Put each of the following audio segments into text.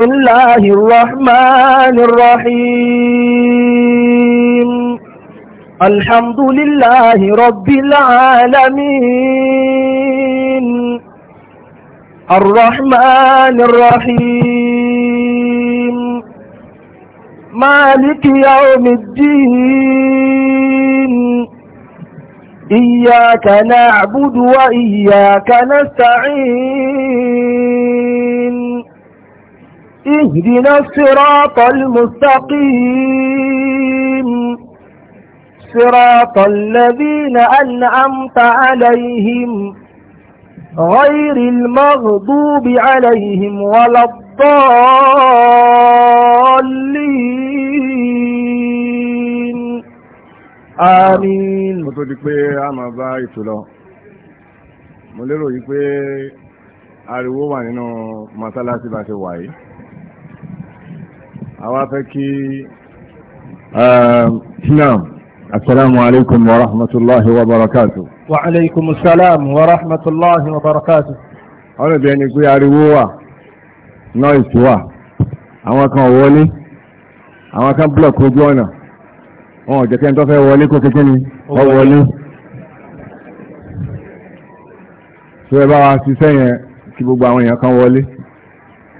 بسم الله الرحمن الرحيم الحمد لله رب العالمين الرحمن الرحيم مالك يوم الدين إياك نعبد وإياك نستعين اهدنا الصراط المستقيم صراط الذين أنعمت عليهم غير المغضوب عليهم ولا الضالين آمين mo tó di pé a máa ariwo wà nínú mọ́sálásí bá ṣe wà yìí àwọn afẹ́ kí um, islam assalamu alaikum wa rahmatullahi wa barakatu wa alaikum salam wa rahmatullahi wa barakatu ọ̀nà bí ẹni pé ariwo wà noise wà àwọn kan wọlé àwọn kan block ojú ọ̀nà wọn jẹ́ kẹ́ tó fẹ́ wọlé kó kékeré ni wọ́n wọlé tó ẹ bá wa ṣiṣẹ́ yẹn kí gbogbo àwọn èèyàn kan wọlé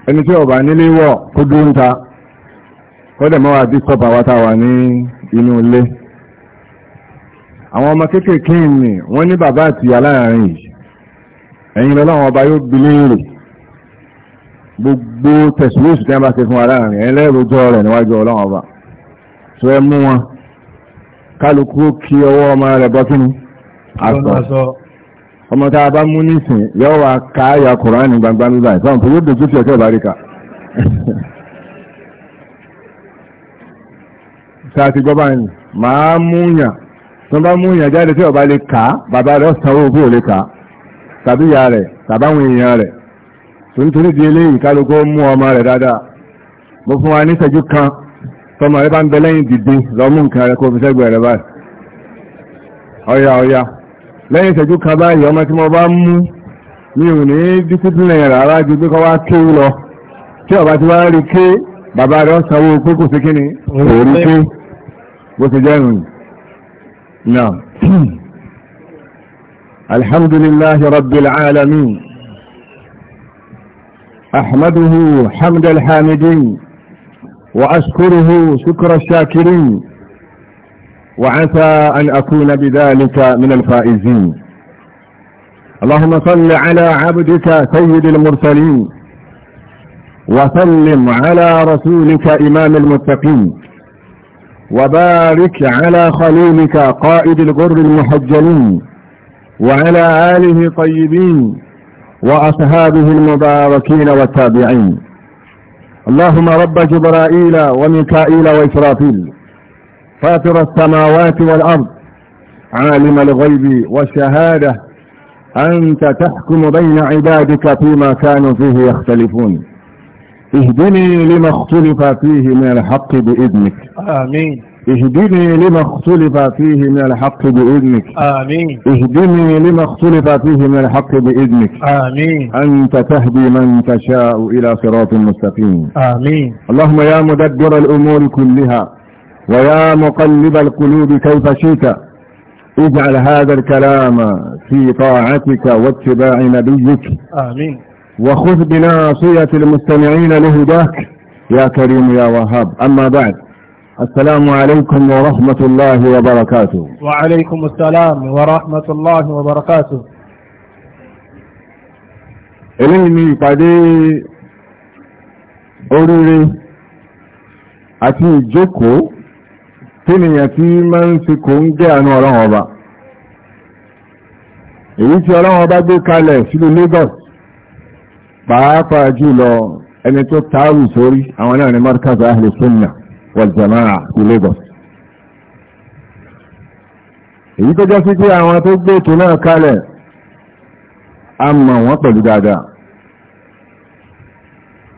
ẹni tí ó nílé wọ̀ kó dúró ń ta kọ́dẹ̀ mọ́wàá bí sọ́bà wátá wà ní inú ilé àwọn ọmọ kéékèèké ni wọ́n ní bàbá àti ìyá láàrin yìí ẹ̀yìn lọ́lọ́wọ́n ọba yóò bi léèrè gbogbo tẹ̀síwéṣù tí wọ́n bá ṣe fún wa láàrin ẹ̀yìn lẹ́rọjọ́ rẹ̀ níwájú ọlọ́wọ́n ọba tó ẹ mú wọn kálukú kí ọwọ́ ọmọ rẹ̀ bọ́ kínú àtọ̀ ọmọ tá a bá mú nísìn yọ wá káyà kùránì gbangba nígbà ìfọ̀n tó yóò dojú ti ọ̀kẹ́ ìbáríkà sáàtì gbọ́ báyìí máa múyàn tó bá múyàn jáde tí ọba lè kà á bàbá rẹ̀ ọ̀sán owó bó lè kà á tàbí ìyá rẹ̀ tàbáwọn èèyàn rẹ̀ tó nítorí di eléyìí kálukú mú ọmọ rẹ̀ dáadáa mo fún wa níṣẹ́jú kan tọmọ rẹ̀ bá ń bẹ lẹ́yìn dìde lọ́mú nǹkan rẹ̀ kó fi sẹ́gbẹ̀ẹ́ rẹ̀ báyìí ọ̀yà ọ̀yà lẹ́yìn ìṣẹ́jú kan báyìí ọmọ tí mo bá mú mi ò ní discipline rárá ju pé kọ́ wá kéwú lọ tí ọba ti wá rí ké bàbá rẹ̀ ọ̀sán owó pé kò sí kíni òórí pé وتجاوز نعم الحمد لله رب العالمين احمده حمد الحامدين واشكره شكر الشاكرين وعسى ان اكون بذلك من الفائزين اللهم صل على عبدك سيد المرسلين وسلم على رسولك امام المتقين وبارك على خليلك قائد الغر المحجلين وعلى آله طيبين وأصحابه المباركين والتابعين اللهم رب جبرائيل وميكائيل وإسرافيل فاطر السماوات والأرض عالم الغيب والشهادة أنت تحكم بين عبادك فيما كانوا فيه يختلفون اهدني لما اختلف فيه من الحق بإذنك آمين اهدني لما اختلف فيه من الحق بإذنك آمين اهدني لما اختلف فيه من الحق بإذنك آمين أنت تهدي من تشاء إلى صراط مستقيم آمين اللهم يا مدبر الأمور كلها ويا مقلب القلوب كيف شئت اجعل هذا الكلام في طاعتك واتباع نبيك آمين وخذ بناصية المستمعين لهداك يا كريم يا وهاب أما بعد السلام عليكم ورحمة الله وبركاته وعليكم السلام ورحمة الله وبركاته إليني قدي أروري أتي جوكو تني يتيما في كونجي أنوار أبا èyí tí ọlọ́wọ́ bá gbé kalẹ̀ sílùú pàápàá jùlọ ẹni tó tààrù sórí àwọn náà ni markaz ahli sunna wal jamaa ti Lagos èyí tó jẹ́ sí pé àwọn tó gbé ètò náà kalẹ̀ a mọ̀ wọ́n pẹ̀lú dáadáa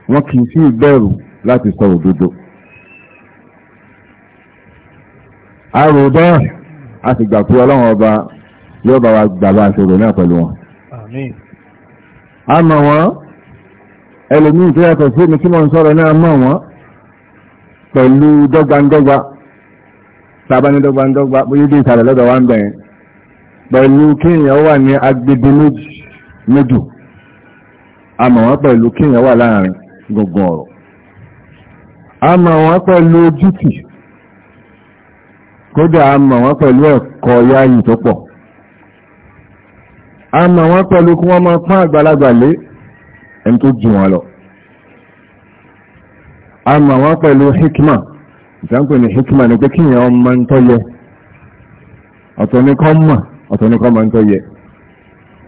wọ́n kì í sí ìbẹ̀rù láti sọ òdodo a rò bẹ́ẹ̀ a sì gbà pé ọlọ́run ọba yóò bá wa gbà bá aṣọ náà pẹ̀lú wọn a mọ̀ wọ́n ẹlòmíì tó yàtọ̀ sí mi tí mo ń sọ̀rọ̀ náà mọ̀ wọ́n pẹ̀lú dọ́gbandọ́gba tàbání dọ́gbandọ́gba bóyá dé ìsàlẹ̀ lọ́dọ̀ wa ń bẹ̀rẹ̀ pẹ̀lú kí èèyàn wà ní agbègbè méjì méjì àmọ́ wọ́n pẹ̀lú kí èèyàn wà láàrin gbogbo ọ̀rọ̀ àmọ́ wọ́n pẹ̀lú ojútì kódà àmọ́ wọ́n pẹ̀lú ẹ̀kọ́ yáyì tó pọ̀ àmọ́ wọ́n pẹ̀lú kí wọ́n máa pán àgbàlagbà lé ẹni tó jù wọn lọ a mọ̀ wọ́n pẹ̀lú hikma ìtànkù ní hikma ní pé kí ìyẹn ọmọ ń tọ́ yẹ ọ̀tọ̀ ní kọ́ mọ̀ ọ̀tọ̀ ní kọ́ mọ̀ ń tọ́ yẹ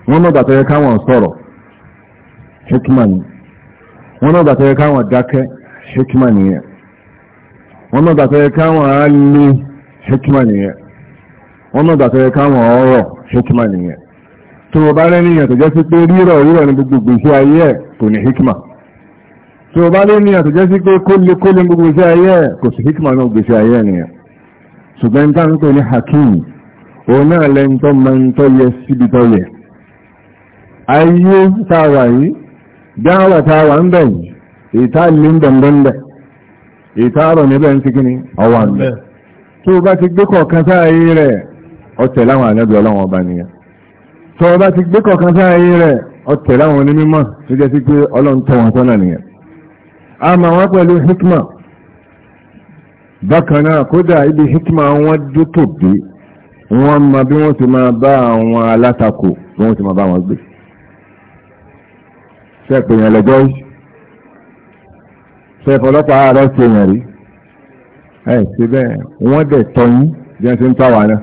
wọ́n mọ̀ bàtọ́ yẹ káwọn sọ̀rọ̀ hikma ni wọ́n mọ̀ bàtọ́ yẹ káwọn dákẹ́ hikma nìyẹn wọ́n mọ̀ bàtọ́ yẹ káwọn á ní hikma nìyẹn wọ́n mọ̀ bàtọ́ yẹ káwọn ọ̀rọ̀ hikma nìyẹn tó o bá rẹ́ níyàn tó jẹ́ sí pé rírọ̀ rírọ̀ ní gbogbo ìgbésí ayé ẹ̀ kò ní hikma tí o bá lé ní àtọ̀jẹ́ sí pé kólé kólé gbogbo iṣẹ́ ayé kò sí hikma náà gbèsè ayé nìyẹn ṣùgbọ́n tá ń pè ní hakim òun náà lẹ́ntọ́ máa ń tọ́yẹ síbi tọ́yẹ ayé táwà yìí dáwà táwà ń bẹ̀ yìí ìta lè ń bẹ̀m̀bẹ̀m̀bẹ̀ ìta rọ̀ níbẹ̀ ń sí kíní ọwà ń bẹ̀ tó bá ti gbé kọ̀ọ̀kan sáàyé rẹ̀ ọ̀tẹ̀ láwọn àlẹ́bẹ̀ ọlọ́wọ̀n ọba nìyẹn tó bá ti gbé kọ̀ọ̀kan sáàyé rẹ̀ ọ̀tẹ̀ láwọn onímọ̀ tó jẹ́ sí pé ọlọ́run tọ́ wọn sọ́nà nìyẹn hikma bákan náà kódà hikma wọ́n dútò bí wọ́n ma bí wọ́n ti máa bá àwọn alátakò bí wọ́n ti máa bá wọn gbé sẹ́ẹ̀pẹ̀ yẹn lẹ́jọ́ yìí sẹ́ẹ̀pẹ̀ ọlọ́pàá àárọ̀ ṣe yẹn rí ẹ̀ ṣe bẹ́ẹ̀ wọ́n dẹ̀ tọ́yín bí wọ́n ti ń tàwa náà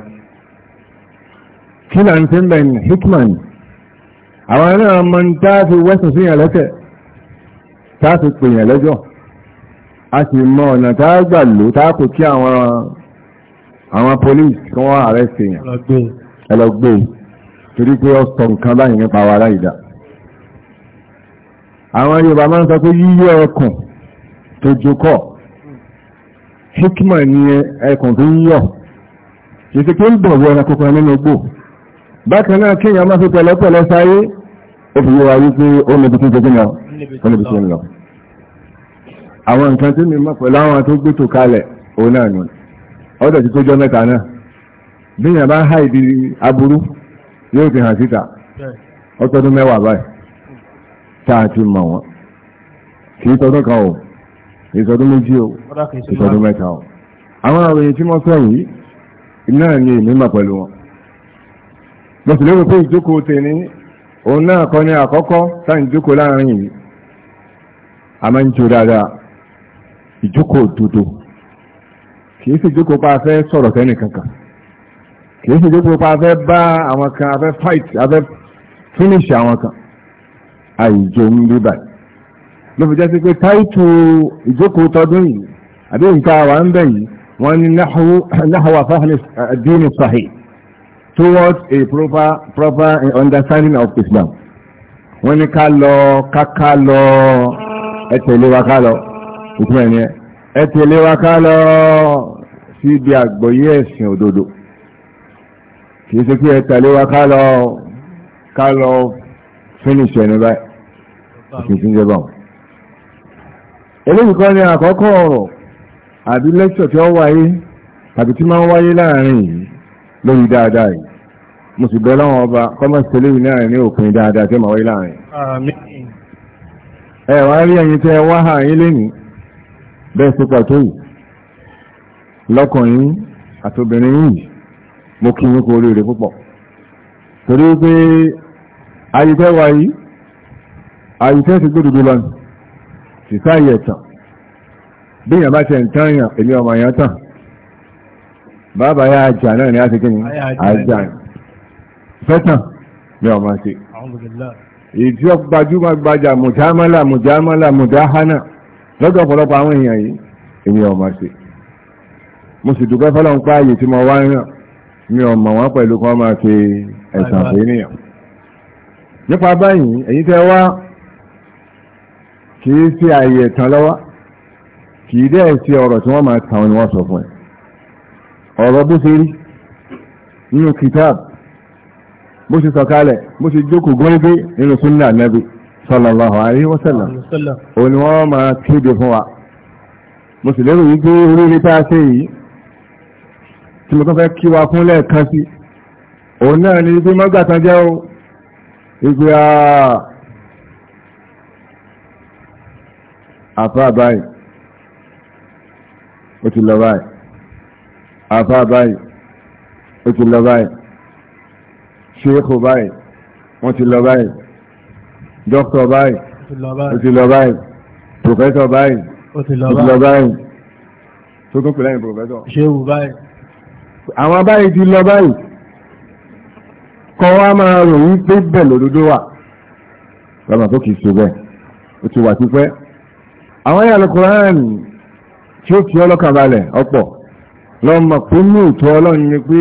kí là ń ṣe ń bẹ̀ hikma ni àwọn náà mọ́ ń táàfi wẹ́sùn sí ìyànlẹ́sẹ̀ táàfi pè yàn lẹ́jọ́ a sì mọ ọ̀nà táàgbà lò táàkù kí àwọn police kí wọ́n arrest èèyàn ẹlọgbé e. e. torí pé ó sọ nǹkan báyìí nípa wa láìdá àwọn Yorùbá máa ń sọ pé yíyọ ẹkùn tó jókọ̀ hikma ni ẹkùn tó yíyọ ìsìnkú ń bọ̀ wọ ẹranko kan nínú gbò bákan náà kéèyàn máa fi pẹ̀lẹ́pẹ̀lẹ́ sáyé ó fi yíwa wípé ó níbi tí jẹjẹ náà ó níbi tí ń lọ àwọn nǹkan tí mi pẹ̀lú àwọn tó gbé tò kalẹ̀ òun náà nù ọ̀dọ̀ ti tó jọ mẹ́ta náà bí bá ń aburú yóò fi hàn síta ó tọdún mẹ́wàá báyìí tá a ti mọ̀ wọ́n kì í tọdún kan o kì í tọdún méjì o kì í tọdún mẹ́ta o àwọn àròyìn tí wọ́n sọ yìí ni òun náà kọ́ ní àkọ́kọ́ sáyìn jókòó láàrin yìí a máa ń jó dáadáa ìjókòó òdodo kìí sì jókòó pa afẹ́ sọ̀rọ̀ kẹ́ni kankan kìí sì jókòó pa afẹ́ bá àwọn kan afẹ́ fight afẹ́ finish àwọn kan àìjó ń bí báyìí ló fi jẹ́ sí pé táìtù ìjókòó tọdún yìí àbí nǹkan ń bẹ̀ yìí wọ́n ní towards a proper proper understanding of Islam wọ́n ní ká lọ káká lọ ẹ̀tẹ̀lé wa ká lọ ìtumọ̀ ẹ̀yẹ ẹ̀tẹ̀lé wa ká lọ sí ibi àgbọ́yé ẹ̀sìn òdodo kìí ṣe pé ẹ̀tẹ̀lé wa ká lọ ká lọ finish ẹni báyìí ìṣẹ̀tún jẹ́ báwọn. eléyìí kan ní àkọ́kọ́ ọ̀rọ̀ àbí lẹ́kṣọ̀ tí ó wáyé tàbí tí máa ń wáyé láàrin yìí lórí dáadáa yìí mo sì bẹ́ lọ́wọ́ ọba kọ́mọ̀ sílé ìní àrìn ní òpin dáadáa tí màá wáyé láàrin. ẹ wá rí ẹyin tẹ wá hàn yín lénìí bẹ́ẹ̀ sí pàtó yìí lọ́kùnrin àtòbìnrin yìí mo kí yín kú oríire púpọ̀ torí pé ayíkẹ́ wa yìí ayíkẹ́ ti gbódùdú lọ sí sáàyè ẹ̀tàn bí èèyàn bá ti ẹ̀ ń tán èèyàn èmi ọmọ èèyàn tàn bàbá yà á jà náà ni a ti kí ni àjà ni fẹ́tàn ní ọmọ sí èyí tí ó gbajúmọ̀ gbajà mùjámálà mùjámálà mùdáhánà lọ́dọ̀ ọ̀pọ̀lọpọ̀ àwọn èèyàn yìí èmi ọmọ sí mo sì dúpẹ́ fọ́lọ́n pa ààyè tí mo wá ń ràn mi ò mọ̀ wọ́n pẹ̀lú kan máa fi ẹ̀sàn fún ènìyàn nípa báyìí èyí tẹ́ wá kì í sí ààyè ẹ̀tàn lọ́wọ́ kì í dẹ́ sí ọ̀rọ̀ tí wọ́n máa tàn ni wọ́n sọ fún ẹ̀ ọ̀rọ̀ bó ṣe rí nínú kìtáàbù bó ṣe sọ̀kalẹ̀ bó ṣe jókòó gọ́rígé nínú súnà nẹ́bí sallallahu alaihi wa sallam òun ni wọ́n máa kéde fún wa mo sì lérò wípé oríire tá a ṣe yìí tí mo tán fẹ́ kí wa fún lẹ́ẹ̀kan sí òun náà ni wípé mọ́gbà tán jẹ́ o ìgbé àfáà báyìí ó ti lọ báyìí àfáà báyìí ó ti lọ báyìí ṣéèkù báyìí wọ́n ti lọ báyìí dókítà báyìí ó ti lọ báyìí pòfẹ́sọ̀ báyìí ó ti lọ báyìí tó tún pè lẹ́yìn pòfẹ́sọ̀. ṣéèkù báyìí. àwọn báyìí ti lọ báyìí kọ́ wa máa rò yí pé bẹ́ẹ̀ lòdodo wà lọ́mọ tó kìí ṣe bẹ́ẹ̀ ó ti wà tipẹ́ àwọn ẹ̀yà lọ́kùnrin tí ó fi ọlọ́kàn balẹ̀ ọ̀pọ̀ lọ́mọ pé ní ìtọ́ ọlọ́run ni pé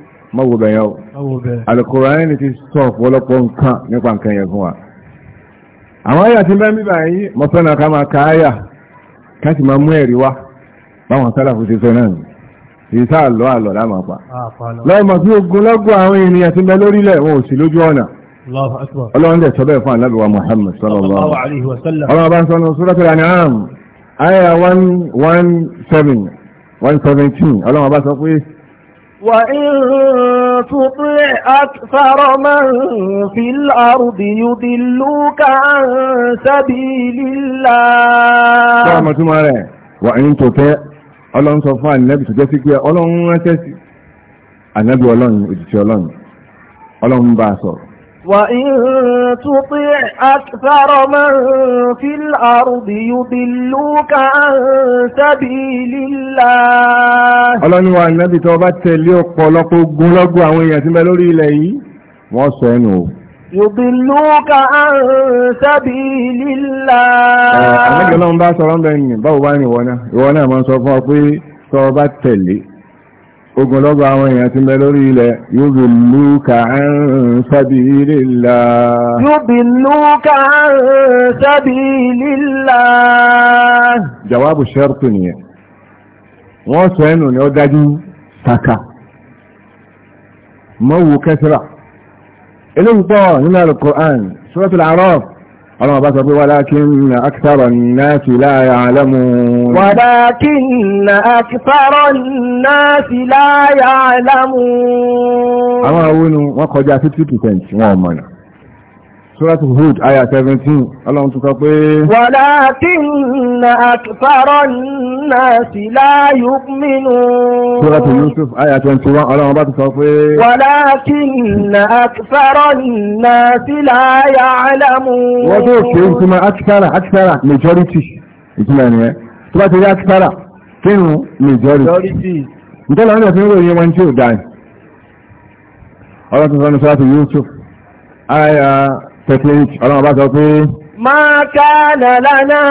mọ́wò bẹ̀yàn o alukùránì ti sọ ọ̀pọ̀lọpọ̀ nǹkan nípa nǹkan yẹn fún wa àwọn àyà tí mẹ́rin bíbà yìí mọ́ fẹ́ràn ká máa ka àyà ká sì máa mú ẹ̀rí wá báwọn sálàfù ti fẹ́ náà ni èyí tá àlọ́ àlọ́ láàmà pa lọ́ọ̀mọ̀ tí ogun lọ́gbọ̀n àwọn ènìyàn ti bẹ lórílẹ̀ wọn ò sí lójú ọ̀nà ọlọ́run dẹ̀ sọ bẹ́ẹ̀ fún ànábì wa Muhammad sallallahu alaihi wa sallam ọlọ́run bá ń sọ ní Suratul An'am àyà 117 ọlọ́run bá sọ pé وإن تطع أكثر من في الأرض يضلوك عن سبيل الله سلامة مالي وإن تطع ọlọ́run sọ fún ànábì tó jẹ́ sí pé ọlọ́run ránṣẹ́ sí ànábì ọlọ́run òjìṣẹ́ ọlọ́run ọlọ́run bá a sọ̀rọ̀ وإن تطع أَكْثَرَ من فِي الْأَرْضِ يضلوك عن سبيل الله ọlọ́ni wa nàbí tó bá tẹ̀lé ọ̀pọ̀lọpọ̀ ogunlọ́gọ̀ àwọn èèyàn tí bẹ lórí ilẹ̀ yìí wọ́n sọ ẹnu o يضلوك عن سبيل الله àwọn ìjọlọ́run bá sọ̀rọ̀ ń bẹ ní báwo bá ní ìwọ náà ìwọ náà máa sọ fún ọ pé tó bá tẹ̀lé ogunlọ́gọ̀ àwọn èèyàn ti mẹ́ lórí ilẹ̀ yóò bí lúkà ń sábì lílá yóò bí lúkà ń sábì lílá jawabu ṣẹ́rùtù nìyẹn wọ́n sọ ẹnu ni ó dájú saka mọ́wù kẹsìrà eléyìí pọ̀ nínú Al-Qur'an Suratul ọlọ́wọ́ bá sọ pé walakinna akthara an-nasi la ya'lamun. walakinna akthara an-nasi la ya'lamun. àwọn àwọn wọn kọjá 50% wọn ọmọ náà. Suratu Hud aya 17 ọlọ́run tún sọ pé walakinna akthara nnasi la yu'minun Suratu Yusuf aya 21 ọlọ́run bá tún sọ pé walakinna akthara nnasi la ya'lamun wọ́n tó ṣe ìtumọ̀ akthara akthara majority ìtumọ̀ ẹ̀nìyẹn tó bá ti rí akthara kírun majority ntọ́lá ń lọ sí ìròyìn wọn tí ò dáì ọlọ́run sọ ní Suratu Yusuf aya 38 ọlọ́run bá sọ pé ما كان لنا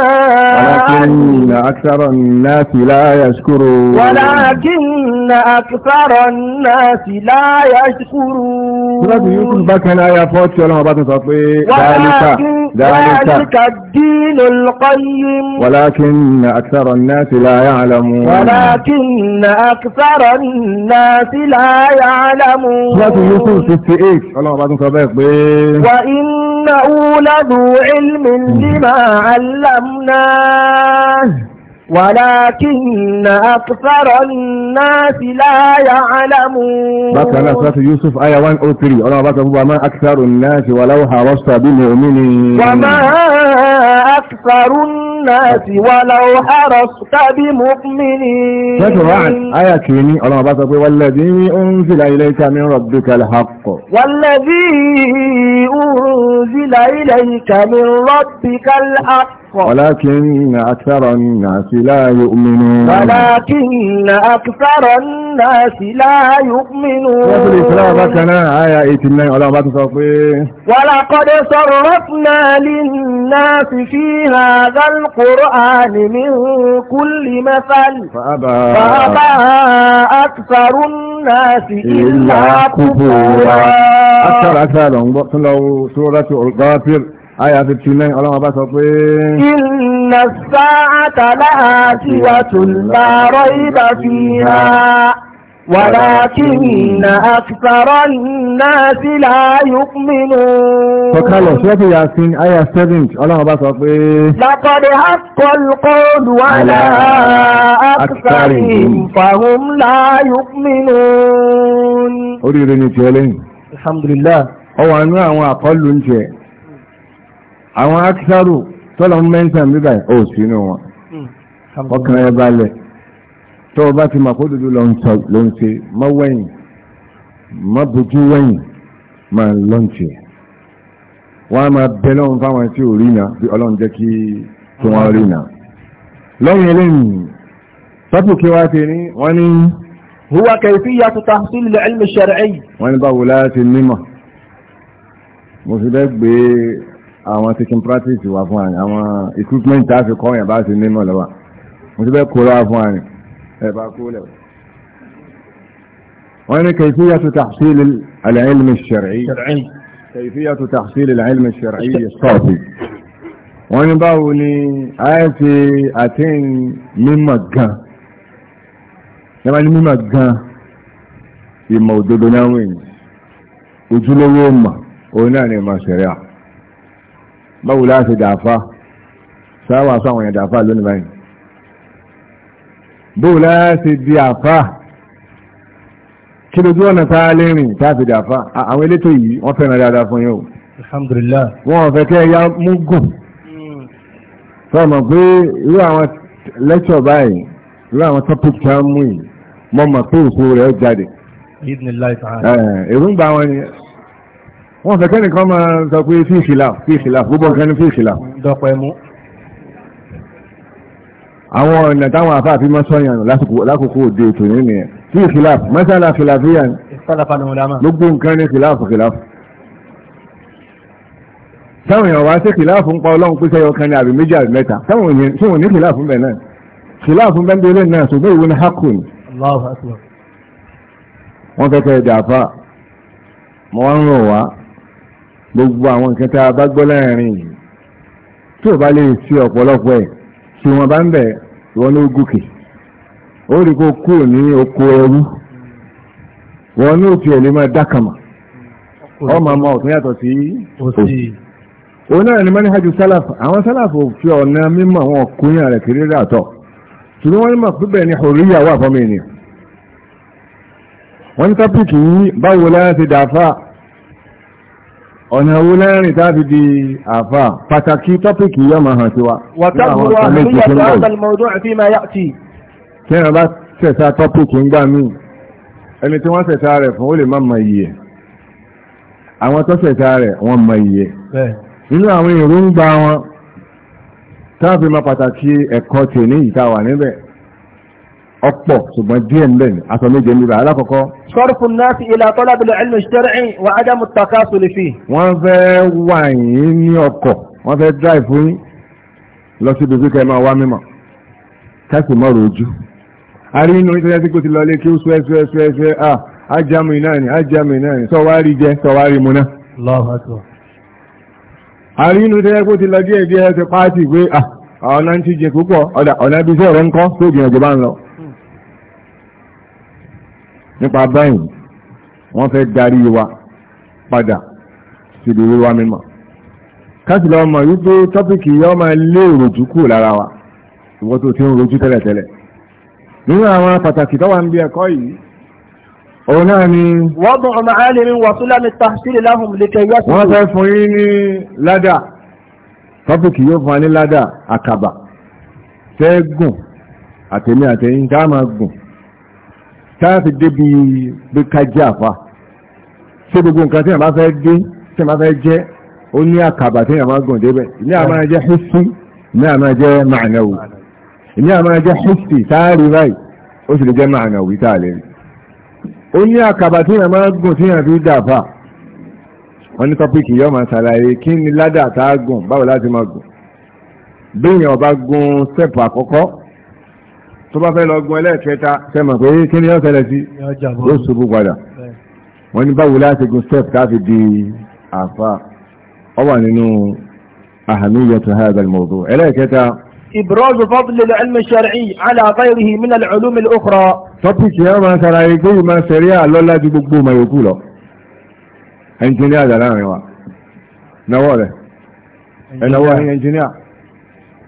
ولكن أكثر الناس لا يشكرون ولكن أكثر الناس لا يشكرون سورة يوسف بكنا آية يا فوت شو لما باتن تطلي ذلك ذلك الدين القيم ولكن أكثر الناس لا يعلمون ولكن أكثر الناس لا يعلمون سورة يوسف لا شو لما باتن تطلي وإنه لذو علم علم لما علمناه ولكن أكثر الناس لا يعلمون بكنا سورة يوسف آية 103 أنا بك وما أكثر الناس ولو حرصت بمؤمنين وما أكثر الناس الناس ولو حرصت بمؤمنين فترعن آية كيني الله بطب والذي أنزل إليك من ربك الحق والذي أنزل إليك من ربك الحق ولكن أكثر الناس لا يؤمنون ولكن أكثر الناس لا يؤمنون وفي الإسلام كان آية 89 ولا ولقد صرفنا للناس في هذا القرآن من كل مثل فأبى, فأبى أكثر الناس إلا كفورا أكثر أكثر لهم سورة الغافر Aya 59 ọlọ́run bá sọ pé. Inna sa'ata la'atiyatun la rayba fiha walakinna akthara an-nasi la yu'minun. Sọ̀kalọ̀ ṣẹ́fì Yasin Aya 7 ọlọ́run bá sọ pé. Laqad haqqal qawlu ala aktharihim fahum la yu'minun. Oríire ni tiẹ̀ lẹ́yìn. Alhamdulillah. Ọwọ́ àánú àwọn àkọlù ń tiẹ̀ àwọn akitaro tọ́lọ ń mẹ́ńtà nígbà ò sí inú wọn hmm. ọkàn ẹ balẹ̀ tó o bá ti mà kó dúdú lọ ń ṣe má wẹ̀yìn má bójú wẹ̀yìn má lọ́ǹtì ẹ̀ wọ́n á máa bẹ lọ́run fáwọn tí ò rí na bí ọlọ́run jẹ́ kí wọ́n rí na lọ́yìn eléyìí tọ́pù kí wá ti ní wọ́n ní huwa kayfiyyat tahsil al-ilm ash-shar'i wọ́n ní báwo láti nímọ̀ mo fi bẹ́ gbé àwọn teaching practice wà fún àní àwọn equipment tá a fi kọ́ yẹn bá ti nímọ̀ lọ́wọ́ mo ti bẹ́ẹ̀ kó lọ́wọ́ fún àní ẹ̀ bá kó lẹ̀ wọ́n ní kayfiyatu tahsil al-ilm ash-shar'i kayfiyatu tahsil al-ilm ash-shar'i as-safi wọ́n ní báwo ni ayé ti àtẹ́yìn mímọ̀ gan yẹ́n bá ní mímọ̀ gan ìmọ̀ òdodo náà wọ̀nyí ojúlówó mọ̀ báwo láti dàáfà sáwà sáwọn èèyàn dàáfà lónìí báyìí báwo láti di àfà kí lójú ọ̀nà tá a lè rìn tá a fi dàáfà àwọn elétò yìí wọ́n fẹ́ràn dáadáa fún yóò alhamdulillah wọ́n fẹ́ kẹ́ ya mú gùn sọ́ọ̀mọ̀ pé irú àwọn lẹ́tọ̀ báyìí irú àwọn topic tá a mú yìí mọ́ mọ̀ pé òkú rẹ̀ jáde. èròǹgbà wọn ni wọ́n fẹ́ kẹ́nìkan máa sọ pé fi khilaf fi khilaf gbogbo nǹkan ní fi khilaf. dọ̀pọ̀ ẹ̀mú. àwọn ọ̀nà táwọn àfáà fi máa sọ̀yàn nù lákòókò òde ètò yìí nìyẹn fi khilaf masala khilafiyya ni. gbogbo nǹkan ní khilaf khilaf. táwọn èèyàn wá sí khilaf ń pa ọlọ́run pèsè ọkàn ní àbí méjì àbí mẹ́ta táwọn èèyàn ní khilaf ń bẹ̀ náà gbogbo àwọn nǹkan tá a bá gbọ́ láàrin tí ò bá lè ṣe ọ̀pọ̀lọpọ̀ ẹ̀ tí wọ́n bá ń bẹ̀ wọ́n ló gòkè ó rí kó kúrò ní oko ẹrú wọ́n ní òtún ẹ̀lẹ́ máa ọmọ ọmọ ọ̀tún yàtọ̀ sí òun náà ni mọ́níhájú àwọn ọ̀nà àwọn ọkùnrin rẹ̀ kiri rẹ̀ àtọ̀ ṣùgbọ́n wọ́n ní pípẹ́ ní ènìyàn wọ́n ọ̀nà owó lẹ́rìn tàbí di àfà pàtàkì tọ́pìkì yọ ma hàn sí wa kẹ́rìn bá sẹ̀sá tọ́pìkì ń gbà mí ẹni tí wọ́n sẹ̀sá rẹ̀ fún ó lè má mọ iye àwọn tó sẹ̀sá rẹ̀ wọ́n tàbí ma pàtàkì ẹ̀kọ́ ìta wà níbẹ̀ ọ̀pọ̀ ṣùgbọ́n díẹ̀ ń bẹ̀rẹ̀ aṣọ méje níbà alákọ̀ọ́kọ́. sọ́rùfù náà sí ilà tọ́lá bìlẹ̀ ẹ̀lú ìṣẹ́rìn wà ádámù tàkà sólèfì. wọ́n fẹ́ wà yín ní ọkọ̀ wọ́n fẹ́ drive fún yín lọ síbi tí kẹ́ máa wá kẹ́sì mọ́ rojú. a rí inú kò ti kí ó ah, sọ ni ni nípa báyìí wọ́n fẹ́ darí wa padà síbi wíwá mímọ̀ káṣìlá ọmọ wípé tọ́pìkì yọ máa lé ìròjú kù lára wa ìwọ́n tó ti ń rojú tẹ́lẹ̀tẹ́lẹ̀ nínú àwọn pàtàkì tó ń bí ẹ̀kọ́ yìí òun náà ni wọ́n bọ̀ ọmọ alìrin wà tó lámì ta sílẹ̀ láhùn lè tẹ̀ yọ́sùn wọ́n fẹ́ fún yín ní ládà tọ́pìkì yóò fún wa ní ládà àkàbà tẹ́gùn àtẹ̀mí àtẹ̀yìn tá a máa gùn táàfi débi bí kájí àfa ṣé gbogbo nǹkan tí àbá fẹ́ dé tí àbá fẹ́ jẹ́ ó ní àkàbà tí àbá gùn débẹ̀ ní àmà jẹ́ hissi ní àmà jẹ́ màánàwì ní àmà jẹ́ hissi táàrí báyìí ó sì lè jẹ́ màánàwì táàlẹ́ rí ó ní àkàbà tí àbá gùn tí àfi dàfà wọ́n ní tọ́pìkì yóò máa ṣàlàyé kí ni ládà tá a gùn báwo láti máa gùn bí èèyàn bá gùn sẹ́pù àkọ́kọ́ tó bá fẹ́ lọ gun ẹlẹ́ẹ̀kẹta sẹ́mọ̀ pé kí ni yóò ṣẹlẹ̀ sí yóò ṣubú padà wọ́n ní báwo láti gun step káfí di àfa ọ wà nínú ahamiyatu hadha al-mawdu' ẹlẹ́ẹ̀kẹta. إبراز فضل العلم الشرعي على غيره من العلوم الأخرى topic yẹn máa sara igbó máa sẹ̀rí àlọ́lá ju gbogbo ọmọ yòókù lọ ẹnjìníà dà láàrin wa náwó rẹ̀ ẹnáwó ẹnjìníà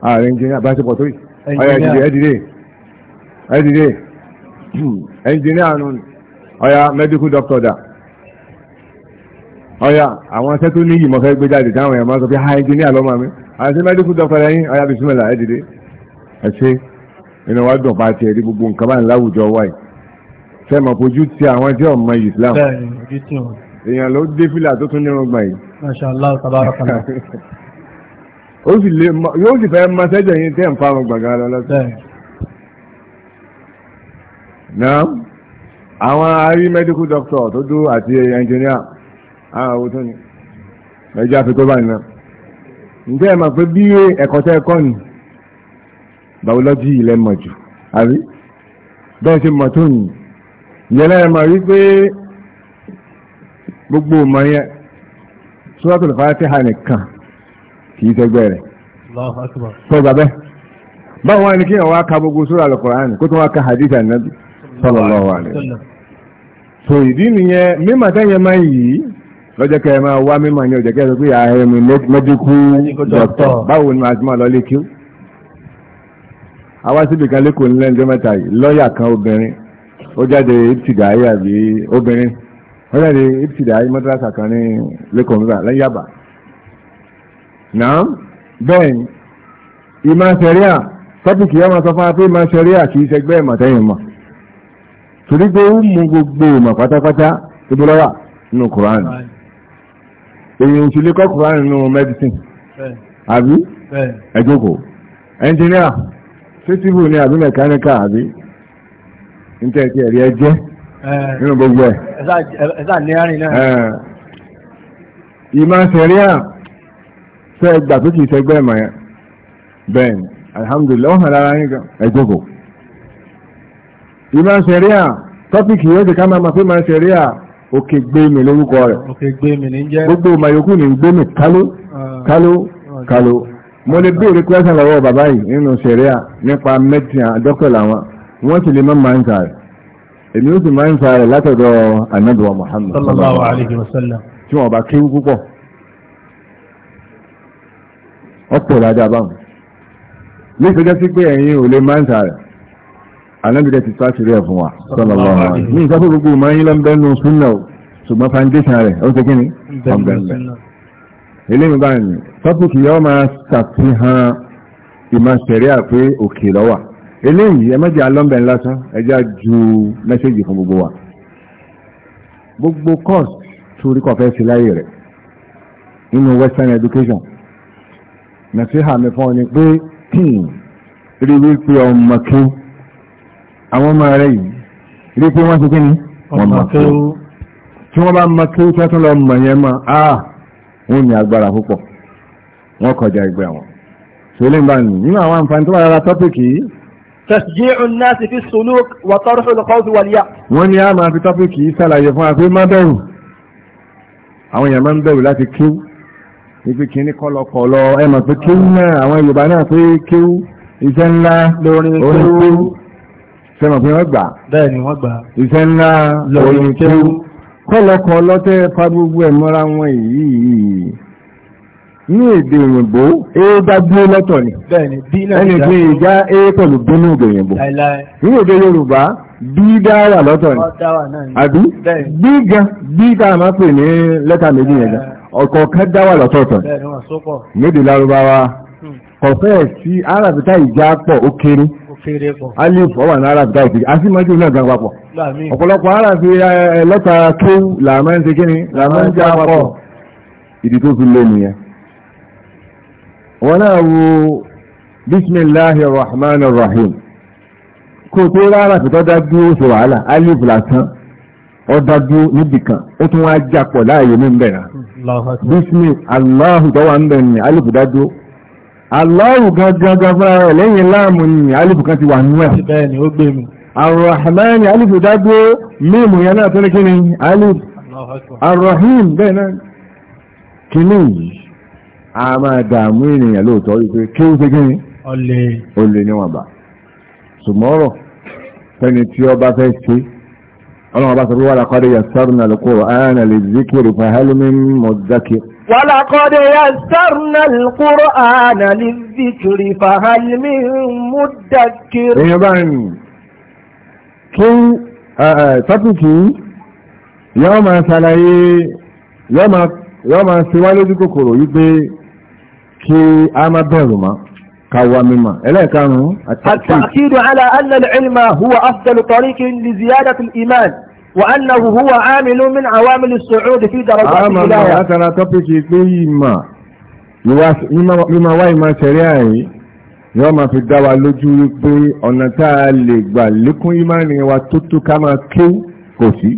ààrẹ ẹnjìníà bá ti pọ̀ tó yìí ọ̀yà ìdílé ẹdílé ẹ̀dìdẹ̀ ẹnjìníà nù ọ̀yà medical doctor dà ọ̀yà àwọn aṣẹ́ tó níyì mọ̀ fẹ́ gbé jáde táwọn èèyàn máa sọ pé ha ẹnjìníà lọ́mọ mi àti medical doctor ẹ̀yìn ọ̀yà bisimilà ẹ̀dìdẹ̀ ẹ̀ṣẹ́ inú wa dùn pàtì ẹ̀rí gbogbo nǹkan báyìí láwùjọ wáyé fẹ́ mọ̀ fojú ti àwọn tí ọmọ Islam èèyàn ló dé fìlà tó tún ní ọgbà yìí. Masha Allah tabarakallah. ó sì lè yóò sì fẹ́ mọ sẹ́jọ̀ yín tẹ́ ń fa àwọn gbàgbà lọ lọ́sẹ̀. náà àwọn arí medical doctor tó dúró àti engineer àwọn owó tó ní ẹjọ́ àfikún pé bí ẹ̀kọ́ tẹ́ ẹ̀kọ́ ni biology ilẹ̀ mọ̀ jù àbí bẹ́ẹ̀ ṣe mọ̀ tó yìí ìyẹn lẹ́yìn rí pé gbogbo mọ̀ yẹn Suratul Fatiha nìkan kì í rẹ̀ ní kí wọ́n wá ka gbogbo sórà al kó sallallahu alaihi wasallam so ìdí nìyẹn mímọ̀ tẹ́yẹ máa yìí lọ́jọ́ kẹ́ ẹ máa wá mímọ̀ ní ọjọ́ kẹ́ ẹ sọ pé ah, mi medical doctor báwo ni màá ti máa lọ lé kí ó àwa síbi kan lẹ́kọ̀ọ́ ní lẹ́ńdọ́ mẹ́ta yìí lọ́ọ̀yà kan obìnrin ó jáde ìtìdáyé àbí obìnrin ó jáde ìtìdáyé mọ́tàlásà kan ní lẹ́kọ̀ọ́ nígbà lẹ́yìn yàbá náà bẹ́ẹ̀ ìmọ̀ sẹ́ríà tọ́pìkì yẹn máa sọ fún wa pé ìmọ̀ sẹ́ríà kì í ṣẹgbẹ́ ìmọ̀tẹ́yìn mọ̀ torí pé ó mú gbogbo ìmọ̀ e. pátápátá ibi lọ́wà nínú kùránì èyàn òsì lè kọ́ kùránì nínú medicine àbí ẹ̀jọ́kò ẹnjìníà sísìbù ni àbí mẹkáníkà àbí nítẹ̀ẹ̀tì ẹ̀rí ẹjẹ́ nínú gbogbo ẹ̀ ìmọ̀ sẹ̀ríà fẹ́ gbà tó kì sẹgbẹ́ ìmọ̀ yẹn bẹ́ẹ̀ alhamdulilayi lára yín gan ìmọ̀ ṣẹ̀ríà tọ́pìkì yóò ti ká máa fi máa ṣẹ̀ríà òkè gbémi lórúkọ rẹ̀ òkè gbémi ní jẹ́ gbogbo mayokú ní gbémi kálú ah. kálú kálú ah. mo lè béèrè kwẹ́sàn lọ́wọ́ bàbá yìí nínú ṣẹ̀ríà nípa mẹ́tìyàn dọ́kọ̀lá wọn wọ́n sì lè má máa ń sa rẹ̀ èmi ó sì máa ń sa rẹ̀ látọ̀dọ̀ Ànábì wa Muhammad sallallahu alaihi wasallam tí wọ́n bá kéwú púpọ̀ ọ̀pọ̀ dáadáa báwọn ní ìfẹ́jọ́ sí pé ẹ̀yin ò anábìdẹ̀ ti sáàtì rẹ̀ fún wa sọ́lọ̀lọ́wọ́ ní ìsáfẹ́ gbogbo mọ́yí lọ́mbẹ́nu súnà ṣùgbọ́n foundation rẹ̀ ó ti kíni ọ̀gbẹ̀lẹ̀ eléyìn báyìí tọ́pùkì yọ́ máa ṣàfihàn ìmọ̀ṣẹ̀rí àpé òkè lọ́wà eléyìí ẹ mẹ́jẹ̀ alọ́mbẹ̀ lásán ẹjá ju mẹ́sẹ̀jì fún gbogbo wa gbogbo course torí kọ̀ fẹ́ sí láyé rẹ̀ nínú western education nàṣíhà mi fún ọ ni pé tíì rí wípé ọmọ kí àwọn ọmọ rẹ̀ yìí rí pé wọ́n ti kí ni wọ́n mọ̀ kí tí wọ́n bá mọ̀ kí tó tún lọ mọ̀ yẹn mọ̀ á ah, wọ́n ní agbára púpọ̀ wọ́n kọjá ẹgbẹ́ wọn tó lè bá nù nínú àwọn àǹfààní tó wà lára tọ́pìkì yìí. تشجيع الناس في السلوك وطرح الخوف واليأس. wọ́n ní a máa fi tọ́pìkì yìí ṣàlàyé fún wa pé má bẹ̀rù àwọn èèyàn máa ń bẹ̀rù láti kíw ibi kìíní kọlọkọlọ ẹ mọ̀ pé kíw náà àwọn Yorùbá sẹ́mọ̀ pé wọ́n gbà bẹ́ẹ̀ni wọ́n gbà iṣẹ́ ńlá lọ́rin tó kọ́lọ́kọ́ lọ́tẹ́ fagbogbo ẹ̀mọ́ra wọn yìí ní èdè òyìnbó a bá dúró lọ́tọ̀ ni ẹni pé ìjà a pẹ̀lú bínú èdè òyìnbó ní èdè yorùbá bí dáwà lọ́tọ̀ ni àbí bí gan bí dáa máa pè ní lẹ́tà méjì yẹn gan ọ̀kọ̀ọ̀kan dáwà lọ́tọ̀ọ̀tọ̀ ní èdè lárúbáwá hmm. kọ̀fẹ́ sí arábítà ìjà pọ̀ ó kéré alif ọwà ní ara gbáà ìpìlẹ̀ àti mọ́jú náà gan papọ̀ ọ̀pọ̀lọpọ̀ ara fi lẹ́ta kéwù làmá ń ṣe kíni làmá ń já papọ̀ ìdí tó fi lé nìyẹn wọn náà wo bismillahir rahmanir rahim kó tó rárá fi tọ́já dúró ṣe wàhálà alif lásán ọ̀dá dúró níbìkan ó tún wá jápọ̀ láàyè ní bẹ̀rẹ̀ bísmì Allahu gangan gangan rẹ̀ lẹ́yìn láàmù ni alifu kan ti wà nú ẹ̀. Bẹ́ẹ̀ni ó gbé mi. Arrahman alifu dágbé mímu yẹn náà kíni alif. Arrahim bẹ́ẹ̀ náà. Kíní a máa dààmú ènìyàn lóòótọ́ wípé kí ó ṣe kíni? Olè. ولقد يسرنا القرآن للذكر فهل من مدكر ايضا kí tọ́pìkì yọ́ máa ṣàlàyé yọ́ máa ṣe wá lójú kòkòrò wípé kí a máa bẹ̀rù mọ́ kàwà mímọ̀ ẹlẹ́ẹ̀karùn-ún àti àkídù ala annal ilma huwa afdalu tariqin li ziyadatil iman وأنه هو عامل من عوامل الصعود في درجات الولاية أتنا تبكي قيمة mímọ̀ wá ìmọ̀ ṣẹ̀rí àyí yọ́ ma fi dá wa lójú wípé ọ̀nà tá a lè gbà lékún ìmánì wa tó tó ká máa ké kò sí.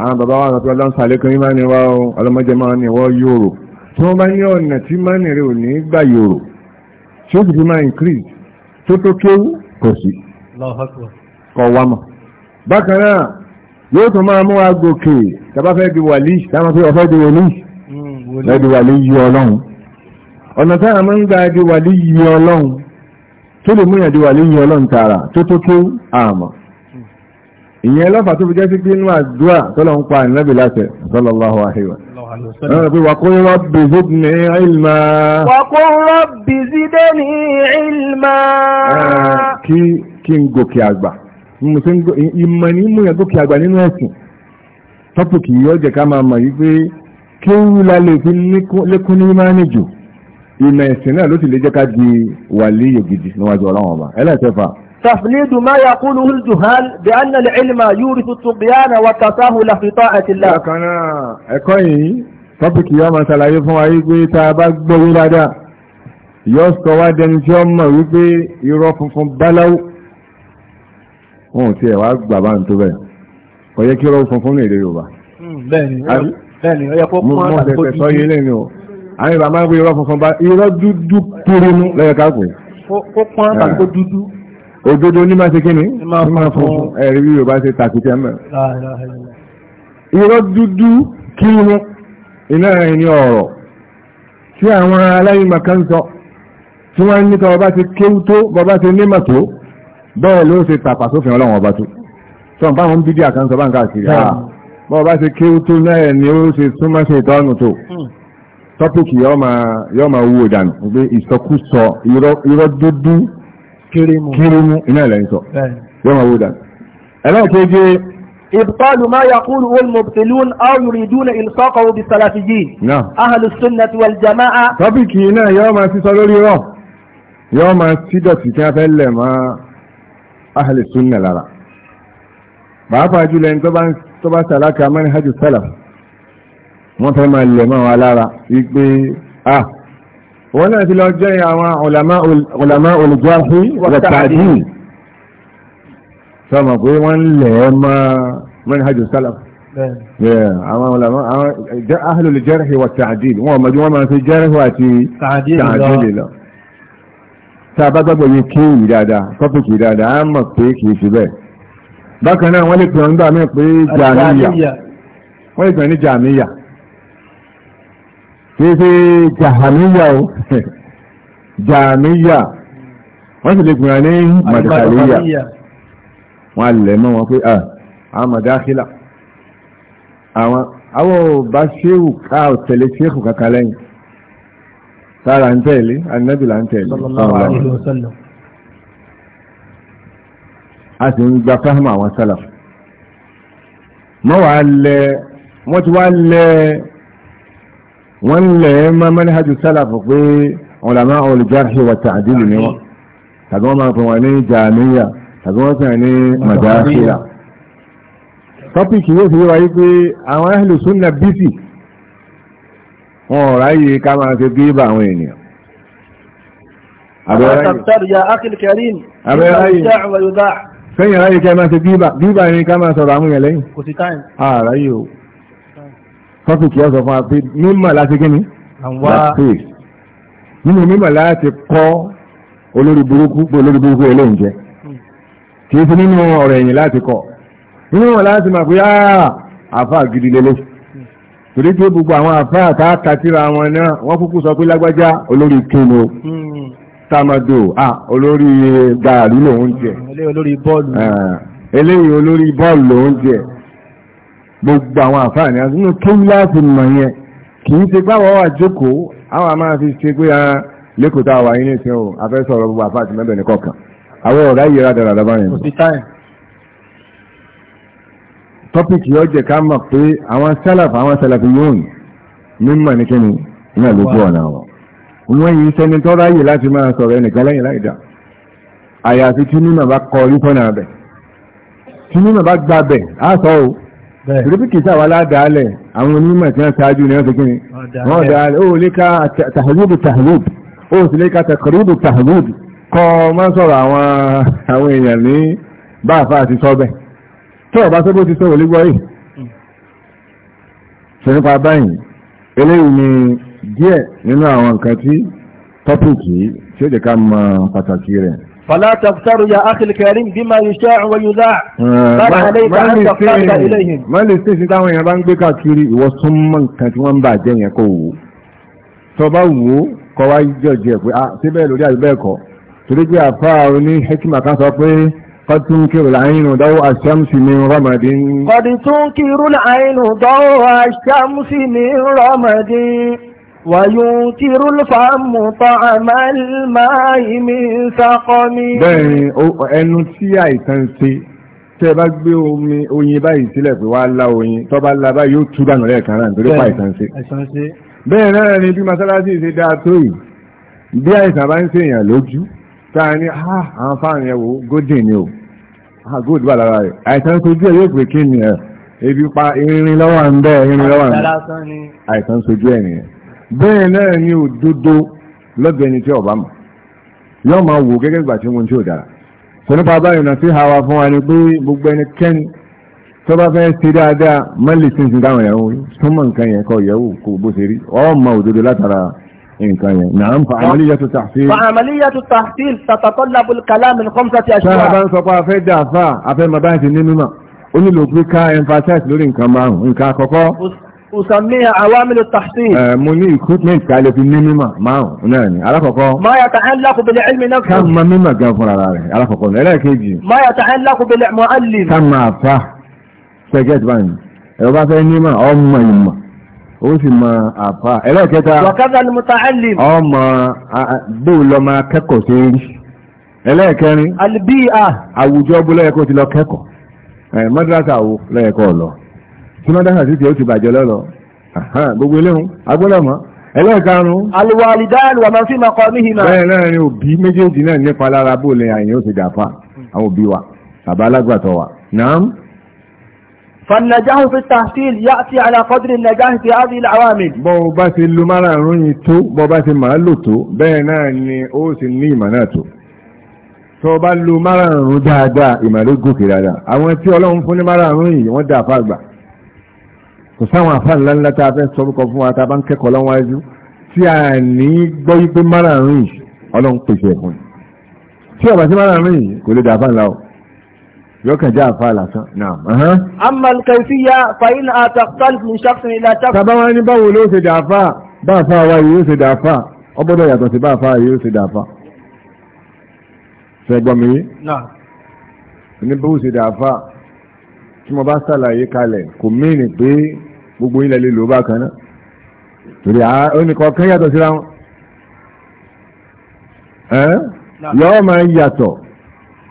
àwọn bàbá wa nàtọ́ ọlọ́nsà lékún ìmánì wa ọlọ́mọdé máa ní ìwọ́ yòrò tí wọ́n bá ní ọ̀nà tí ìmánì rẹ̀ ò ní gbà yòrò tí ó sì fi máa increase tó tó ké kò sí kọ wá mọ̀ bákan náà yóò tún máa mú wa gòkè tàbá fẹ́ di wàlí táwọn fi ọ̀fẹ́ di wàlí hmm, fẹ́ di wàlí yí ọlọ́run ọ̀nà táwọn máa ń gba di wàlí yí ọlọ́run tó lè múyàn di wàlí yí ọlọ́run tààrà tó tó tó àmọ́ ìyẹn lọ́fà tó fi jẹ́ sí nínú àdúrà tọ́lọ̀ ń pa ìnábì láti sallallahu alaihi wa sallam. Waqul rabbi zidni ilma. Waqul rabbi zidni ilma. Kí n gòkè àgbà ìmọ̀ ní mú yẹn àgbà nínú ẹ̀sìn tọ́pùkì yìí ọ̀jẹ̀ ká máa mọ̀ wípé kí ó wú la fi lékún ní máa ìmọ̀ ẹ̀sìn náà ló sì lè jẹ́ ká di wàlí yògidì níwájú ọlọ́run ọba ẹlẹ́sẹ̀fà. تفليد ما يقوله الجهال بأن العلم يورث الطغيان والتساهل في طاعة الله. لكن ẹ̀kọ́ yìí tọ́pìkì yóò máa ṣàlàyé fún wa wípé tá a bá gbọ́ wí dáadáa yóò sọ wá dẹni tí ó mọ̀ wípé irọ́ funfun báláwú wọn ò tiẹ̀ wá gbà bá ń tó bẹ́ẹ̀ kò yẹ kí ọlọ́run funfun ní èdè Yorùbá. Hmm, bẹ́ẹ̀ni ọyọ kó kún àtàkùn tó di. o àwọn ìbá máa ń gbé irọ́ funfun bá irọ́ dúdú purinu lẹ́yìn ká pè. kó kún àtàkùn eh. dúdú. òdodo ní máa ṣe kí ni ní máa fún ẹ̀rí eh, bí Yorùbá ṣe tàkìtì ẹ̀mẹ́. irọ́ dúdú kírun iná ẹni ọ̀rọ̀ tí àwọn aláìmọ̀ kan sọ tí wọ́n ní tọ́ bàbá ti kéwú tó bàbá ti ní màtó bẹ́ẹ̀ ló ṣe tàpà sófin ọlọ́run ọba tó sọ bá wọn bídí àkánsọ bá ń káàkiri àà ah, bọ́ bá ṣe kí ó tó náà ni ó ṣe súnmọ́ ṣe ìtọ́nù tó hmm. tọ́pìkì yọ́ máa wú ìdànù pé ìsọkúsọ irọ́ kírímù iná ilẹ̀ ń sọ yọ́ máa wú ìdànù. ẹlẹ́ẹ̀kejì إبطال ما يقول المبطلون أو يريدون إلصاقه بالسلفيين أهل السنة والجماعة tọ́pìkì náà yọ́ máa sísọ lórí rọ̀ yọ́ máa sídọ̀tì ahli sunna lára pàápàá jùlọ ẹni tó bá sàlákà manhaj salaf wọ́n fẹ́ máa lẹ̀ máa wà lára wípé ah wọ́n náà ti lọ jẹ́ àwọn ulama olùjọ́sí wọ́tàdín sọmọ pé wọ́n lẹ̀ máa manhaj salaf àwọn ulama ahli al-jarh wa at-ta'dil wọ́n mọ̀ bí fi jarh àti ta'dil tá a bá gbàgbọ́ yìí kí èyí dáadáa tọ́pìkì dáadáa á mọ̀ pé kìí ṣe bẹ́ẹ̀ bákan náà wọ́n lè pè ọ́ nígbà mí pé jàmíyà wọ́n lè pè ní jàmíyà kìí ṣe jàmíyà o jàmíyà wọ́n sì lè pè ọ́ ní màdàkàlíyà wọ́n á mọ́ wọn pé àwọn màdàkìlà àwọn àwọn bá ṣéwù ká ò ṣéwù kàkà lẹ́yìn sára ń tẹ̀lé anábì là ń tẹ̀lé a sì ń gba fáhàmà àwọn sálà wọ́n ti wá lẹ wọ́n lẹ̀ máa manhaju sálà fún pé ulama al-jarh wa ta'dil ni wọ́n tàbí wọ́n máa fún wọn ní jàmíyà tàbí wọ́n fún ní màdáfíà tọ́pìkì yóò fi wáyé pé àwọn ahlu sunna bísì wọn ò ráyè ká máa ṣe gíbà àwọn ènìyàn Fẹ́yìn ráyè kẹ́ máa ṣe gíbà, gíbà ní ká máa sọ̀rọ̀ àwọn èèyàn lẹ́yìn. Kò sí táìmù. À ráyè o. Tọ́pìkì ọ̀sọ̀ fún àpé mímọ̀ láti gíní? Àwọn àpè. Nínú mímọ̀ láti kọ́ olórí burúkú olórí burúkú eléyìn jẹ́. Kì í fi nínú ọ̀rọ̀ ẹ̀yìn láti kọ́. Nínú wọn láti mọ̀ pé àà àfà gidi lélẹ́sì torí pé gbogbo àwọn àfáà tá a kàtíra wọn náà wọ́n kúkú sọ pé lágbájá olórí kíno hmm. tamado ah olórí gààrí lòun jẹ hmm, eléyìí olórí bọ́ọ̀lù lòun jẹ gbogbo àwọn àfáà ní àti inú kéwú láti mọ̀ yẹn kì í ṣe gbáwọ́ wà jókòó àwọn a máa fi ṣe pé ah, lẹ́kọ̀ọ́ tá a wà yín nísìnyí o afẹ́ gbogbo àfáà ti mẹ́bẹ̀ẹ́ ní kọ̀ọ̀kan àwọn ọ̀rá yìí rádàrà lábáyé tọ́pìkì yóò jẹ́ ká mọ̀ pé àwọn sálàf àwọn sálàfì yóò ní mímọ̀ ní kíni náà lójú ọ̀nà wọn wọ́n yìí sẹ́ni tó ráyè láti máa sọ̀rọ̀ ẹnìkan lẹ́yìn láìdá àyàfi tí mímọ̀ bá kọ orí fọ́nà bẹ̀ tí mímọ̀ bá gba bẹ̀ á sọ o torípì kìí sáwà ládàálẹ̀ àwọn onímọ̀ tí wọ́n ṣáájú ní ọ̀sẹ̀ kíni wọ́n dàálẹ̀ ó lè ka tàhálùbù tàhálùbù ó sì lè ka tàkàrùbù tàhálùbù kọ́ máa sọ̀rọ̀ àwọn èèyàn ní bá àfáà ti sọ bẹ́ẹ̀ tó ọ̀bá tó bó ti sọ òlégbọ́ yìí ṣe nípa báyìí eléyìí ni díẹ̀ nínú àwọn nǹkan tí tọ́pìkì tí ó jẹ́ mọ pàtàkì rẹ̀ فلا تغتر يا أخي الكريم بما يشاع ويذاع بل عليك أن تفترض إليهم ما لستيش táwọn èèyàn bá ń gbé káàkiri ìwọ súnmọ́ nǹkan tí wọ́n ń bà jẹ́ yẹn kó wò tó bá wò ah, kọ́ wá jọ̀jẹ̀ قد تنكر العين ضوء الشمس من رمد قد تنكر العين ضوء الشمس من رمد ويوتر الفم طعم الماء من سقم bẹ́ẹ̀ni ẹnu tí àìsàn ṣe tẹ́ bá gbé omi oyin báyìí sílẹ̀ pé wá lá oyin tó bá lá báyìí yóò tú dànù lẹ́ẹ̀kan náà nítorí pa àìsàn ṣe bẹ́ẹ̀ náà ni bí masalasi ṣe dáa tó yìí bí àìsàn bá ń ṣèyàn lójú táà ní àwọn fáàrin ẹwò gódì ni o gódì wà lára rẹ̀ àìsàn sojú yóò pè kí ni ebi pa irin lọ́wọ́ ń bẹ́ẹ̀ irin lọ́wọ́ ń bẹ́ẹ̀ àìsàn sojú ẹ̀ nìyẹn bẹ́ẹ̀ náà ni òdodo lọ́dọ̀ ẹni tí ọba mọ̀ yóò máa wò gẹ́gẹ́ gbà tí wọn tí ò dára sọ nípa báyìí náà sí fún wa ni pé gbogbo ẹnikẹ́ni tó bá fẹ́ ṣe dáadáa mọ́lì يعني. نعم فعملية التحصيل فعملية التحصيل ستطلب الكلام من خمسة أشياء فهبان سطافة دافا أفهم مباهد النمم أني لو بكا ينفاتات لورين كمان إن كاكوكو أسميها عوامل التحصيل مني كنت من تكالي في النمم ما هو ناني على كوكو ما يتعلق بالعلم نفسه كم مميما جنفر على ذلك على كوكو إلا كيجي ما يتعلق بالمعلم كم ما فا سجد بان يبقى في النمم أم يمم ó sì mọ àfà ẹlẹ́ẹ̀kẹta ọmọ bóò lọ máa kẹ́kọ̀ọ́ sí rí ẹlẹ́ẹ̀kẹrin àwùjọ bó lẹ́yẹ̀kọ́ ti lọ kẹ́kọ̀ọ́ ẹ̀ mọ́dúrásà wo lọ tí mọ́dúrásà sì ti ó ti lọ́lọ́ gbogbo eléhun agbọ́dọ̀ mọ́ ẹlẹ́ẹ̀karùn-ún alwalidan wa man fi bẹ́ẹ̀ náà ni òbí méjèèjì náà nípa lára فالنجاح في التحصيل يأتي على قدر النجاح في هذه العوامل bó bá ti lu márààrún yìí tó bó bá ti máa lò tó bẹ́ẹ̀ náà ni ó sì ní ìmọ̀ náà tó tó bá lu márààrún dáadáa ìmọ̀lẹ́ gòkè dáadáa àwọn tí ọlọ́run fún ní márààrún yìí wọ́n dá àfáà gbà kò sáwọn àfáà ńlá ńlá tá a fẹ́ sọ fún fún wa tá a bá ń kẹ́kọ̀ọ́ lọ́wọ́ wájú tí a ní gbọ́ wípé márààrún yìí ọlọ́run pèsè ẹ̀fọn tí ọ̀bà sí márààrún yìí kò lè dá àfáà ńlá o yọkàn jẹ́ àfa lásán náà. amal kaifiya fain ataktal min shaksin ila tak. tàbá wọn ní báwo ló ṣe dàáfà bá àfa wa yìí ó ṣe dàáfà ọgbọ́dọ̀ yàtọ̀ sí bá àfa yìí ó ṣe dàáfà. ṣẹgbọ́n mi yìí. ní bó ṣe dàáfà tí mo bá ṣàlàyé kalẹ̀ kò mìíràn pé gbogbo ilẹ̀ lè lò bá kan náà. torí onìkan kan yàtọ̀ síra wọn. yọ́ọ́ máa yàtọ̀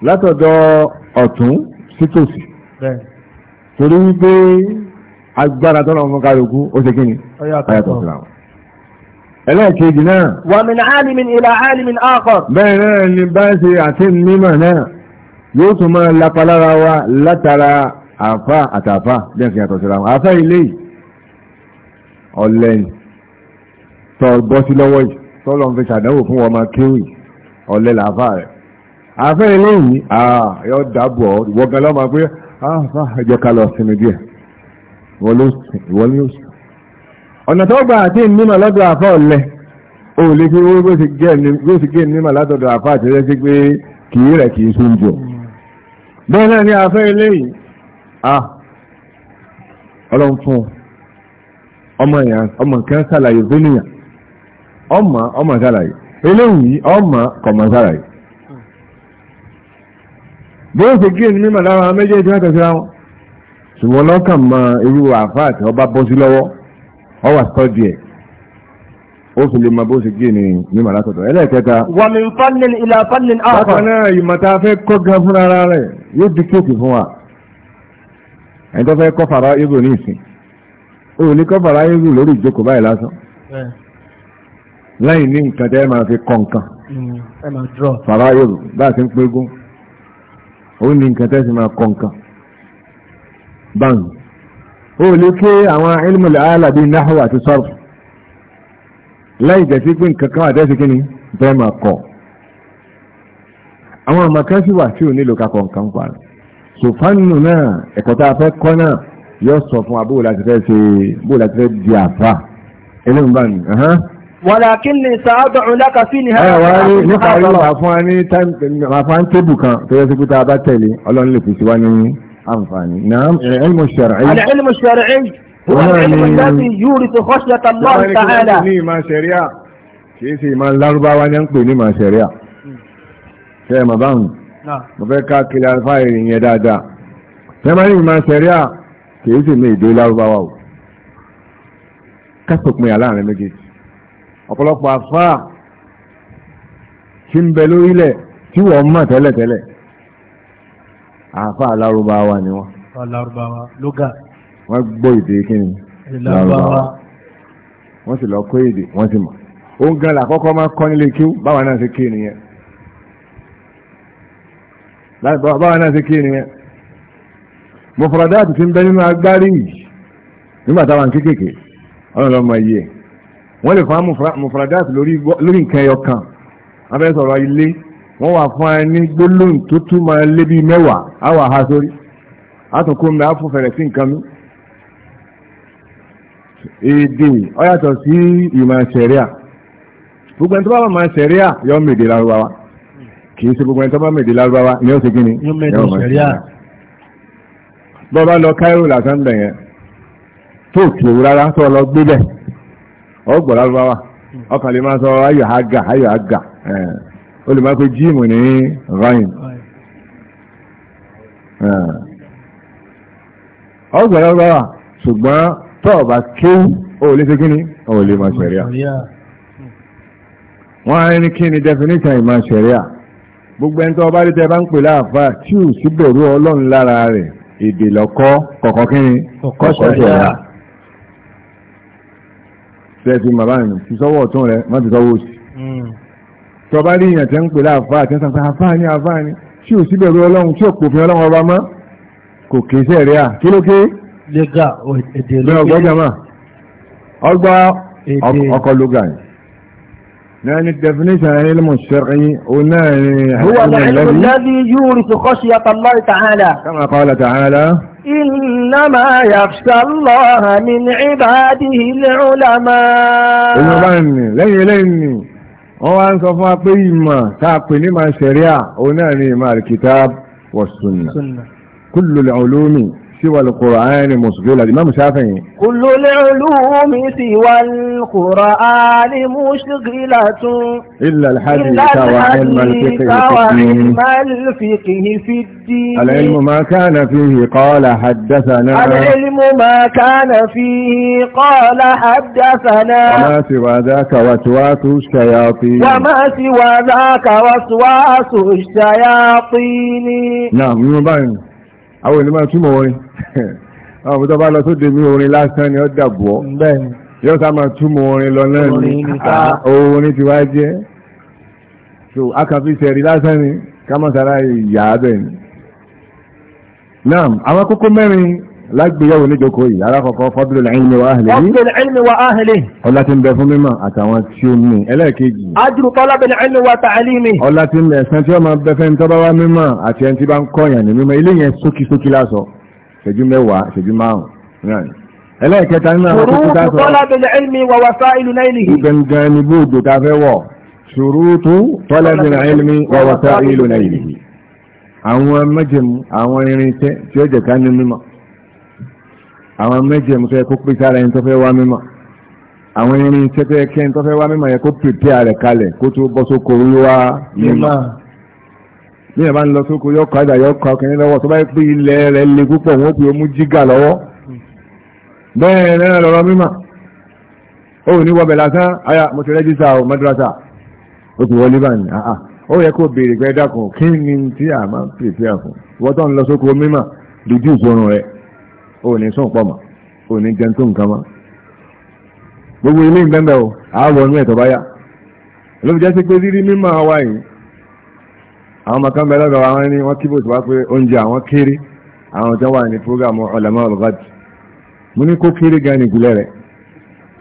látọ̀dọ̀ ọ̀tún sítòsí torí wípé agbára tọ́lọ̀ ọmọ kálukú ó ṣe kíni ọyàtọ̀ síra wọn ẹlẹ́ẹ̀kejì náà wà mí alimin ilà alimin akọ̀ bẹ́ẹ̀ náà ni bá ṣe àti mímọ̀ náà yóò tún máa lapalára wa látara àfá àtàfá bẹ́ẹ̀ sì yàtọ̀ síra wọn àfá ilé ọ̀lẹ́yìn tọ́ bọ́ sí lọ́wọ́ yìí tọ́lọ́ ń fi ṣàdánwò fún ọmọ kéwì ọ̀lẹ́ làáfà rẹ̀ àfẹ́ eléyìí yọ dábọ̀ ìwọ́gan lọ́mọ pé àfà díẹ̀ ló ọ̀nà tó àti ìnímọ̀ lọ́dọ̀ àfà ò lè fi owó bó gé ìnímọ̀ látọ̀dọ̀ àfà sí pé kì í rẹ̀ kì í sún jù. bẹ́ẹ̀ náà ni ọlọ́run fún ọmọ sàlàyé fún ọmọ ọmọ sàlàyé eléyìí ọmọ bó ṣe gé ní mímọ̀ lára méjèèjì wọ́n tẹ̀síra wọn ṣùgbọ́n lọ́kàn mọ irú àfáà tí ọba bọ́ sí lọ́wọ́ ọwà sọ́ọ̀dì ẹ̀ ó sì lè mọ bó ṣe gé ní mímọ̀ látọ̀tọ̀ ẹlẹ́ẹ̀kẹta. wà mí fọ́nlẹ̀ ìlà fọ́nlẹ̀ àwọn. bákan náà ìmọ̀ta fẹ́ kọ́ gan fúnra ara rẹ̀ yóò di kéèkì fún wa ẹni tó fẹ́ kọ́ fara ibò ní ìsìn ó lè kọ́ fara ibò lórí ìjókòó báyìí lásán ó ní nǹkan tẹ́sí máa kọ nǹkan báyìí ó lè ké àwọn ilmùlẹ̀ alábí náhùn àti sọ́rọ̀ láì jẹ́ sí pé nǹkan kan àtẹ́sí kí ni fẹ́ máa kọ àwọn àmọ̀kan sì wà tí ò nílò kakọ̀ nǹkan pa sòfánù náà ẹ̀kọ́ tá a fẹ́ kọ́ náà yóò sọ fún abúlé láti fẹ́ ṣe bóòlù láti fẹ́ di àfà eléyìí wàlákín lè sàádọ̀ ọ̀làkà sí ni. ẹ wá rí nípa ọlọ́run máa fún wa ní táìmù máa fún wa ní tébù kan tó yẹ sí pé tá a bá tẹ̀lé ọlọ́run lè pèsè wa ní àǹfààní. náà ẹ̀ẹ́lmù ṣẹ̀rẹ̀ ẹ̀yìn. àlẹ́ ẹ̀lmù ṣẹ̀rẹ̀ ẹ̀yìn. هو العلم الذي يورث خشية الله تعالى ní ìmọ̀ ṣẹ̀ríà kì í ṣe ìmọ̀ lárúbáwá ní ń pè ní ìmọ̀ ṣẹ̀ríà ṣe ẹ̀mọ̀ báhùn mo fẹ́ ká kiri alfáì rìn yẹn dáadáa ṣe máa ní ìmọ̀ ṣẹ̀ríà kì í ṣe mi ìdó lárúbáwá o ká sọpin àláàrin méjèèjì ọ̀pọ̀lọpọ̀ àfá tí ń bẹ lórílẹ̀ tí wọ́n mọ̀ tẹ́lẹ̀tẹ́lẹ̀ àfá alárúbáwá ni wọ́n wọ́n gbọ́ èdè kíni lárúbáwá wọ́n sì lọ kó èdè wọ́n sì mọ̀ ó ń gan làkọ́kọ́ máa kọ́ nílé kíw báwa náà ṣe kí nìyẹn báwa náà ṣe kí nìyẹn mọ̀fọ̀rọ̀dá àti ti ń bẹ nínú agbárí nígbà táwọn kéékèèké ọlọ́run yìí wọ́n lè fún mufradat lórí nǹkan ẹyọ kan abẹ́ sọ̀rọ̀ ilé wọ́n wà fún ẹ ní gbólóhùn tó túmọ̀ lé bíi mẹ́wàá á wà sórí àtúnkù mi á fún fẹ̀rẹ̀ sí nǹkan mi. èdè ó yàtọ̀ sí ìmọ̀ ṣẹ̀ríà gbogbo ẹni tó bá wà máa ṣẹ̀ríà yọ mèdè lárúbáwá kì í ṣe gbogbo ẹni tó bá mèdè lárúbáwá ni ó ṣe kí ni yọ mèdè ṣẹ̀ríà. bọ́ọ̀ bá lọ káírò ọ gbọ́ lárúbáwá sọ ayọ̀ àgà ayọ̀ àgà lè máa pe jíìmù ní ryan ọ ṣùgbọ́n tọ́ọ̀bà kéwù ó lè ṣe kíni lè máa wọ́n á ní kíni definition ìmọ̀ ṣẹ̀ríà gbogbo ẹni tó rí tẹ́ bá ń pè láàfà tí ò síbẹ̀rù ọlọ́run lára rẹ̀ èdè tẹ́ẹ̀tì màbá nù fi sọ́wọ́ ọ̀tún rẹ̀ má ti sọ́wọ́ òsì hmm. tó bá rí ìyàn tẹ́ ń pè láàfáà tẹ́ ń sàpá àfáà ní àfáà ní tí ò sí bẹ̀rù ọlọ́run tí ò pòfin ọlọ́run ọba mọ́ kò kè sẹ́ rẹ̀ à kí ló ké ọgbà ọkọ̀ náà ni definition ilmu shar'i o náà ni huwa al-ilmu إنما يخشى الله من عباده العلماء. èèyàn bá ń nì lẹ́yìn lẹ́yìn wọ́n wá ń sọ fún wa pé ìmọ̀ tá a pè ní máa ṣẹ̀ríà òun náà ni ìmọ̀ al-kitab wa sunnah. kullu al-ulumi. سوى القرآن مشغلة الإمام الشافعي كل العلوم سوى القرآن مشغلة إلا الحديث وعلم الفقه الفقه في الدين العلم ما كان فيه قال حدثنا العلم ما كان فيه قال حدثنا وما سوى ذاك وسواس الشياطين وما سوى ذاك وسواس الشياطين نعم يبين àwọn ènìyàn máa túmọ̀ orin àwọn òbútọ́ bá lọ sóde mi orin lásán ni ó dàbọ̀ yóò sá máa túmọ̀ orin lọ náà ni orin ah, ti wá jẹ́ so akàfi sẹ̀rí lásán ni ká mọ̀ sára ìyá bẹ́ẹ̀ ni. náà àwọn kókó mẹ́rin lágbéyàwó níjókòó yìí alákọ̀ọ́kọ́ fadlul ilmi wa ahlihi fadlul ilmi wa ahlihi ọlá tí ń bẹ fún mímọ̀ àtàwọn tí ó ní ẹlẹ́ẹ̀kejì ajru talabil ilmi wa ta'limi ọlá tí ń bẹ ẹ̀sán tí ó máa bẹ fẹ́ ń tọ́ba wá mímọ̀ àti ẹni tí bá ń kọ́yàn ní mímọ̀ ilé yẹn sókí sókí lásọ ṣẹ́jú mẹ́wàá ṣẹ́jú márùn-ún ẹlẹ́ẹ̀kẹta àwọn tó kú àwọn mẹ́jẹ̀mú àwọn tí ó jẹ̀ká ní mímọ̀ àwọn méje mú tó yẹ kó pé sára ẹni tó fẹ́ wá mímọ̀ àwọn irin iṣẹ́ tó yẹ kí ẹni tó fẹ́ wá mímọ̀ yẹ kó pèpè ààrẹ kalẹ̀ kó tó bọ́ sóko wíwá mímọ̀ bí ẹ bá ń lọ sóko yọ àjà yọ ọkùnrin lọ́wọ́ tó bá yẹ ilẹ̀ rẹ̀ le púpọ̀ wọn ó pe omú jígà lọ́wọ́ bẹ́ẹ̀ náà lọ́rọ́ mímọ̀ ó ní wọbẹ̀ lásán aya mo ti rẹ́jísà o madrasa ó ti wọlé báyìí ah, ah. ó yẹ kó béèrè pé dákun kí ni tí a pèpè àfún wọ́n tó ń lọ sóko mímọ̀ dùdú ìṣòro rẹ̀ O ní sùn pọ̀ mọ́ ò ní jẹun tó nǹkan mọ́ gbogbo ilé ìbẹ́ńbẹ́ o àárọ̀ inú ẹ̀tọ́ bá yá ló fi jẹ́ sí pé rírí mímọ́ wa yìí àwọn ọmọ kan bẹ lọ́dọ̀ àwọn ẹni wọ́n kíbò tí wá pé oúnjẹ àwọn kéré àwọn tó wà ní prógámù ọ̀làmọ́ ọ̀lọ́gàdì mo ní kó kéré gan ní ìpìlẹ̀ rẹ̀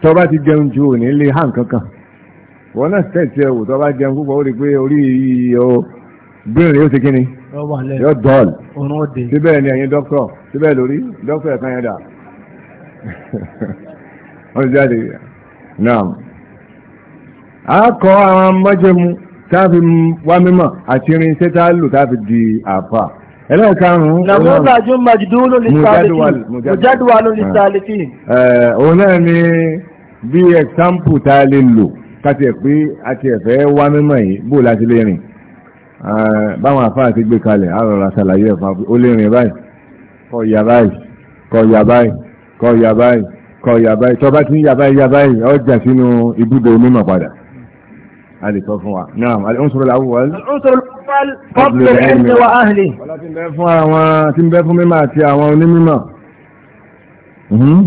tó bá ti jẹun ju òní lé hàn kankan wọn náà tẹ̀sí ẹ̀wò tó bá jẹun púpọ̀ ó rí pé orí ìyọ̀ bírìn yóò dọ́ọ̀lù síbẹ̀ ni ẹ̀yin dọ́kítọ̀ síbẹ̀ lórí dọ́kítọ̀ ẹ̀ka yẹn dà wọ́n jáde náà a kọ́ àwọn májẹ̀mú táàfi wá mímọ̀ àti irinṣẹ́ tá a lò táàfi di àfà ẹlẹ́ẹ̀karùn-ún nàmúdájú mọ̀jádùwà ló lè sáàlẹ̀ fi òun náà ni bí ẹ̀sáǹpù tá lè lò káti ẹ̀ pé àti ẹ̀fẹ́ wá mímọ̀ yìí bó láti lè rìn Eh, báwọn àfáà ti gbé kalẹ̀ àrọ̀rà ṣàlàyé ẹ̀fà ó lè rìn báyìí kọ ya báyìí kọ ya báyìí kọ ya báyìí kọ ya báyìí tọ́ bá ti ń ya báyìí ya báyìí ọjà sínú ibùdó mímọ̀ padà a lè sọ fún wa náà al-unsur al-awwal fadlu al-ilmi wa ahlihi wọ́n ti ń bẹ fún àwọn tí ń bẹ fún mímọ̀ àti àwọn onímọ̀ mhm,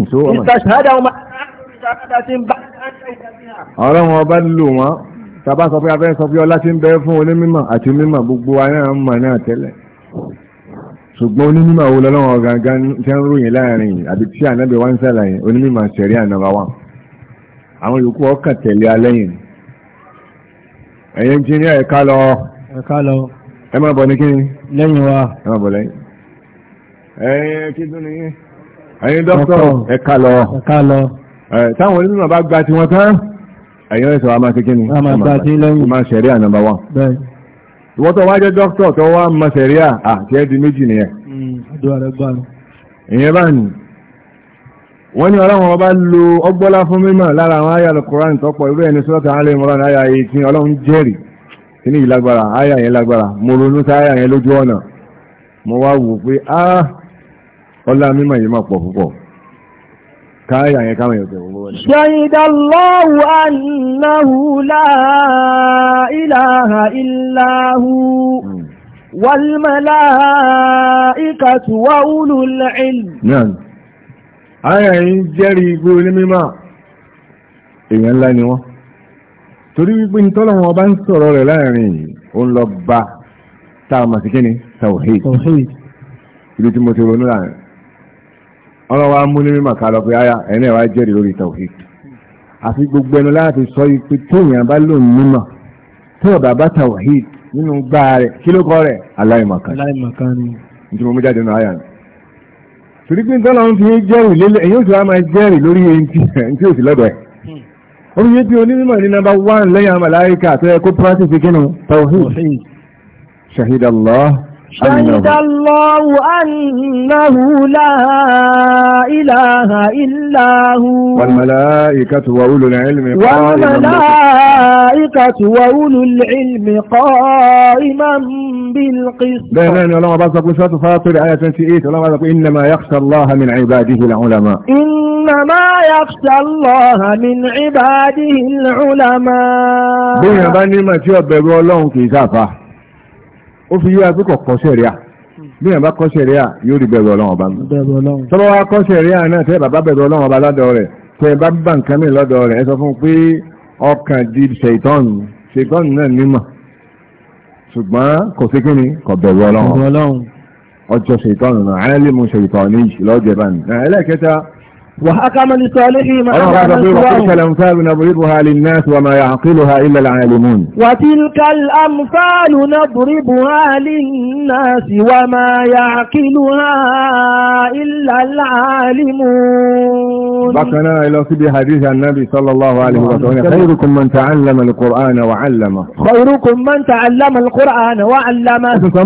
ọlọ́run ọba lò wọ́n tàbá sọ pé abẹ́ sọ pé ọlá ti ń bẹ fún onímọ̀ àti mímọ̀ gbogbo wa náà ń mọ̀ náà tẹ́lẹ̀ ṣùgbọ́n onímọ̀ wo lọ́lọ́wọ́ gangan tí ń ròyìn láàrin àbí tí ànábì wá ń sàlàyé onímọ̀ sẹ̀rí ànàbà wà àwọn yòókù ọkàn tẹ̀lé alẹ́yìn ẹ̀yìn engineer ẹ̀ka lọ ẹ̀ka lọ ẹ máa bọ̀ ní kíni lẹ́yìn wa ẹ máa bọ̀ lẹ́yìn ẹ̀yìn kí ni ẹ̀yìn dókítà ẹ̀ka táwọn onímọ̀ bá gba tiwọn tán ẹ̀yọ́ ìsọ̀ àmà sí kíni àmà sẹ̀ríà nọ́mbà wán ìwọ́n tó wá jẹ́ dókítọ̀ tó wá mọ sẹ̀ríà àti ẹ́ di méjì nìyẹn hmm, ìyẹn bá ní wọ́n ní ọlọ́run ọba lo ọgbọ́lá fún mímọ̀ lára àwọn àyà Al-Qur'an tọ́pọ̀ irú ẹni sọ́tà alẹ́ ìmọ̀ràn àyà yìí tí ọlọ́run jẹ́rìí kí ní ìlágbára àyà yẹn lágbára mo ronú sí àyà yẹn lójú ọ̀nà mo wá wò pé ah ọlá mímọ̀ yìí mà pọ̀ púpọ̀ káyà yẹn káwọn èèyàn tẹ̀wọ́ wọlé. ṣẹ́yìndà lọ́wọ́ annahu la ilaha illahu hmm. walmalaikatu wa ulul ilm. náà ayà yìí jẹ́rìí igbó ní mímọ́ èèyàn ńlá ni wọ́n torí wípé ní tọ́lọ́wọ́n ọba ń sọ̀rọ̀ rẹ̀ láàrin ó ń lọ bá táwọn màsíkíní tawhid ibi tí mo ti ronú láàrin ọlọ́wà mú ní mímọ̀ kálọ̀ pé aya ẹ̀yìn náà wá jẹ́rìí lórí tawhid àfi gbogbo ẹnu láti sọ ipe téèyàn bá lò mímọ̀ tó ọ̀bà bá tawhid nínú gbá rẹ̀ kí ló kọ́ rẹ̀ aláìmọ̀kan ní tí mo mú jáde nù aya rẹ̀ torí pé tọ́lọ́ ń fi jẹ́rìí lélẹ̀ èyí ó sì wá máa jẹ́rìí lórí eyín tí ó sì lọ́dọ̀ ẹ̀ hmm. orí yé bí onímọ̀ ní nàbà wán lẹ́yìn àmàláyíkà tó yẹ kó pírátì fi kínú tawhid shahidallah شهد الله أنه لا إله إلا هو والملائكة وأولو العلم قائما والملائكة وأولو العلم قائما بالقسط بأمان الله عباد صلى الله فاطر آية 28 الله عباد إنما يخشى الله من عباده العلماء إنما يخشى الله من عباده العلماء بنا بني ما تيوب بيقول لهم كيسافة ó fi yíwá pé kò kọ́ sẹ̀ríà bí yàn bá kọ́ sẹ̀ríà yóò rí bẹ̀rù ọlọ́run ọba mi tọ́wọ́ wa kọ́ sẹ̀ríà náà tẹ́ bàbá bẹ̀rù ọlọ́run ọba lọ́dọ̀ rẹ̀ tẹ́ bá bá nǹkan mi lọ́dọ̀ rẹ̀ ẹ sọ fún un pé ọkàn di ṣètọ́nù ṣètọ́nù náà nímọ̀ ṣùgbọ́n kò sí kí ni kò bẹ̀rù ọlọ́run ọjọ́ ṣètọ́nù náà وحكم لصالحه مع وتلك الأمثال نضربها للناس وما يعقلها إلا العالمون وتلك الأمثال نضربها للناس وما يعقلها إلا العالمون بقنا إلى سبي حديث النبي صلى الله عليه وسلم خيركم من تعلم القرآن وعلمه خيركم من تعلم القرآن وعلمه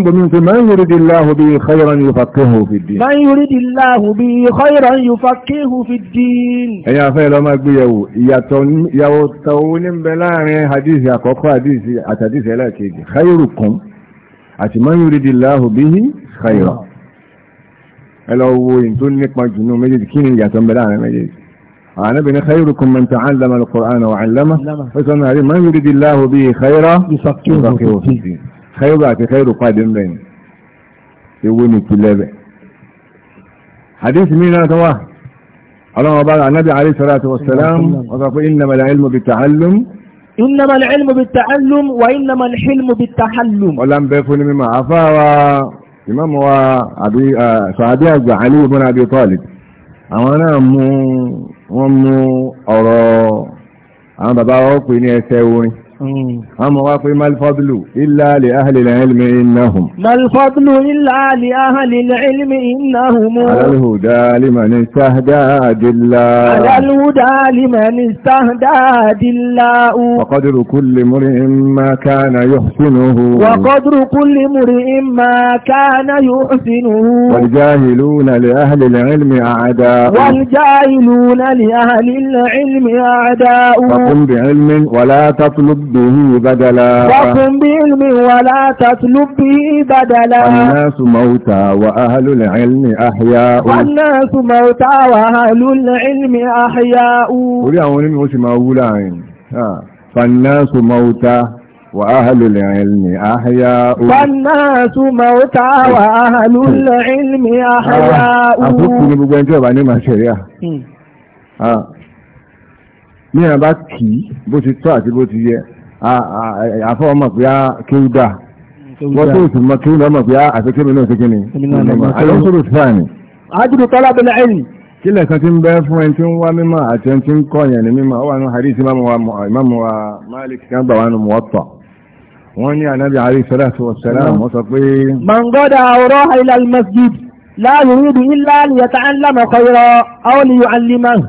من يريد الله به خيرا يفقهه في الدين من يريد الله به خيرا يفقهه fúrúkú fi dín. ẹ̀yin afẹ́ lọ máa gbéyàwó ìyàtọ̀ ìyàwó tàwọn oníbẹ̀ láàrin hadith àkọ́kọ́ hadith àtàdìsí ẹlẹ́ẹ̀kejì khayrukum àti man yuridillahu bihi khayra ẹ lọ wo ìyìn tó nípa jùlọ méjèèjì kí ni ìyàtọ̀ ń bẹ láàrin méjèèjì ànábì ní khayrukum man ta'allama al-Qur'ana wa 'allamahu fẹ́sọ̀ náà rí man yuridillahu bihi khayra ọlọ́wọ́ bá anábì alayhi salatu wassalam ọ̀sọ̀ pé innamal ilmu bitta'allum innamal ilmu bitta'allum wa innamal hilmu bittahallum ọlá ń bẹ fún ní mímọ̀ àfáwà ìmọ̀mù wa àbí sàádé àgbà Ali ibn Abi Talib àwọn náà mú wọ́n mú ọ̀rọ̀ àwọn bàbá wọn pè ní ẹsẹ̀ orin أم أمغاف ما الفضل إلا لأهل العلم إنهم ما الفضل إلا لأهل العلم إنهم على الهدى لمن استهدى دلاء على الهدى لمن استهدى دلاء وقدر كل مرئ ما كان يحسنه وقدر كل مرئ ما كان يحسنه والجاهلون لأهل العلم أعداء والجاهلون لأهل العلم أعداء فقم بعلم ولا تطلب به بدلا وقم بعلم ولا تطلب به بدلا الناس موتى وأهل العلم أحياء والناس موتى وأهل العلم أحياء orí àwọn onímọ̀ ó sì máa wú láàrin فالناس موتى وأهل العلم أحياء فالناس موتى وأهل العلم أحياء àfúrúkú ni gbogbo ẹjọ́ ìbá ní màá ṣẹ̀rí à ní àbá kìí bó ti tọ́ àti bó ti yẹ Ah, ah, eh, eh, àfọwọ́ mọ̀ pé kéwú dà wọ́n tó sì mọ kéwú lọ́mọ̀ pé àtẹ́kẹ́mi náà tẹ́kẹ́ ni alonso fani. ajúdù tọ́lá bẹ̀rẹ̀ ẹ̀yìn. kílẹ̀ kan ti ń bẹ́ fún ẹni tí ń wá mímọ́ àti ẹni tí ń kọ́ yẹn ní ó wà ní hadith imamu wa malik kan gbà wà ní muwatta wọ́n ní anabi alayhi salatu wa salam sọ pé. mangoda awuro ila almasjid la yuridu illa liyata'allama khayra aw liyu'allimahu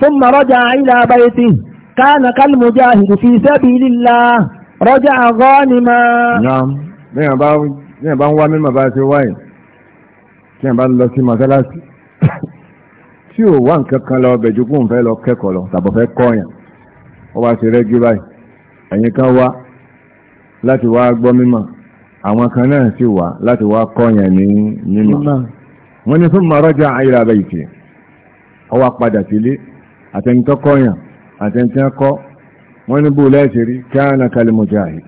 thumma raja'a ila baytihi kana kalmujahidu fi sabilillah raja'a ghanima. bẹ́ẹ̀ bá ń wá mímọ̀ bá ti wáyé tí ẹ̀ bá lọ sí mọ́sálásí tí ò wá nǹkan kan lọ bẹ̀jú kún fẹ́ lọ kẹ́kọ̀ọ́ lọ tàbọ̀ fẹ́ kọ́yàn ó wá ti rẹ́gí báyìí ẹ̀yin kan wá láti wá gbọ́ mímọ̀ àwọn kan náà sì wá láti wá kọ́yàn ní mímọ̀ wọ́n ní fún mọ̀rọ́jà ayélujára bẹ́ẹ̀ ti ọwọ́ padà sílé àtẹnitọ́ kọ́yàn a kọ́ wani ní bó lẹ́ẹ̀sì rí káàna kalimujahid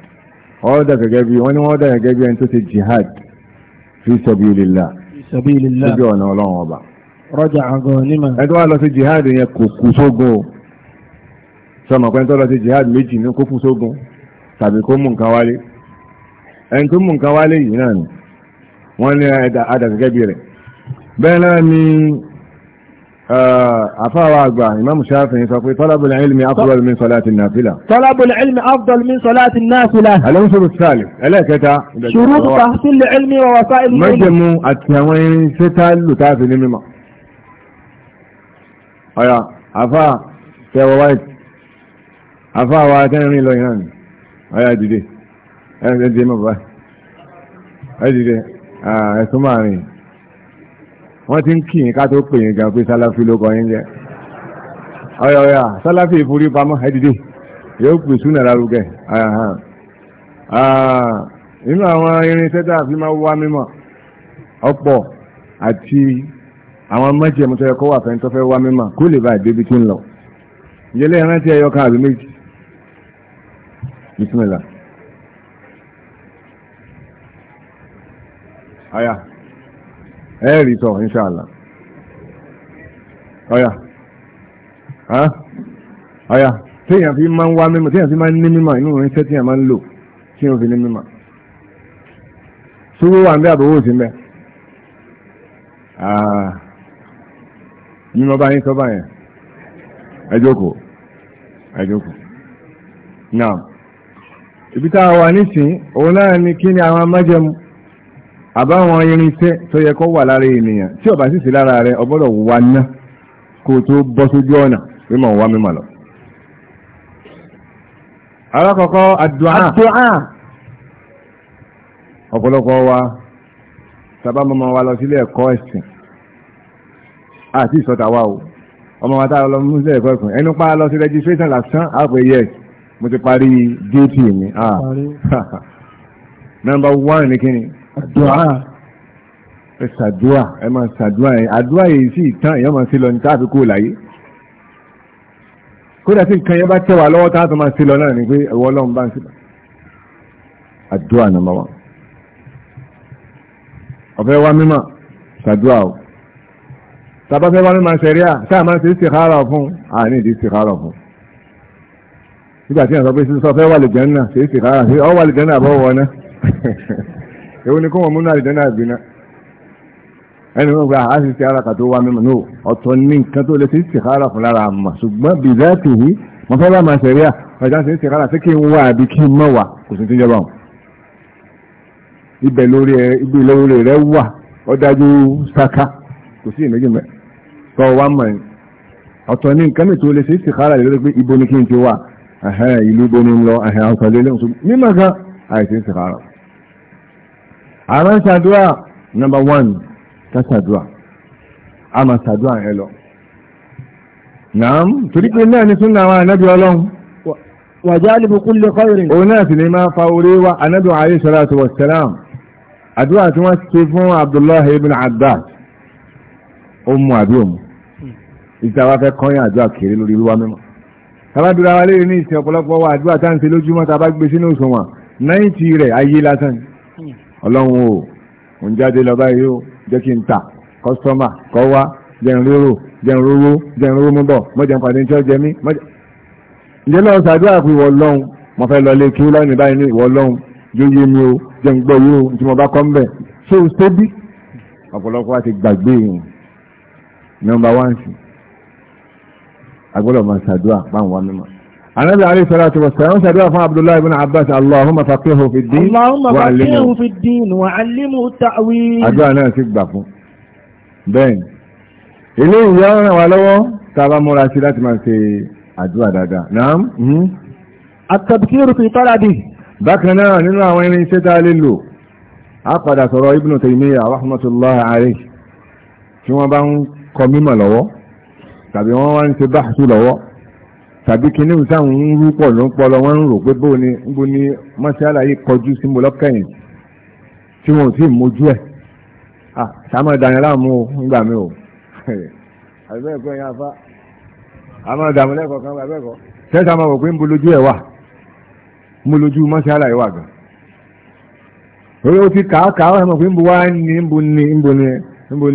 ọ́dà gẹ́gẹ́ bí wọ́n ní wọ́n ti jihad fi sabilillah síbi ọ̀nà ọba rọ́jà àgọ́nímà ẹ̀tọ́ wà Fi jihad yẹn kò kú sógun o sọmọ jihad méjì ní kó kú sógun آه، عفاوا أقبع إمام شافعي فقوي طلب العلم أفضل من صلاة النافلة طلب العلم أفضل من صلاة النافلة الأنصر الثالث ألاك أتا شروط تحصيل العلم ووسائل العلم مجمو أتنوين ستال لتافل مما أيا أيوة. عفا سيوا وايت عفا وايتين من الوينان يعني. أيا أيوة، جدي أيا أيوة، جدي مبا أيا جدي آه يا wọ́n ti ń kì í ká tó pè yín gan pé sálàfí ló kọ yín jẹ́ ọ̀yà ọ̀yà sálàfí ìforí pamọ́ ẹ̀dìdì yóò pè súnà lárugẹ nínú àwọn irinṣẹ́ tá a fi máa wá mímọ̀ ọ̀pọ̀ àti àwọn májẹ̀mú tó yẹ kó wà fẹ́ tó fẹ́ wá mímọ̀ kó lè bá ìdébi tí ń lọ ìjẹ́lẹ̀ ìrántí ẹyọ kan àbí méjì bismillah. Aya. Oh, yeah. ẹ rí tọ inṣàlá ọyà tí téèyàn fi máa ń wá mímọ̀ téèyàn fi máa ń ní mímọ̀ inú irinṣẹ́ téèyàn máa ń lò tí wọ́n fi ní mímọ̀ ṣúgbó wà ń bẹ́ àbówó sí mẹ́ ah. mímọ̀ bá yín sọ bá yẹn ẹ jókòó ẹ jókòó náà ibi tá a wà nísìn òun náà ni kí ni àwọn àbáwọn irinṣẹ́ tó yẹ kó wà lára ènìyàn tí ó bá sì sí lára rẹ̀ o gbọ́dọ̀ wà ná kó tó bọ́ sójú ọ̀nà mímọ̀ wá mímọ̀ lọ. alákọ̀ọ́kọ́ àdúà ọ̀pọ̀lọpọ̀ wa sábà mọ́mọ́ wa lọ sílé ẹ̀kọ́ ẹ̀sìn àti ìsọ̀tà wa o ọmọ wa tá lọ mú sílé ẹ̀kọ́ ẹ̀sìn ẹnu pa lọ sí registration lásán àpò yes mo ti parí duty mi. Ah. number one ni kíni àdúrà ẹ ṣàdúrà ẹ máa ṣàdúrà yẹn àdúrà yìí sì tán èèyàn máa ṣe lọ ní táàbí kó láyé kódà tí nǹkan yẹn bá tẹ̀ wá lọ́wọ́ táwọn tó máa ṣe lọ náà ni pé ẹ̀wọ́ ọlọ́run bá ń ṣe àdúrà nàmọ́ wa ọ̀fẹ́ wa mímọ̀ ṣàdúrà o tàbá fẹ́ wa mímọ̀ ṣẹ̀ríà sáà máa ṣe istikhara fún àní ìdí istikhara fún nígbà tí àwọn sọ pé sísọ fẹ́ wà lè jẹ́ náà ṣe istikhara ṣe ọ wà lè jẹ́ náà bọ́ wọ náà èwo ni kó wọn múnú àlìjẹ́ náà gbiná ẹni wọn gba àá sì ti ara kàtó wá mímọ̀ náà ọ̀tọ̀ ní nǹkan tó lè ti ti kára fún lára àmà ṣùgbọ́n bìbẹ́ tì í mo fẹ́ bá máa ṣẹ̀rí à ọjà sì ti sí kí n wá àbí kí n mọ̀ wá kò sì ti wọn. ibẹ̀ lórí ẹ ibi lórí rẹ wà ó dájú saka kò sí ìmẹ́jì mẹ́ tọ́ wá mọ̀ ẹ́ ọ̀tọ̀ ní nǹkan tó lè ti ti kára lórí pé ibo ni kí n ti wà ìlú ibo ni ń lọ ọ̀tọ̀ lélẹ́yìn àmọ́ ṣàdúrà number one ká ṣàdúrà a máa ṣàdúrà ẹ lọ naam torí pé náà ni súnà àwọn ànábì ọlọ́run wa jalibu kulli khairin òun náà sì ní máa fa orí wa ànábì alayhi salatu wa salam àdúrà tí wọ́n ṣe fún abdullahi ibn abbas ó mú àbí òmu ìtawà fẹ́ kọ́yìn àdúrà kéré lórí wíwá mímọ́ tabadura wa léèrè ní ìsìn ọ̀pọ̀lọpọ̀ wa àdúrà tá à ń ṣe lójúmọ́ tá gbé sínú òṣùwọ̀n náìtì rẹ̀ ayé lásán ni ọlọ́run o ò ń jáde lọ báyìí o jẹ́ kí n ta kọ́sítọ́mà kọ́ wá jẹun rírò jẹun rúrú jẹun rúrú mú bọ̀ mọ́jẹun pàdé tí ó jẹ mí mọ́jẹ. ǹjẹ́ lọ sàdúrà pé ìwọ ọlọ́run mo fẹ́ lọ lé kí lọ́nà báyìí ní ìwọ ọlọ́run yóò yé mi o jẹun gbọ́ yóò tí mo bá kọ́ ń ṣé o ṣe bí ọ̀pọ̀lọpọ̀ àti gbàgbé yìí nọ́mbà wáǹsì agbọ́dọ̀ máa sàdúrà páwọn wá mímọ́ النبي عليه الصلاة والسلام سأدعى عبد الله بن عباس اللهم فقهه في الدين اللهم فقهه في الدين وعلمه التأويل أدعى أنا سيبقى بين إليه يوانا ولو تابع مراسلات من سي أدعى دادا نعم التبكير في طلبه بكنا نلا وين ستا للو أقعد ترى ابن تيمية رحمة الله عليه شو ما بان قميمة لو تابعوا وان سبحثوا لو tàbí ní ìsáhùn ń rú pọ̀ ló ń pọ̀ lọ wọ́n ń rò pé bó ni bó ni yìí kọjú sí mo lọ́kẹ̀yìn tí wọn ò mójú ẹ̀ sàmọ́ ìdáyẹn láàmú o nígbà mi o afá àmọ́ ìdààmú lẹ́kọ̀ọ́ kan máa wọ̀ pé ń ẹ̀ wà lójú yìí wà gan orí o ti mọ̀ pé ń bo wá ní ń bo ní ń bo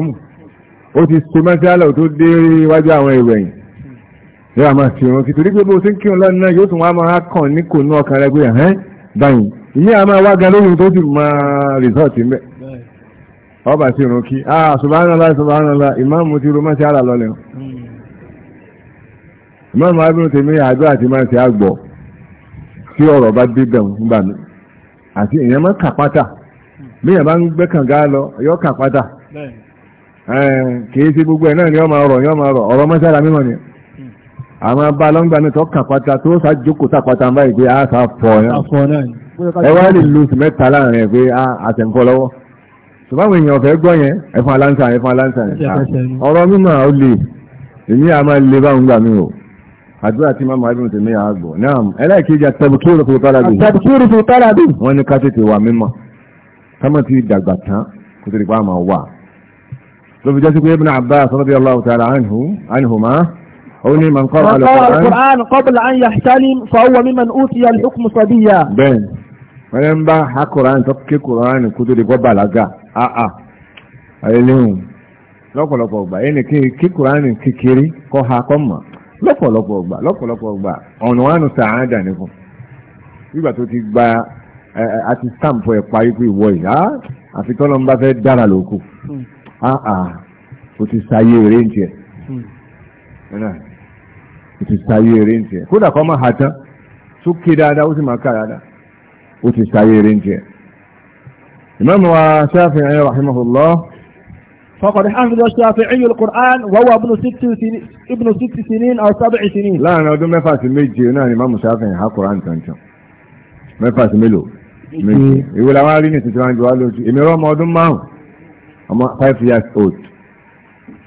ní ó ti so mẹ́sàálà tó dé wájú àwọn ìwẹ̀yìn yóò máa fi wọn kìtò dípé bó ṣe ń kírun lọ́nà yóò tún wá máa kàn ní kò ní ọkàn báyìí a máa wá gan lóhun tó sì máa rìsọ́ọ̀tì ọba sí irun kí ah subhanallah subhanallah ìmáàmù ti ro mẹ́sàálà lọ́lẹ̀ ìmáàmù abínú tèmi àdó àti máa àgbọ̀ tí ọ̀rọ̀ bá dé bẹ̀ ń mí kìí sí gbogbo ẹ̀ náà ni ọmọ ọ̀rọ̀ ni ọmọ ọ̀rọ̀ ọ̀rọ̀ mọ́sára mímọ̀ ni àwọn abá lọ́ngbà ní tọ́ka pátá tó ṣàjókòó tàpátá báyìí pé a sá fọ náà ẹ wá lè lu oṣù mẹ́ta láàrin ẹ̀ pé a àtẹ̀ǹkọ́ lọ́wọ́ ṣùgbọ́n èèyàn ọ̀fẹ́ gbọ́ yẹn ẹ̀fọn aláǹsà ẹ̀fọn aláǹsà ọ̀rọ̀ mímọ̀ ó lè èmi àmà lè bá ń gbà mí o àdúrà tí máa máa bí tèmi àgbọ̀ náà ẹlẹ́ẹ̀kejì àtẹ̀bùkúrò fún tọ́lábì wọ́n ní ká tètè wà mímọ̀ ká mọ̀ ti dàgbà tán kó tó di pa àmà wà ló fi jẹ́ sí pé Ibn Abbas radiyallahu ta'ala anhu anhuma ó ní man qara'a al-Qur'an qabla an yahtalim fa huwa mimman utiya al-hukm sabiyya. bẹ́ẹ̀ wọ́n yẹn ń bá ha Qur'an tó ké Qur'an kó tó di gbọ́ bàlágà áà ah, ah. ha kọ́ mọ̀ lọ́pọ̀lọpọ̀ ọgbà lọ́pọ̀lọpọ̀ ọgbà ọ̀nà wánu sàádà ní fún nígbà tó stamp ẹ̀ parí áà o ti sáyé eré ń tiẹ̀ o ti sáyé eré ń tiẹ̀ kódà kọ́ máa hà tán tó ké dáadáa ó sì máa ká dáadáa o ti sáyé eré ń tiẹ̀. ìmáàmù wa Shafi'i rahimahullah فقد حفظ الشافعي القرآن وهو ابن ست سنين ابن ست سنين أو سبع سنين لا أنا أدوم مفاس ميجي أنا الإمام الشافعي ها قرآن تنشو مفاس ملو ميجي يقول أنا ليني تتوان جوالو إمي روما أدوم ما هو ọmọ five years old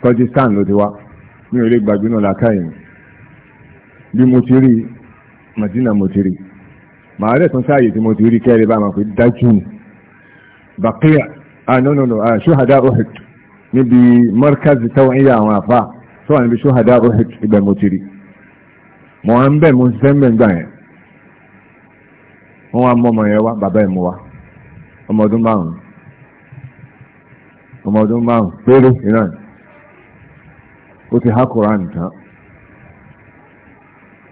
Tajikistan ló ti wá mi ò lè gbàgbé náà làákàyè mi bí mo ti rí Madina mo ti rí màá rẹ̀ tún sáàyè tí mo ti rí kẹ́rẹ́ bá máa pé dájú bàkíyà ah no no no ah ṣóhadá Uhud níbi markazi táwọn ilé àwọn àfà tó wà níbi ṣóhadá Uhud ibẹ̀ mo ti rí mo wá ń bẹ̀ mo ń ṣiṣẹ́ ń bẹ̀ gbà yẹn wọ́n wá mọ́ ọmọ yẹn wá bàbá ẹ̀ mú wa ọmọ ọdún márùn-ún ọmọ ọdún márùn péré iran ó ti há koran tán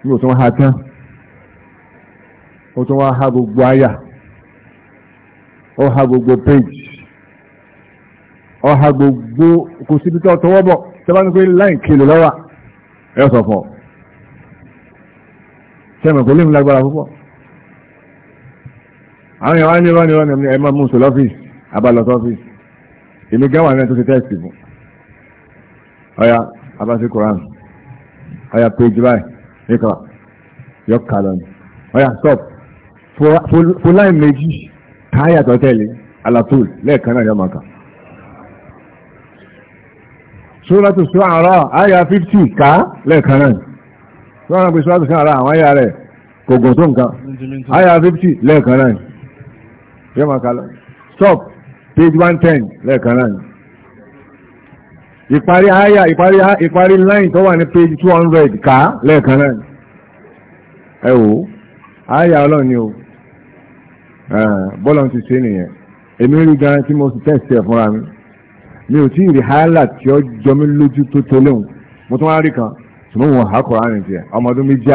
ní òtún ha tán ó tún wá há gbogbo àyà ó há gbogbo page ó há gbogbo kò síbi tó tọwọ́ bọ̀ tẹ́bá ní pé láì kìlò lọ́wà ẹ sọ fọ́ sẹ́mi kò lémi lágbára púpọ̀ àwọn èèyàn wá ní ìrọ́ ní ẹ̀ máa mú sọ lọ́fíìsì abalọ́sọ́fíìsì èmi gánwà rẹ̀ tó ti tẹ́ẹ̀sì fún ọya abáṣe koran ọya péjì báyìí nípa yọ kàlọ́ ni ọya stop fúláì méjì káyà tó tẹ̀lé àlàfóòlù lẹ́ẹ̀kan náà yọ màkà sóràtù sọ́àrà àyà 50 ká lẹ́ẹ̀kan náà sọ́ràn pé sóràtù sọ́àrà àwọn àyà rẹ̀ kò gùn tó nǹkan àyà 50 lẹ́ẹ̀kan náà yọ màkà lọ stop page one ten lẹ́ẹ̀kan náà ìparí àyà ìparí line tó wà ní page two hundred ká lẹ́ẹ̀kan náà ẹ wò àyà ni o bọ́lá ti ṣe nìyẹn èmi rí gan tí mo sì tẹ̀sí ẹ̀ fúnra mi mi ò tí ì rí hálà tí ó jọ mí lójú tó tẹ́lẹ̀ òun mo tún wá rí kan wọn hà kọ́ra nìyẹn méjì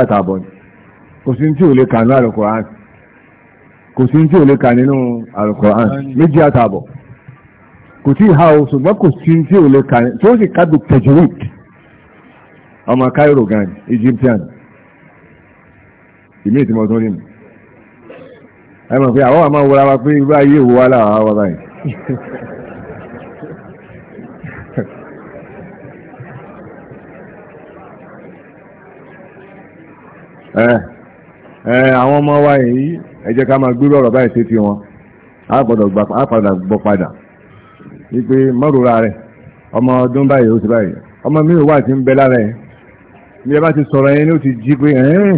kò sí tí ò lè kà nínú alukoran méjì àtààbọ̀ kò tí ha o ṣùgbọ́n kò sí tí ò lè kà tí ó sì ọmọ Cairo gan Egyptian ìmí ìtìmọ̀ tó rí ẹ mọ̀ pé àwọn àmọ́ wọra wa pé irú ayé ìwò báyìí wa yìí ẹ jẹ́ ká máa gbérò ọ̀rọ̀ báyìí sí ti wọn á padà gbọ́ padà wípé mọ́rùra rẹ̀ ọmọ ọdún báyìí ó ti báyìí ọmọ mi ò wà tí ń bẹ lára ẹ̀ bí ẹ ti sọ̀rọ̀ yẹn ó ti jí pé ẹ̀ẹ́n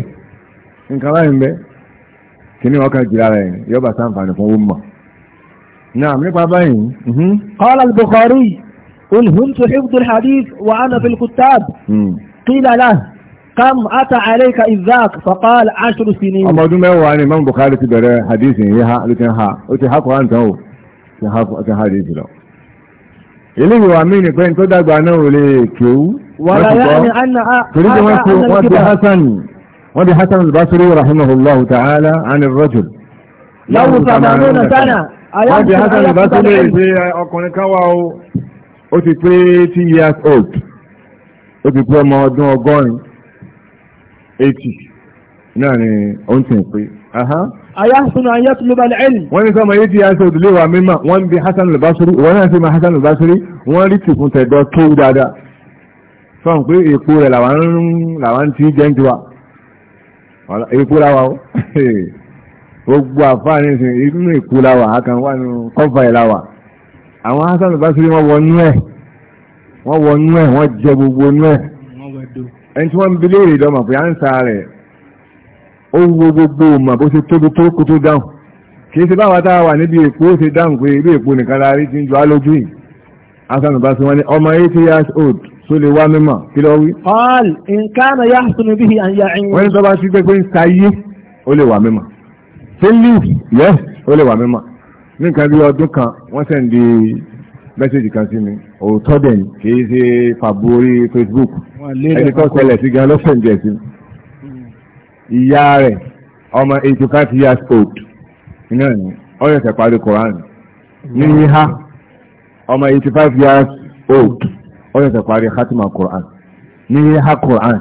nǹkan báyìí ń bẹ kìíní ọkàn jìlá rẹ̀ yọba sáǹfààní fún ọmọ náà nípa báyìí. قال البخاري قل هم حفظ الحديث وأنا في الكتاب قيل له kam ata alayka izak faqal ashru sinin. ọmọ ọdún mẹ́wàá ni imam bukhari ti bẹ̀rẹ̀ hadith yìí ha ló ti ha ó ti ha kọ́ àǹtán o ti ha kọ́ àti hadith lọ. eléyìí wà mí ni pé n tó dàgbà náà ò lè kéwú. wàlá yá ni anna a torí pé wọ́n fi wọ́n fi hasan wọ́n fi hasan al rahimahullah ta'ala ani rajul. láwù sàmánú na sánà. wọ́n fi hasan al-basri ṣe ọkùnrin káwa o ti pé two years old ó ti pé ọmọ ọdún ọgọ́rin eighty náà ni ó ń tì pé. ayahsunu an yatluba al-ilm. wọ́n ní sọ́mọ yìí ti yà sọ òdìlé wa mímọ́ wọ́n ń bi Hasan al-Basri wọ́n náà sì máa Hasan al-Basri wọ́n rí tìkun tẹ̀dọ́ kéwú dáadáa sọ̀n pé èpo rẹ̀ làwọn ti jẹ́ ń tiwa èpo làwa o gbogbo àfáàní ìsìn inú èpo làwa àkàn wà nínú kọ́fà ẹ̀ làwa àwọn Hasan al-Basri wọ́n wọnú ẹ̀ wọ́n wọnú ẹ̀ wọ́n jẹ gbogbo nú ẹ̀ ẹni tí wọ́n ń bilé èrè lọ́mọ̀ pé à ń sa rẹ̀ ó wo gbogbo mà bó ṣe tóbi tó kó tó dáhùn kì í ṣe báwa tá a wà níbi èkó ṣe dáhùn pé ilé èkó nìkan la rí ti ń jọ á yìí asanu bá sọ wọn ni ọmọ eighty years old tó lè wá mímọ̀ kí ló wí. paul nǹkan náà yàtọ̀ sínú bí àyà ẹ̀yìn. wọ́n ní tó bá ti gbé pé ń sa yé ó lè wà mímọ̀ ṣé yes ó lè wà mímọ̀ ní nǹkan bí ọdún kan wọ́n sẹ̀ ń di mẹ́sẹ̀jì kan sí mi òótọ́ dẹ̀ ni kì í ṣe facebook Facebook ẹni tó ṣẹlẹ̀ sí gan ló fẹ̀ǹjẹ̀ sí ìyá rẹ̀ ọmọ eighty five years old iná ni ọ̀rẹ́ ṣẹ̀ parí Quran ní ha ọmọ eighty years old ọ̀rẹ́ ṣẹ̀ parí hatima Quran ní ha Quran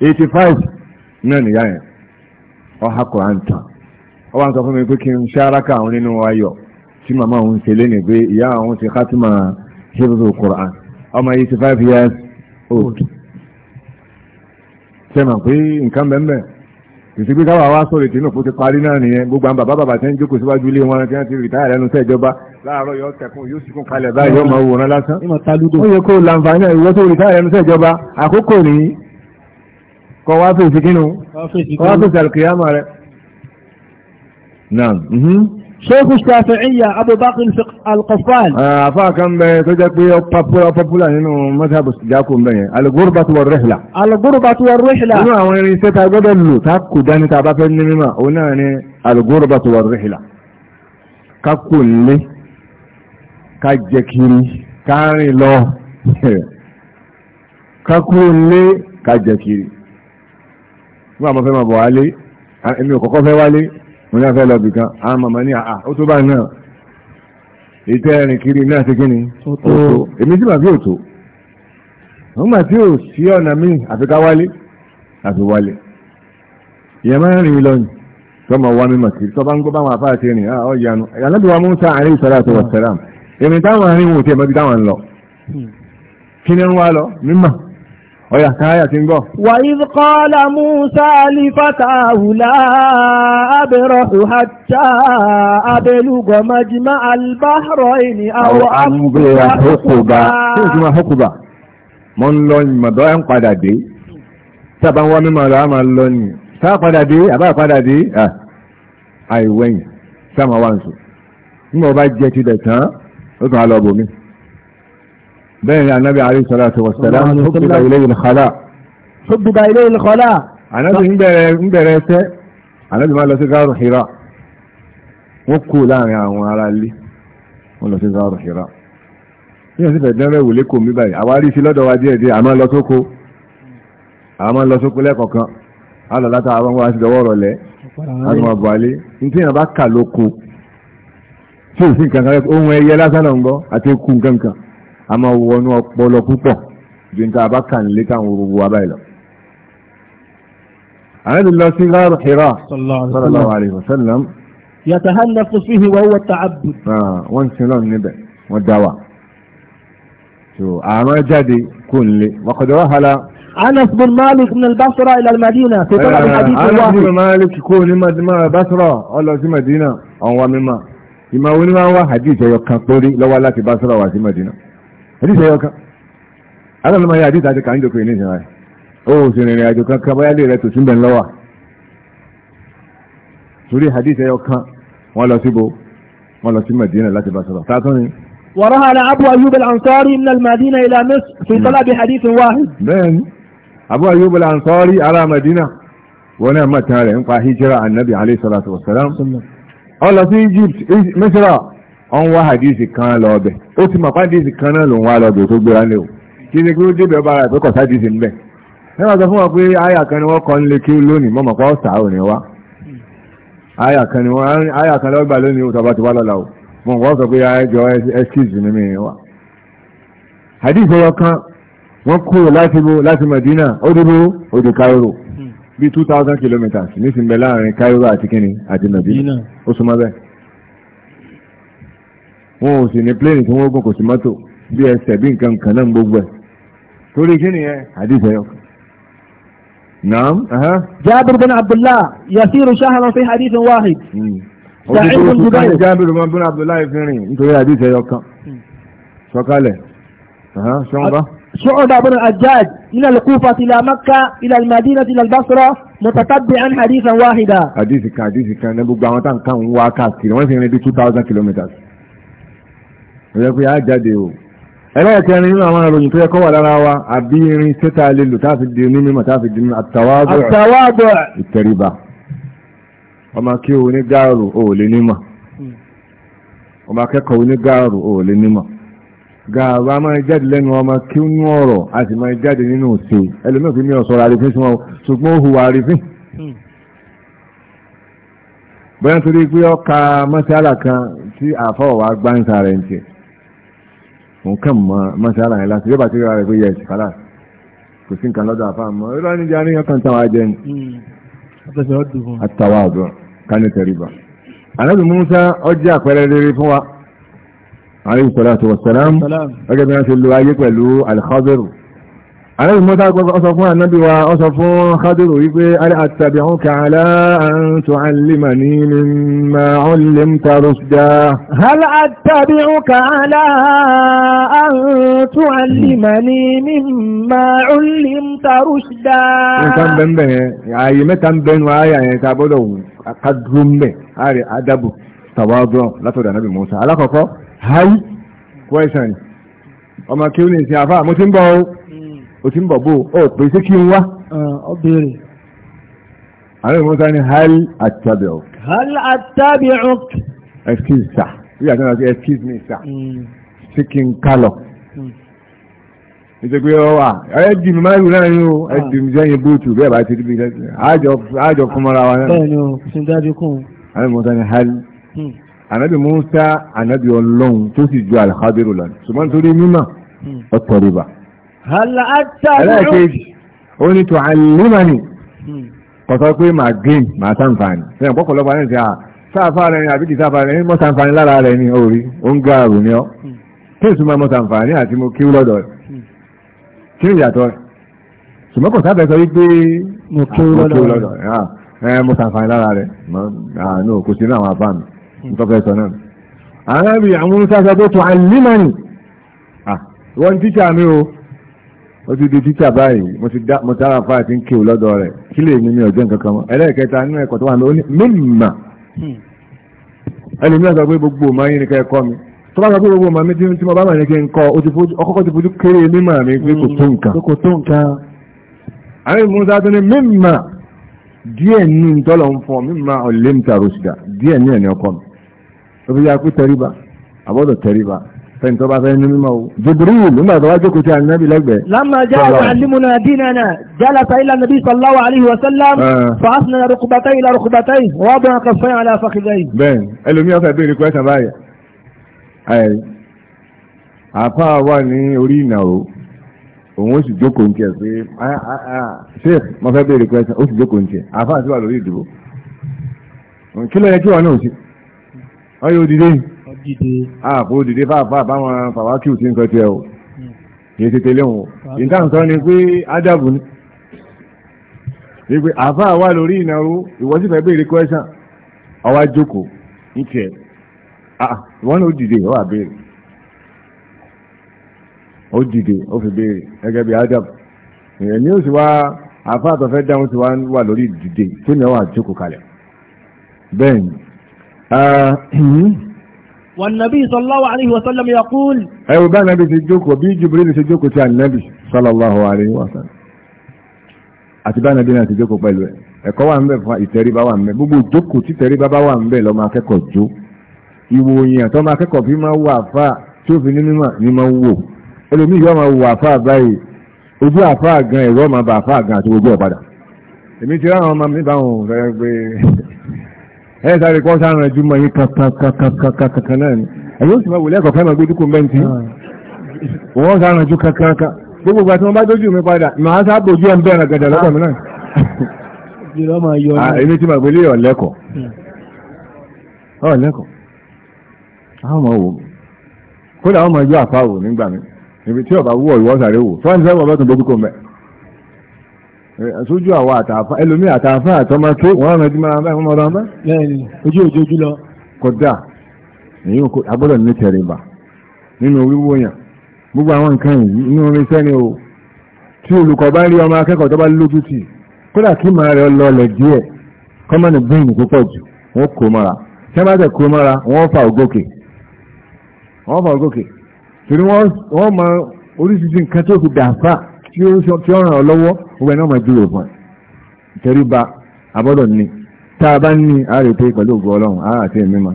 eighty five náà nìyá yẹn ọ̀há Quran tán ọwọ́ àwọn sọ fún mi tí màmá òun ṣe lé ní pé ìyá àwọn ti khatima hebrew Quran ọmọ yìí ti five years old ṣe mà pé nǹkan bẹ́ẹ̀ ìsì pé káwà wá sọ̀rọ̀ ìtìnú kó ti parí náà nìyẹn gbogbo àwọn bàbá bàbá tí ń jókòó síwájú ilé wọn tí wọ́n ti rìtáyà lẹ́nu iṣẹ́ ìjọba láàárọ̀ yóò tẹ̀kùn yóò sì kún kalẹ̀ báyìí yóò máa wòran lásán ó yẹ kó lànfààní ìwọ́n tó rìtáyà lẹ́nu iṣẹ́ ìjọba àkókò nìyí kọ wá fèsì kínú kọ wá fèsì àlùkìyàmà rẹ̀ náà ṣékù ṣàfihíyà abubakar alkafal. Ah, àfa kan bẹ tó jẹ pé ọpọlọ pọpọlọ nínú mọ́tàbù jákò ń bẹ yẹn alugurba tó wọ rẹ́hìlá. alugurba tó wọ rẹ́hìlá. nínú àwọn irinṣẹ́ ta gbọ́dọ̀ lò tá kò dání ta bá fẹ́ ní mímọ́ òun náà ni alugurba tó wọ rẹ́hìlá. ká kò nílé ká jẹ rìn lọ ká kúrò nílé ká jẹ kiri. fẹ́ máa bọ̀ wálé èmi ò kọ́kọ́ fẹ́ wálé mo ní afẹ́ lọ́bì kan àwọn màmá ní àà ah, ah, ó tó bá náà ìtẹ́ ẹ̀rìn kiri náà ṣe kíni èmi sì màbí òtò wọ́n mà tí ò sí ọ̀nà míì àfi ká wálé àfi wálé ìyẹn máa ń rìn lọ́yìn tọ́mọ wa mímọ̀ kiri tọ́ bá ń gbọ́ báwọn afáà ṣe rìn ọ́ ah, yanu ànábì wa Musa alayhi salatu wassalam èmi táwọn arìnwó tiẹ̀ mọ́bi táwọn ń lọ hmm. kí ń wá lọ mímọ̀ ọ̀yà káyà ti ń gọ́. wà ìdí kọ́lá Musa lífàtà àwùlá abẹ́rọ̀hù hàjá abẹ́lúgọ majima albáhọ̀rọ̀ ìní àwọ̀ àmúgbèrè àhókùbà tí ìsinmi àhókùbà mọ́ ń lọ ní mọ̀dọ́ ẹ̀ ń padà dé sábà ń wá mímọ̀ rà máa lọ ní bẹ́ẹ̀ ni anábì alayhi salatu wa salam hubbiba ilayhi al-khala. hubbiba ilayhi al-khala. anábì ń bẹ̀rẹ̀ ẹsẹ́ anábì máa lọ sí gáàrù hira wọ́n kú láàrin àwọn ará ilé wọ́n lọ sí gáàrù hira. bí wọ́n sì fẹ̀ dẹ́rẹ́ wò lẹ́kọ̀ọ́ mi báyìí àwa rí sí lọ́dọ̀ wa díẹ̀ díẹ̀ àmọ́ lọ sóko àmọ́ lọ sóko lẹ́kọ̀ọ̀kan á lọ látà àwọn wa ti dọwọ́ rọ̀ lẹ́ àtùmọ̀ bọ̀álé ní tí yàn bá kà lóko tí òfin kankan ohun ẹyẹ lásán náà ń gbọ́ àti ikú nǹkan kan a máa wọnú ọpọlọ púpọ̀ ju ní tàbá kàn lé káwọn orúgbó wa báyìí lọ. àrẹ́dì lọ sí gáàrù Hira sallallahu alayhi wa sallam. yatahannafu fihi wa huwa ta'abbud. wọ́n ti lọ níbẹ̀ wọ́n dá wa. àmọ́ jáde kò ń lé wàkọ̀dọ̀ wàhálà أنس بن مالك من البصرة إلى المدينة في طلب الحديث الواحد أنس بن مالك يكون إما بصرة ولا في مدينة أو مما إما ونما هو حديث يكن طوري لو لا في بصرة ولا في مدينة àdìsẹ́ yọ kan alọ́lọ́mọ yẹ àdìsẹ́ àti kàńjọ kiri ní ìsìn rẹ̀ ó sì rìnrìn àjò kankan bóyá lè rẹ̀ tó sí bẹ̀rẹ̀ lọ́wà torí àdìsẹ́ yọ kan wọ́n lọ síbo wọ́n lọ sí Mẹ̀dínà láti bá sọ̀rọ̀ tààtọ́ ni. ورهن أبو أيوب الأنصاري من المدينة إلى مصر في طلب حديث واحد. بين أبو أيوب الأنصاري على مدينة ونعم متى ينقى هجرة النبي عليه الصلاة والسلام. الله في إيجيبت مصر ọ̀n wá hadisi kan lọ ọbẹ̀ ó ti mọ̀ pé hadisi kan náà ló ń wá lọ ọbẹ̀ tó gbéra lé o kí ni pé ó débẹ̀ ọba rẹ̀ pé kò sí hadisi ńbẹ̀ ẹ máa sọ fún wọn pé àyà kan ni wọ́n kọ́ ń lé kí lónìí mọ̀ mọ̀ pé ọ̀sà ò ní wá àyà kan ni wọ́n àyà kan lọ́gbà lónìí ò tọ́ba ti wá lọ́la o mọ̀ wọ́n sọ pé ẹjọ́ excuse mi mi wá. hadisi ọyọ kan wọ́n kúrò láti bo láti Madina ó dé bo ó Cairo bí two thousand kilometers. nísìnyí bẹ láàrin Cairo àti kíni àti Madina ó súnmọ́ bẹ́ẹ̀ wọn ò sì ní pléènì tí wọ́n gùn kò sí mọ́tò bí ẹsẹ̀ bí nǹkan kan náà gbogbo ẹ̀ torí kí ni ẹ àdìsẹ́ yọ. نعم أها جابر بن عبد الله يسير شهرا في حديث واحد سعيد بن جبير جابر بن عبد الله يفيرني انتو يا حديث يوكا شكاله أها شعبة شعبة بن الحجاج إلى الكوفة إلى مكة إلى المدينة إلى البصرة متتبعا حديثا واحدا حديثك حديثك نبو بعمتان كان واكا كيلو وين في 2000 كيلومتر ẹ̀yẹ́ pé á jáde o ẹlẹ́ẹ̀kẹrin nínú àwọn ìròyìn tó yẹ kọ́ wà lára wa àbí irin tẹ́ta lè lò táàfi di ní mímọ̀ táàfi di ní àtàwádọ̀ àtàwádọ̀ ìtẹríba ọmọ kí o ní gáàrù o lè nímọ̀ hmm. ọmọ akẹ́kọ̀ọ́ ní gáàrù o lè nímọ̀ gáàrù a máa jáde lẹ́nu ọmọ kí ó ní ọ̀rọ̀ a sì máa jáde nínú òsè ẹlòmíràn fi mí ọ̀sọ̀rọ̀ hmm. wa gbáǹsà rẹ̀ òun kàn mọ́ mọ́sára yẹn láti yọba tí ó rẹ̀ pé yẹ ẹ̀sì kálá kò sí nǹkan lọ́dọ̀ àfáà mọ́ hmm. ó lọ́nà ìjà ní ọkàn táwa jẹ ní. àtàwà ọ̀dọ̀ kánú tẹríba. ànábì Musa ó jẹ́ àpẹẹrẹ rere fún wa. alayhi salatu wa salam. ọjọ́ bí wọ́n ti lo ayé pẹ̀lú al-Khadiru àrẹ́bì mọ́ta ọsọ fún ànábì wa ọsọ fún kádùrù wípé àtàbíọ́kà aláàntò alìmàní mímọ̀ ọlẹ́mta rọ́sùdá. hal àtàbíọ́kà aláàntò alìmàní mímọ̀ ọlẹ́mta rọ́sùdá. nǹkan bẹ́ẹ̀ bẹ́ẹ̀ ààyè mẹ́ta ń bẹ́nu ayà yẹn tá a bọ́dọ̀ kádùrù mẹ́ àrẹ adábù tàwádọ́ látọ̀dọ̀ ànábì Mùsá alákọ̀ọ́kọ́ hal question ọmọ kí ó ní ìsìn àfáà mo o ti ń bọ̀ bó o pè sí kí n wá. ọ ah, béèrè. àwọn ìmọ̀ ni hal attabi'uk. hal attabi'uk. excuse sir yíyá sọ́nà sí excuse me sir. Hmm. sí kí n kálọ̀. nítorí hmm. pé ọ wà ẹ dì mí máìlú náà yín o ẹ dì ah. mí sẹ́yìn bóòtù bẹ́ẹ̀ bá ti rí bí àjọ fún mọ́ra wa náà. bẹ́ẹ̀ni o sin dájú kún. àwọn ìmọ̀ ni hal. anabi musa anabi ọlọ́run tó sì ju alhadiru lọ ṣùgbọ́n torí mímọ̀ ọ hmm. tọrí ẹlẹ́ẹ̀kejì ó ní tó àlùmọ́nì hmm. kò sọ pé màá gain màá sàǹfààní sẹ́yìn pọ́pọ̀lọpọ̀ ní ìsìn sáfà rẹ̀ ni àbí kì sáfà rẹ̀ ni mọ́ sàǹfààní lára rẹ̀ ni orí ó ń ga àrùn ni ọ́ hmm. kí n súnmọ́ mọ́ sàǹfààní àti mo kí lọ́dọ̀ rẹ̀ hmm. kí n yàtọ̀ rẹ̀ ṣùgbọ́n kò sáfẹ́ sọ wípé mo kí lọ́dọ̀ ah, rẹ̀ mo sàǹfààní lára rẹ̀ àánú kò sí ní àwọn afá mi nítorí sọ ó ti di títà báyìí mo ti dá mo tára ń kí lọ́dọ̀ rẹ̀ kí lè mi mi ọ̀jẹ́ nǹkan kan mọ́ ẹlẹ́ẹ̀kẹta nínú ẹ̀kọ́ tó wà ní mímà hmm. ẹni mi pé gbogbo yín ni kọ́ mi tó bá sọ pé gbogbo mi tí mo bá mà ní kí n kọ́ ọkọ́kọ́ ti fojú kéré mímà mi pé kò tó nǹkan. Hmm. kò tó nǹkan. àwọn ní mímà díẹ̀ ní ń fọ mímà ọ̀lẹ́mìtà rọ̀ṣìdà díẹ̀ fẹ́ntọ́ bá fẹ́ ní mímọ̀ o. Jibril nígbà tó wá jókòó tí a nábì lẹ́gbẹ̀ẹ́. Lámà jẹ́ àtàlímùnà dínàna jálàtà ilà nàbí sallallahu alayhi wa sallam fàásùnà rukubatai ilà rukubatai wà bọ̀ ọkọ̀ fẹ́ àlà fàkìlẹ́yìn. Bẹ́ẹ̀ni, ẹlòmíì ọ̀fẹ́ béèrè kwẹ́sàn báyìí. Àpá wà ní orí ìnàwó, òun ó sì jókòó ní tiẹ̀ pé ṣé mo fẹ́ béèrè kwẹ́sàn, ó sì jókòó ní tiẹ̀. Àpá àti wà lórí ìdìbò. Kí ló yẹ kí wọn náà ṣe? Wọ́n dìde. ààbò ah, dìde fàáfà báwọn fàwákìú ti ń kọ tiẹ̀ o kì í tẹ́lẹ̀ wọn ìtàn sọ ni pé ádàbù ni wípé àáfà wà lórí ìnáwó ìwọ fẹ́ béèrè kwẹ́sàn ọwá jókòó ní tiẹ̀ ah, ìwọ náà ó dìde ó wà béèrè ó dìde ó fi béèrè gẹ́gẹ́ bí ádàbù èèyàn ó sì wá àáfà àtọ̀fẹ́ dáhùn sí wà lórí dìde tó ní ọwà jókòó kalẹ̀ bẹ́ẹ̀ ni. Ah, والنبي صلى الله عليه وسلم يقول أيوة بقى نبي سجوك وبي جبريل سجوك وتاع النبي صلى الله عليه وسلم أتبع نبينا سجوك وبلوه ẹ̀kọ́ wà ń bẹ fún ìtẹríba wà ń bẹ gbogbo ìjókòó tí tẹríba bá wà ń bẹ lọ́mọ akẹ́kọ̀ọ́ jó ìwòyìn àtọ́ ọmọ akẹ́kọ̀ọ́ fi máa wà fà tí ó fi ní mímọ̀ ní máa wò ẹlòmíì yóò máa wò àfà báyìí ojú àfà gan ẹ̀rọ máa bà àfà gan àti gbogbo ọ̀padà èmi ti ráwọn ọmọ mi báwọn ọ̀rẹ́ gbé ẹ sáré kọ́ sáré ju mọ̀ yín kankankankankan náà ni ẹ̀yìn ó sì máa wò lẹ́kọ̀ọ́ fẹ́ máa gbé dúkùú mẹ́ntì ah. wọ́n sáré ju kankankan gbogbo ìgbà tí wọ́n bá dójú mi padà màá sá bòjú ẹ̀ ń bẹ̀rẹ̀ gẹ̀dẹ̀ ah. lọ́kọ̀ mi náà. Ah, èmi ti máa gbélé ọ̀lẹ́kọ̀ọ́ hmm. ọ̀lẹ́kọ̀ọ́ àwọn ọmọ wò mí kódà àwọn ọmọ ẹjọ́ àfáwò nígbà mi ibi tí ọba wúwọ̀ ìwọ́sàrẹ́ wò fọ́nìṣẹ́ wọ̀ bẹ́ẹ̀ tó gbójúkọ̀ mẹ́ẹ̀ sójú àwa àtàfà ẹlòmí àtàfà àtọmọ tó wọn rántí máa bá wọn máa bá. bẹ́ẹ̀ni ojú òjòjú lọ. kódà èyí kò agbọ́dọ̀ ní tẹríba nínú wíwó yàn gbogbo àwọn nǹkan yìí inú orin sẹni o tí olùkọ́ bá rí ọmọ akẹ́kọ̀ọ́ tó bá lójú tì kódà kí màá rẹ lọlẹ díẹ̀ kọmọnì bíìmù púpọ̀ jù wọn kò mọ́ra tí wọn bá tẹ kó mọ́ra wọn fà ògókè wọn fà ògókè torí wọn mọ oríṣiríṣi nǹkan tó fi dàfà tí ó sọ tí ó ràn ọ́ lọ́wọ́ gbogbo ẹni ọmọ ìdúró fún ẹ tẹríba abọ́dọ̀ ni tá a bá ní àárẹ̀ pé pẹ̀lú ògùn ọlọ́run á àti ẹ̀mí mọ̀.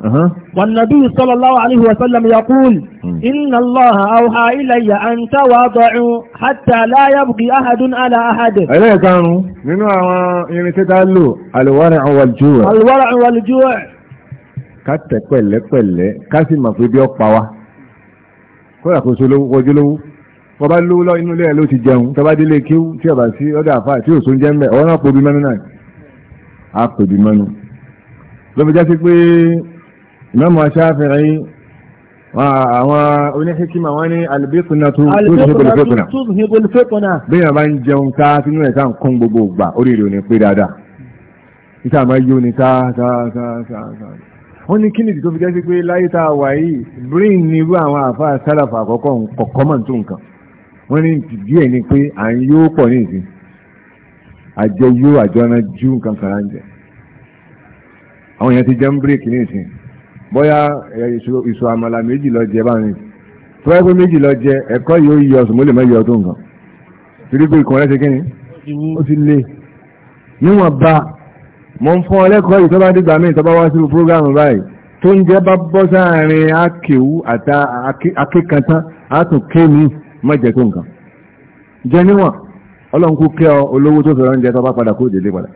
wan nabiyyu sallallahu alayhi wa sallam yaqul hmm. inna allaha awha ilayya an tawada'u hatta la yabghi ahadun ala ahad. ẹlẹ́yìn karùn nínú àwọn irinṣẹ́ tá a lò al-wara'u wal-ju'. al-wara'u ká tẹ̀ pẹ̀lẹ́pẹ̀lẹ́ ká sì mọ̀ pé bí ọ wa kó yàtọ̀ sólówó kọjú lówó bọ́bá lówó lọ inú ilé ẹ̀ ló ti jẹun tọ́ba délé kíw tí ọba sí ọdọ àfa tí òsó ń jẹ́ mbẹ́ ọ̀rọ̀ náà pòbí mẹ́nu náà á pòbí mẹ́nu. lọ́bi jásí pé ìmáàmù aṣáfẹ́rẹ́ àwọn oníṣẹ́kímà wọ́n ní alìbẹ́kùnà tó tóhìbòlì fẹ́kùnà. bí yàrá bá ń jẹun ká sínú ẹ̀ sáà ń kún gbogbo ògbà oríire ò ní pé dáadáa. níta máa yóò ní ká ká ká ká ká wọ́n ní kíni tó fi jásí pé láyé tá a wà yìí brain ní irú àwọn àfa sálàfà àkọ́kọ́ kọ̀kọ́ tó nǹkan wọ́n ní díẹ̀ ni pé à ń yóò pọ̀ ní ìsìn àjẹ yóò àjọ ọ̀nà ju nǹkan kan láǹjẹ àwọn èèyàn ti jẹ́ ń bírèkì ní ìsìn bóyá ìṣù àmàlà méjì lọ jẹ báyìí tó bá yẹ pé méjì lọ jẹ ẹ̀kọ́ yóò yọ ọ̀sùn mo lè má yọ ọdún nǹkan torí pé ìkùn rẹ̀ kíni ó ti le níwọ̀n bá mo ń fún ọ yìí tó bá dìgbà míì tó wá sí púrógámù báyìí tó ń jẹ́ bá bọ́ sáàrin akéwú àtà akékantán àtúnkémi má jẹ tó nǹkan jẹ níwọ̀n ọlọ́run kú kẹ́ ọ olówó tó fẹ́ràn jẹ tó bá padà kó délé padà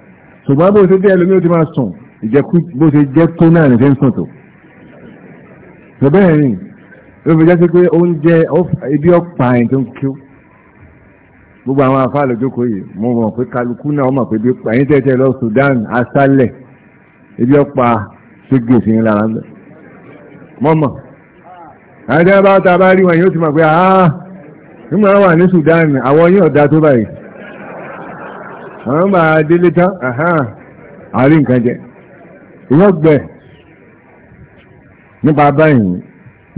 ṣùgbọ́n bó ṣe jẹ́ ẹlòmí ó ti máa sùn ìjẹkú bó ṣe jẹ́ tó náà ní fi ń sùn tó ṣùgbọ́n ẹ̀rìn ló fi jẹ́ sí pé oúnjẹ ibi ọ̀pá ẹ̀ tó ń kíw gbogbo àwọn afá àlòjókòó yìí mo mọ̀ pé kálukú náà mọ̀ pé bí ẹ̀yìn tẹ́tẹ́ lọ Sudan asálẹ̀ ibi ọ̀pá tó gbèsè ńlá rẹ̀ mọ́mọ́ àti ẹ bá ta bá rí wọn yóò ti mọ̀ pé ah nígbà wà ní Sudan àwọn yóò dá tó báyìí àwọn bá délé tán àárí nǹkan jẹ ìwọ́gbẹ̀ nípa báyìí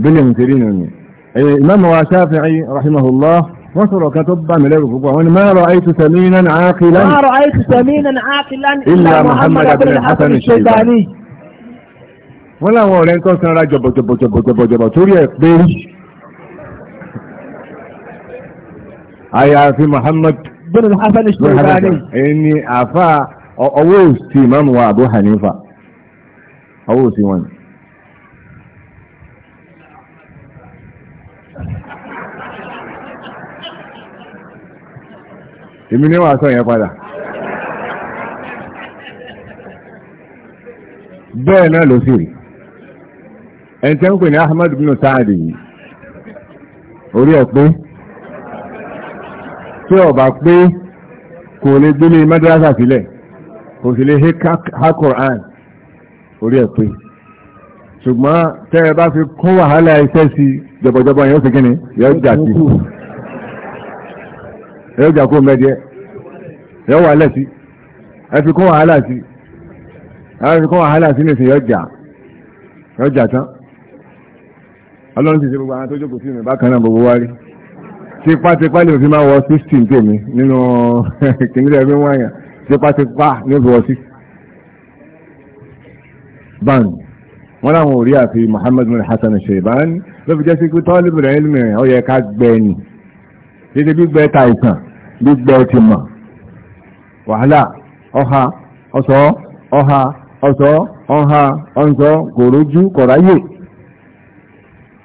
bílẹ̀ mùsùlùmí nà ní ẹ̀yẹ Imam wa Shafi'i rahimahullah wọ́n sọ̀rọ̀ kan tó bá mi lẹ́rù púpọ̀ wọ́n ni ma ra'aytu saminan aqilan ma ra'aytu saminan aqilan illa Muhammad ibn al-Hasan al wọ́n láwọn ọ̀rẹ́ ń tọ́ sanra jọ̀bọ̀jọ̀bọ̀jọ̀bọ̀jọ̀bọ̀ torí ẹ̀ pé àyàfi Muhammad bin Hasan al-Shaybani ẹni àfà ọwọ́ òsì wa Abu Hanifa ọwọ́ òsì wọn èmi ní wàásọ yẹn padà bẹ́ẹ̀ náà ló sì rí ẹni tẹ́ ń pè ní Ahmad bin Saadi orí ẹ̀ pé tí ọba pé kò lè gbélé madrasa sílẹ̀ kò sì lè ha Qur'an orí ẹ̀ pé ṣùgbọ́n tẹ́ ẹ bá fi kún wàhálà iṣẹ́ sí jọ̀bọ̀jọ̀bọ̀ yóò fi kí ni yóò jà sí yóò jà kó mẹ́jẹ yóò wà lẹ̀ sí ẹ fi kún wàhálà sí ẹ fi kún wàhálà sí nìsín yóò jà yóò jà tán ọlọ́run ti ṣe gbogbo àwọn tó jókòó sí mi bákan náà gbogbo wá tipátipá ni òfin máa wọ sixteen tèmi nínú kìnìún ẹbí wọn yàn tipátipá ni òfin wọ six ban wọn làwọn ò rí àfi Muhammad bin Hasan Shaybani ló fi jẹ́ sí pé tọ́lìbù rẹ̀ ilmi ó yẹ ká gbẹ ni títí gbígbẹ ta ìtàn gbígbẹ ti mọ̀ wàhálà ọha ọsọ ọha ọsọ ọha ọsọ kò rójú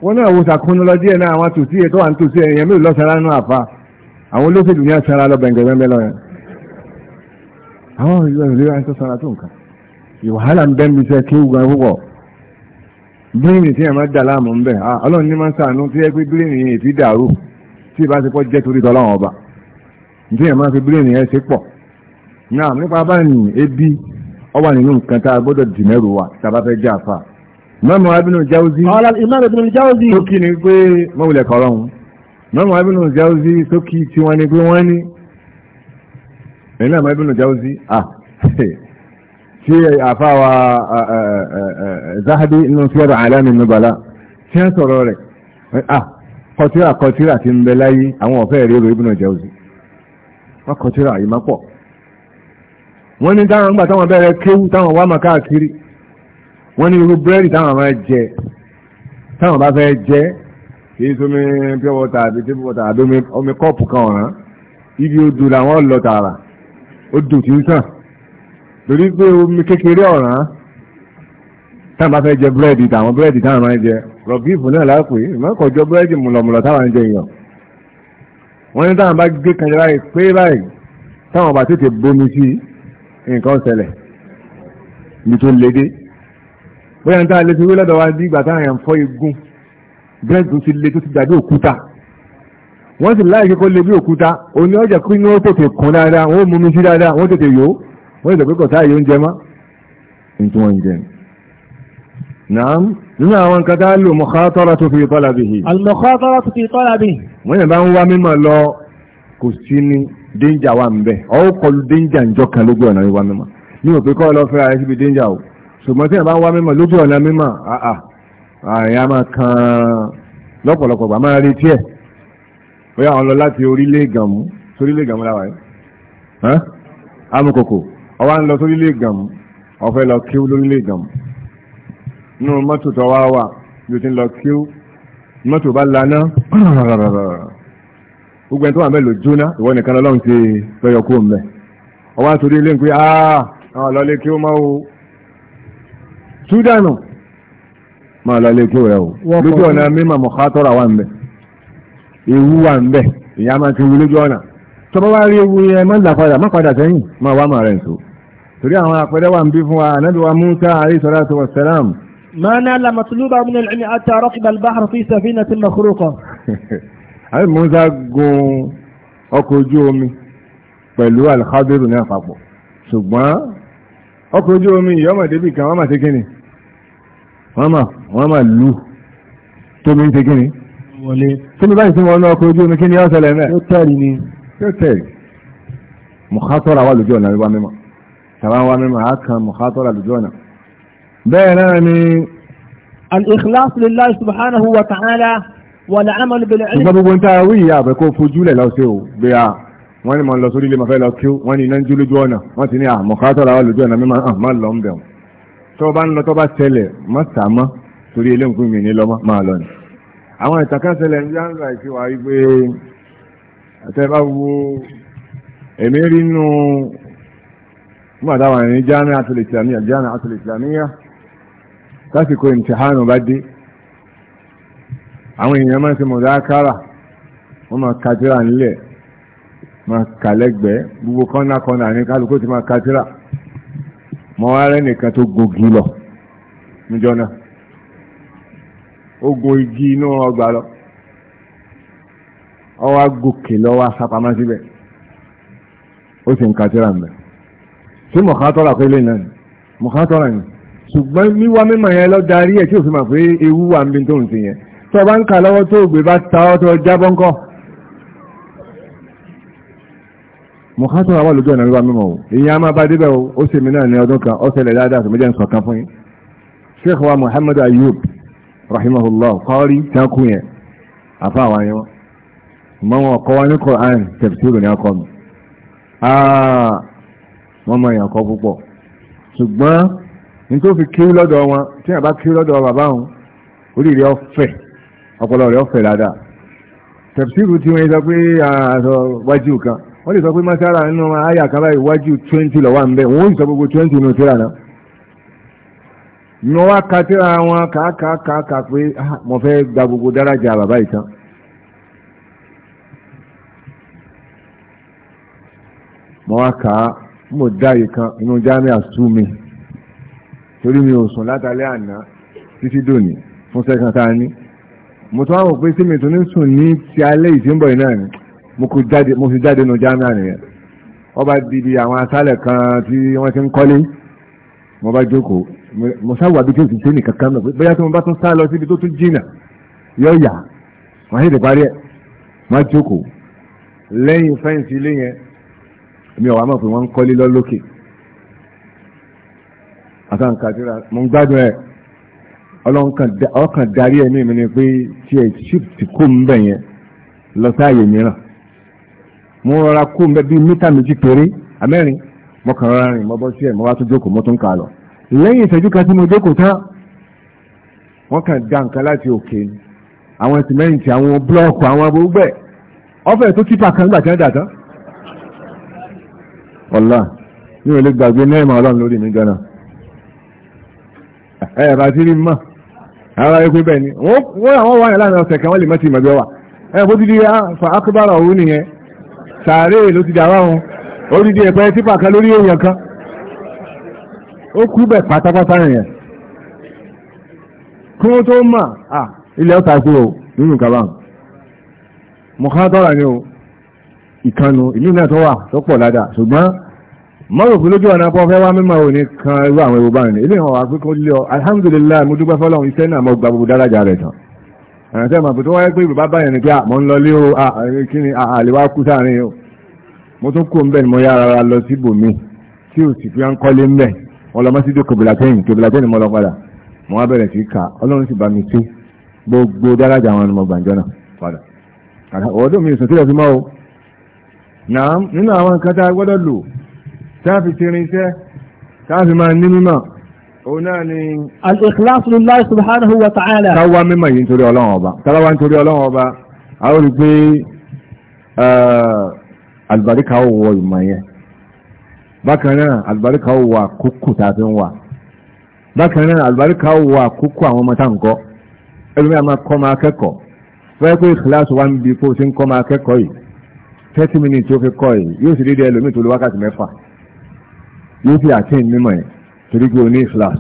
wọ́n náà wo sàkúnú lọ díẹ̀ náà àwọn tòsí ẹ̀ tó wà ní tòsí ẹ̀ yẹn mélòó lọ́sàrá nù àfa àwọn olóṣèlú ní àṣàrà lọ bẹ̀ǹgẹ̀ bẹ́ẹ̀ lọ yẹn àwọn ìlú ìlú àti sara tó nǹkan ìwàhálà ń bẹ́ mi sẹ́ kí wùgbà púpọ̀ bíríìnì tí ẹ̀ máa dà láàmú ń bẹ̀ ọlọ́run ní máa ń sàánú tí ẹ pé bíríìnì yẹn ti dàrú tí ìbá ti pọ̀ jẹ́ torí tọ́lọ́run ọba ebi ó wà nínú nǹkan tá a gbọ́dọ̀ dì mọ́mọ́ abinu jáuzi ọ̀la ìmọ̀lẹ̀ ìbinu jáuzi tó kí ni pé mọ́wulẹ̀ kọ̀ọ̀rọ̀ wọn mọ́mọ́ abinu jáuzi tó kí tí wọ́n ni pé wọ́n ní ẹ̀yìn náà mọ́ abinu jáuzi à ṣe àfáwa zahabi inú sí ọ̀rọ̀ àlámi nubala tí wọ́n sọ̀rọ̀ rẹ̀ à ah, kọtíra kọtíra ti ń bẹ láyé àwọn ọ̀fẹ́ rẹ̀ rẹ̀ ibinu jáuzi wọ́n kọtíra yìí má pọ̀ wọ́n ní táwọn gbà táwọn bẹ̀rẹ̀ kéwú táwọn wá mà káàkiri wọ́n ní irú búrẹ́dì táwọn máa jẹ táwọn bá fẹ́ jẹ kìí sómi pure water àbí table water àbí omi kọ́ọ̀pù kan ọ̀ràn ibi odò làwọn lọ tààrà odò tí ń sàn torí pé omi kékeré ọ̀ràn táwọn bá fẹ́ jẹ búrẹ́dì táwọn búrẹ́dì táwọn máa jẹ rọ̀bíìfù náà lápè ìmọ̀kànjọ búrẹ́dì mùlọ̀mùlọ̀ táwọn jẹ èèyàn wọ́n ní táwọn bá gbé kan jẹ báyìí pé báyìí táwọn bá tètè bomi sí nǹkan ṣẹlẹ̀ ibi tó le dé bóyá níta lè fi wí lọ́dọ̀ wa bí ìgbà táwọn èèyàn fọ́ igun bẹ́ẹ̀ tó ti le tó ti dàbí òkúta wọ́n sì láì kíkọ́ le bí òkúta òní ọjà kí inú ó tètè kún dáadáa wọ́n ó mumi sí dáadáa wọ́n tètè yòó wọ́n tètè pé kọ̀tá yìí oúnjẹ mọ́ nítorí wọ́n ń jẹ naam nínú àwọn nǹkan tá lò mukhataratu fi talabihi. al-mukhataratu fi talabihi. wọ́n yẹn bá ń wá mímọ̀ lọ kò sí ní dénjà wa ń bẹ̀ ọ́ kọlu dénjà ń jọ kan lójú ọ̀nà ìwà mímọ̀ ní òpin kọ́ lọ fẹ́ ara síbi dénjà o ṣùgbọ́n tí ẹ̀ bá wá mímọ̀ lójú ọ̀nà mímọ̀ àà àyà máa kan lọ́pọ̀lọpọ̀ bá máa retí ẹ̀ bóyá àwọn lọ láti orílẹ̀ ìgànmú sórílẹ̀ ìgànmú láwà ẹ̀ amukoko ọwá ń lọ sórílẹ̀ ìgànmú ọ̀fẹ́ lọ kíú lórílẹ̀ ìgànmú nínú mọ́tò tó wá wà yóò ti lọ kíú mọ́tò bá laná gbogbo ẹni tó wà mẹ́lò jóná ìwọ nìkan lọ́lọ́run ti lọ́yọ̀ kó mẹ́ ọwá sórílẹ̀ ń pé ah àwọn lọ́lé kí ó máa wo súdánù máa lọ lékè rẹ o lójú ọ̀nà mímọ̀ mọ̀kátọ́ra wà ń bẹ̀ ewu wà ń bẹ̀ ìyá máa ti wu lójú ọ̀nà tọ́bọ́ wá rí ewu yẹn máa ń là padà má padà sẹ́yìn máa wá màá rẹ̀ ń torí àwọn àpẹẹrẹ wà ń bí fún wa anábì wa Musa alayhi salatu wa salam. ما نال مطلوبا من العلم حتى ركب البحر في سفينة مخروقة أي موسى ọkọ̀ ojú omi pẹ̀lú alkhadiru náà papọ̀ ṣùgbọ́n ọkọ̀ ojú omi ìyọ́mọ̀débì kan wọ́n máa ṣe kíni wọ́n mà lù tómi ń ṣe kí ni tómi báyìí tí wọ́n náà kó ojú omi kí ni yóò ṣẹlẹ̀ mẹ́ yóò tẹ̀rì ni yóò tẹ̀rì mùkátọ́ra wà lójú ọ̀nà wíwá mímọ́ tàbá wá mímọ́ á kan mùkátọ́ra lójú ọ̀nà bẹ́ẹ̀ náà ni al-ikhlas lillahi subhanahu wa ta'ala wàlẹ̀ àmàlù bẹ̀rẹ̀ ẹ̀lẹ́. ṣùgbọ́n gbogbo ń táa wíyà àbẹ̀ tó bá ń lọ tó bá tẹ́lẹ̀ má tà mọ́ torí ilé nǹkan mi ní lọ́mọ́ máa lọ ni. àwọn ìtàkà tẹ́lẹ̀ ní yàrá àti wà wípé àtẹ́bá wo èmi rí nù mọ̀dáwà ní jáàmì àtúlẹ̀ ìsìlámíyà jáàmì àtúlẹ̀ ìsìlámíyà lásìkò ìmtìhánù bá dé àwọn èèyàn máa ń ṣe mọ̀dákára wọ́n máa kàtírà nílẹ̀ máa kàlẹ́gbẹ̀ẹ́ gbogbo kọ́nà kọ́nà ní kálukú ti máa kàtírà mọ́ wá rẹ́ nìkan tó gogi lọ níjọ́ náà ó gun igi inú ọgbà lọ ọ wá gòkè lọ́wọ́ asápamọ́ síbẹ̀ ó sì ń ka síra ń bẹ̀ ṣé mọ̀kátọ́ra pé lè náà mọ̀kátọ́ra yìí ṣùgbọ́n yẹn lọ darí ẹ̀ tí ò fi pé ewu wà ń bí tó ti yẹn tó ń kà lọ́wọ́ tó o gbé bá ta ọ́ tó o jábọ́ ńkọ́. mọ̀kátọ̀ àwọn olùjọ́ ìnàwíwá mímọ̀ o èyí a máa bá débẹ̀ o ó sì mìíràn ní ọdún kan ó ṣẹlẹ̀ dáadáa tó méjì ń sọ̀kan fún yín sheikh wa muhammad ayub rahimahullah kọ́rí tankun yẹn afa àwọn yẹn wọn mọ wọn kọ́ wọn ní quran tafsiru ní akọ mi ah, wọn mọ èèyàn kọ́ púpọ̀ ṣùgbọ́n ní tó fi kíú lọ́dọ̀ wọn tí yàrá bá kíú lọ́dọ̀ bàbá wọn orí rẹ̀ ọ̀fẹ́ ọpọlọ rẹ̀ ọ̀fẹ́ dáadáa tafsiru tí wọ́n yẹ sọ pé àṣọ ah, wájú kan wọ́n lè sọ pé masara nínú àyà kaba iwájú twenty lọ́wọ́ à ń bẹ̀ wọ́n sì sọ gbogbo twenty nínú tíra náà ní wọ́n ka tíra wọn kàákàákàá pé ah, mo fẹ́ gba gbogbo dárájà bàbá ìtàn. mo wá kà á mo dá yìí kan inú jámíà sú mi torí mi ò sùn látàlẹ́ àná títí dòní fún sẹ́kàn tá a ní mo tún wá wò pé sí mi tún ní sùn ní ti alẹ́ ìsínbọ̀ yìí náà ni mo sì jáde nù jámíà nìyẹn wọ́n bá dìbì àwọn asálẹ̀ kan tí wọ́n ti ń kọ́lé mo bá jókòó mo sáwà bí tí o sì ṣe nìkan kan náà bóyá tí mo bá tún sá lọ síbi tó tún jìnnà yọ yà wọ́n ṣètò parí ẹ̀ má jókòó lẹ́yìn fẹ́ǹsì ilé yẹn mi ò wá mọ̀ pé wọ́n ń kọ́lé lọ lókè àtàǹkàtìrà mo ń gbádùn ẹ̀ ọlọ́kàn darí ẹ̀mí mi ni pé tí ẹ̀ ṣíp ti kó ń bẹ̀ yẹn lọ sáàyè mìíràn mo rọra kú mbẹ bíi mítà méjì péré amẹ́rin mo kàn rọra rìn mo bọ́ sí ẹ̀ mo wá lọ lẹ́yìn ìṣẹ́jú kan tí mo jókòó tán wọ́n kàn da nǹkan láti òkè ni àwọn sìmẹ́ǹtì àwọn búlọ́ọ̀kù àwọn gbogbo ọ̀fẹ́ tó kan nígbà tí wọ́n dà tán ọ̀la mi ò lè gbàgbé ọlọ́run lórí mi gan-an bá ti rí ara ni àwọn kan lè ti ìmọ̀ bí sàárè ló ti dàwà wọn ó ní di ẹ̀pẹ́ típà kan lórí èèyàn kan ó kú bẹ̀ pátápátá yẹn kí wọ́n tó mà à ilẹ̀ ọ̀tà kú o nínú ìkàbá mọ̀kátọ́ra ni o ìkànnù ìlú náà tó wà tó pọ̀ ládàá ṣùgbọ́n mọ́rò fún lójú ọ̀nà pọ̀ fẹ́ wá mímọ̀ òní kan irú àwọn ẹ̀rọ báyìí ilé ìhàn wà pé kó lé ọ alhamdulillah mo dúpẹ́ fọlọ́run iṣẹ́ náà mo gba gbogbo dáradà rẹ̀ tán ẹ̀rọ sẹ́mà pé tó wáyé pé bàbá báyẹn ni pé àmọ́ ń lọ lé o kí ni àlewá kú sáàrin o mo tún kó ń bẹ̀ ni mo yára ra lọ síbòmí tí o sì fi ń kọ́lé ń bẹ̀ ọlọmọsídó kòbìlàtẹ́yìn kòbìlàtẹ́yìn mo lọ padà mo wá bẹ̀rẹ̀ sí ká ọlọ́run sì bá mi tú gbogbo dáradà àwọn ọmọ gbàǹjọ́ náà padà ọ̀dọ́ mi sùn tí mọ́ o nínú àwọn nǹkan òun náà ni. al-ikhlasu lillahi subhanahu wa ta'ala. táwa mímọ̀ yìí nítorí ọlọ́run ọba táwa nítorí ọlọ́run ọba a ó rí pé eh, àlùbáríkà ó wọ ìmọ̀ yẹn bákan náà àlùbáríkà ó wọ àkókò tá a fi ń wà bákan náà àlùbáríkà ó wọ àkókò àwọn ọmọ tá à ń kọ́ ẹlòmíràn máa kọ́ máa kẹ́kọ̀ọ́ fẹ́ pé ìkìláàsì wa ń kó o ti ń kọ́ máa kẹ́kọ̀ọ́ yìí thirty minutes ó fi kọ́ yìí yóò sì dédé ẹlòmíì tó lo wákàtí mẹ́fà yóò fi àtẹ́yìn mímọ̀ yẹn torí pé o ní ìflas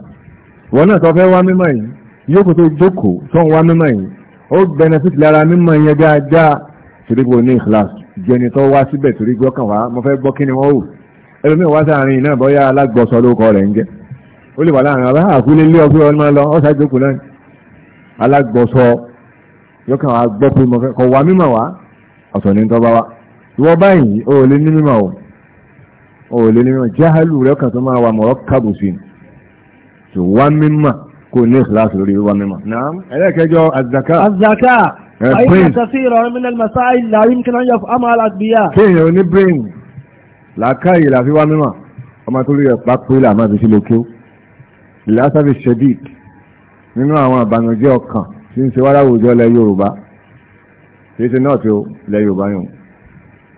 wọn náà tó fẹ́ wá mímọ̀ yìí yóò kó tó jókòó tó ń wá mímọ̀ yìí ó benefit lára mímọ̀ yẹn dáadáa torí pé o ní ìflas jẹni tó wá síbẹ̀ torí pé ọkàn wá mo fẹ́ gbọ́ kí ni wọ́n wò ẹlòmíì wá sáàrin náà bọ́yá alágbọ̀sọ lóko rẹ̀ ń jẹ́ ó lè wà láàrin ọba àkúlé ah, ilé ọgbẹ́ ọdún máa lọ ọ̀sá jókòó náà alágbọ̀sọ yọkàn wá gbọ́ pé mo fẹ́ kọ̀ wá mímọ̀ wá ọ̀sọ̀ ní tọ́ bá wá ìwọ báyìí o lè ní mímọ̀ ò lè ní mímọ̀ jáhálù rẹ̀ kan tó máa wà mọ̀rọ̀ kábù sí tó wá mímọ̀ kò ní ìfìlásì lórí wá mímọ̀. naam ẹlẹ́kẹjọ azaka. azaka ayé kàtàfí ìrọ̀rùn mi lẹ́nu màsá ìlà yìí kí náà yọ àmà àgbìyà. kéèyàn ò ní brain làákàyè làfi wá mímọ̀ ọmọ tó rí ẹ̀ pápé làmá fi sí lókè ìlàsàfi shedid nínú àwọn àbànújẹ́ ọkàn tí ń ṣe wá láwùjọ Yorùbá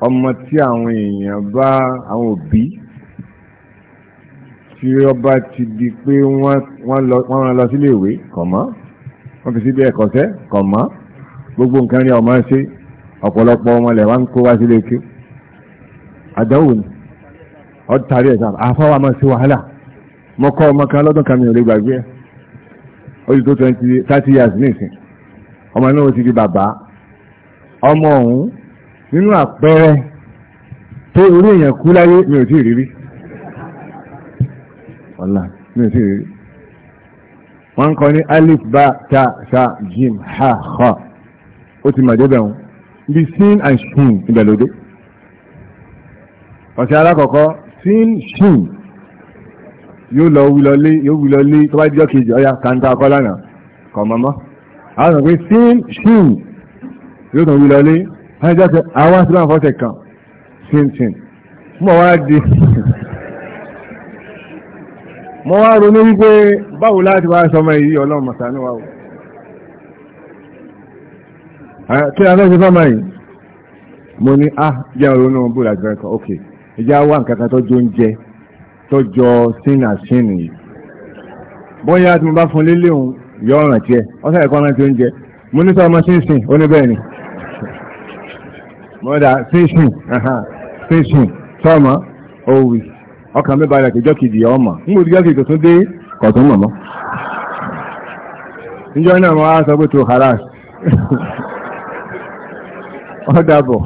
ọmọ tí àwọn èèyàn bá àwọn òbí tí ọba ti di pé wọ́n rán lọ sílé ìwé kọ̀mọ́ wọ́n fi síbi ẹ̀kọ́sẹ́ kọ̀mọ́ gbogbo nǹkan ní ọmọ ṣe ọ̀pọ̀lọpọ̀ ọmọ lẹ̀ wá ń kó wá sílé kí àdánwò ni ọ̀tàrí ẹ̀sà àfọwọ́ àmọ́ sí wàhálà mọ́ kọ́ ọmọ kan lọ́dún kan mi ò lè gbàgbé ẹ̀ ó ti tó twenty thirty years nísìn ọmọ náà ó ti di bàbá ọmọ ọ̀hún nínú àpẹẹrẹ tó orí èèyàn kú láyé mi ò tí ì rírí ọ̀la mi ò tí ì rírí wọ́n ń kọ ní alif ba ta sa jim ha ha ó ti màjẹ́bẹ̀ wọn bí sin and shin ìbẹ̀lódé ọ̀sẹ̀ alákọ̀ọ́kọ́ sin shin yóò lọ wulọlé yóò wulọlé tó bá jọ kejì ọya kanta akọ́ lánàá kọ̀ mọ́mọ́ àwọn sọ pé sin shin yóò tàn wulọlé wọ́n jẹ́ pé àwọn àti láwọn fọ́tẹ̀ kan síntìn mọ̀ wá di mọ̀ wá ronú wípé báwo láti wá sọmọ yìí ọlọ́run mọ̀sánú wa o kí a fẹ́ sọmọ yìí mo ní ah jẹ́ ronú búra jẹ́ kan ok ìjà wà nǹkan kan tọ́jú oúnjẹ tọ́jọ sínú àṣínì yìí bóyá tí mo bá fún lélẹ̀ òun yọ ọ̀ràn tiẹ̀ ọ̀sẹ̀ ẹ̀kọ́ ọ̀ràn tí oúnjẹ mo ní sọ ọmọ sínsìn ó ní bẹ́ẹ̀ ni mọ́dà station station sọ́ọ̀mọ́ òwì ọkàn mẹ́ba rẹ̀ kẹjọ́ kejì ọmọ nígbà tí jọ́kejì tó dé kọ̀tún mọ̀mọ́ níjọ́ náà wọ́n á sọ pé tó haras ọ̀dàbọ̀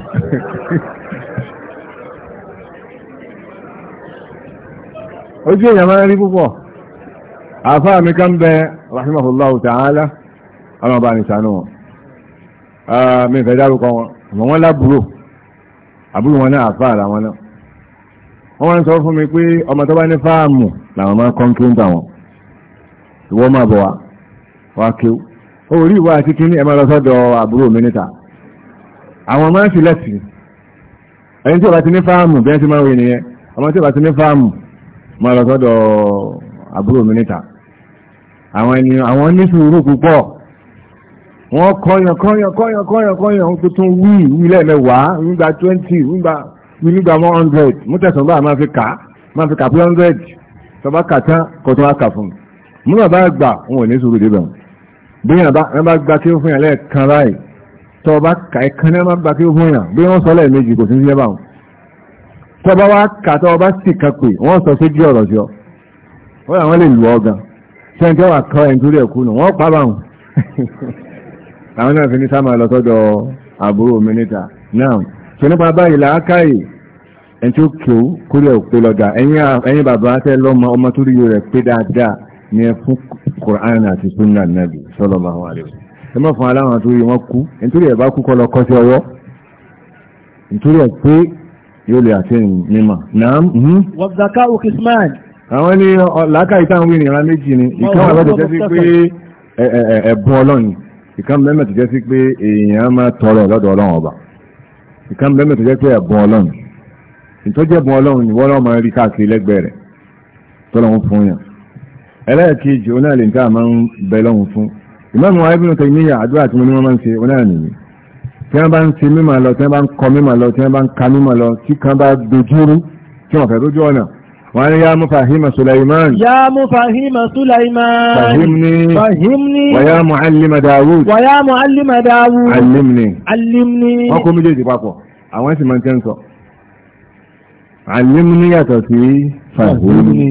ojú èèyàn máa ń rí púpọ̀ àfáà mi kan bẹ rahimahullahu ta'ala ọlọ́ọ̀bá nìsànú wọn ah, mi fẹ́ dárúkọ wọn àmọ́ wọ́n lábúrò àbúrò wọn náà àfáà làwọn náà wọ́n wá ń sọ fún mi pé ọmọ tó bá ní fáàmù làwọn máa kọ́ kí ń tà wọn ìwọ́n máa bọ̀ wá wá kéw orí ìwà àti kíní ẹ̀ máa lọ sọ́dọ̀ àbúrò mi níta àwọn máa ń fi lẹ́sì ẹni tí ó bá ti ní fáàmù bí ẹ́ ti máa wí nìyẹn ọmọ tí ó bá ti ní fáàmù máa lọ sọ́dọ̀ àbúrò mi níta àwọn ní sùúrù púpọ̀ wọ́n kọyàn kọyàn kọyàn kọyàn kọyàn ó tuntun wí wí lẹ́ẹ̀mẹ́wàá nígbà twenty nígbà nígbà one hundred mú tẹ̀sán báà máa fi kà á máa fi kà pé hundred tọba kà tán kó tó wá kà fún un mú bàbá gbà wọn ò ní sùúrù débẹ̀ bí yàn bá gba kí ó fún yàn lẹ́ẹ̀kan báyìí tọba kà ẹ̀kan náà má gba kí ó fún yàn bí wọ́n sọ lẹ́ẹ̀mejì kò sí sílẹ̀ báwọn tọba wá kà tọba sì kà pé wọ́n sọ sí ọ wọ́n àwọn náà fi ní sáàmà lọ sọ́dọ̀ àbúrò mi níta náà tó nípa báyìí làákàyè ẹni tí ó kò kúrẹ̀ òpè lọ́gà ẹ̀yin bàbá tẹ́ lọ́mọ ọmọ tó rí rẹ̀ pé dáadáa ní Sunnah Nabi sallallahu alaihi wasallam ẹ má fún aláwọn tó rí wọn kú nítorí ẹ̀ bá kú kọ́ lọ kọ́ sí ọwọ́ nítorí ẹ̀ pé yóò lè àti ẹ̀yìn mímọ̀ náà. Mhm. wọ̀gbàká ìkan mẹ́mẹ́ tó jẹ́ sí pé èèyàn máa tọrọ lọ́dọ̀ ọlọ́run ọba ìkan mẹ́mẹ́ tó jẹ́ pé ẹ̀bùn ọlọ́run ìtọ́jú ẹ̀bùn ọlọ́run ni wọ́n lọ́ máa rí káàkiri lẹ́gbẹ̀ẹ́ rẹ̀ tọ́lọ́run fún yàn ẹlẹ́ẹ̀kejì òun náà lè ní ká máa ń bẹ lọ́run fún ìmáàmù ibùn tẹ̀míyà àdúrà tí mo ní wọ́n máa ń ṣe òun náà nìyí tí wọ́n bá ń ṣe mímọ̀ lọ tí wọ́n bá ń kọ mímọ̀ lọ tí wọ́n bá ń ka mímọ̀ lọ tí kan bá dojúrú tí wọ́n fẹ́ lójú ọ̀nà wọ́n ní yá mú fàhímà Sulaiman. yá mú fàhímà Sulaiman. fàhímni. fàhímni. wàyá mú alima Dawud. wàyá mú alima Dawud. alimni. alimni. wọ́n kó méjèèjì papọ̀ àwọn ẹ̀sìn máa ń tẹ́ ń sọ. alimni yàtọ̀ sí fàhímni.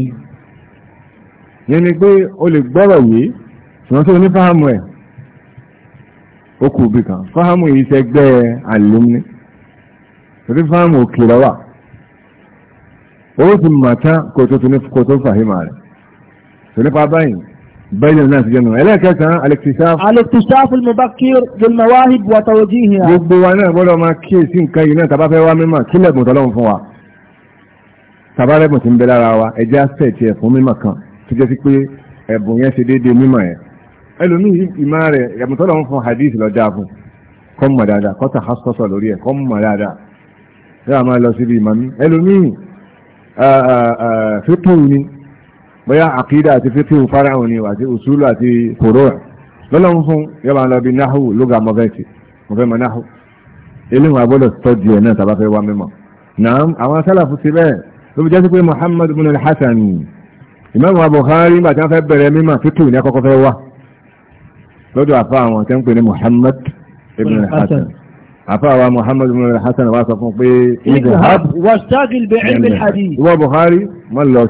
yẹn ni pé o lè gbọ́rọ̀ yìí ṣùgbọ́n tó ní fáhámù ẹ̀ ó kù bìkan fáhámù yìí ṣẹgbẹ́ alimni torí fáhámù òkè lọ́wọ́ ó ti màtá kò tó tún kò tó fàhímà rẹ̀ tó nípa báyìí bẹ́ẹ̀ni náà ti jẹ́ nù ẹlẹ́ẹ̀kẹsàn-án alẹ́kìtìsáf alẹ́kìtìsáf olùmọ̀bákir bilmawaahib wa tawjihiha gbogbo wa náà gbọ́dọ̀ máa kíyèsí nǹkan yìí náà tàbá fẹ́ wá mímọ̀ kí lẹ́bùn tọ́lọ́run fún wa tàbá lẹ́bùn ti ń bẹ lára wa ẹjẹ́ àṣẹ ti ẹ̀fún mímọ̀ kan tó jẹ́ sí pé ẹ̀bùn yẹn ṣe déédéé mímọ̀ yẹn ẹlòmíì ìmọ̀ rẹ̀ ẹ̀bùn tọ́lọ́run fún hadith lọ dáa fún kọ́ mọ̀ dáadáa kọ́ tà hásọ́sọ̀ lórí ẹ̀ kọ́ mọ̀ dáadáa fíkìwù ni bóyá àkídà àti fíkìwù fáráhùn ni àti usulu àti fòró lọ́lọ́run fún yọba lọ bí náhù lóga mọ́fẹ́tì mọ́fẹ́ mọ́ náhù eléhùn agbọ́dọ̀ tọ́jú ẹ̀ náà tàbá fẹ́ wá mímọ́ naam àwọn sálàfù sí bẹ́ẹ̀ ló fi jẹ́ sí pé Muhammad bin al-Hasan Imam Bukhari nígbà tí wọ́n fẹ́ bẹ̀rẹ̀ mímọ́ fíkìwù ní akọ́kọ́ fẹ́ wá lọ́dọ̀ àfa àwọn tẹ́ ń pè ní Muhammad ibn al àfáàwà muhammad bin hassan wa sọ fún pé ìgbàhab wàṣtágìl bẹ ilmi hadith ìwọ buhari mọ́ lọ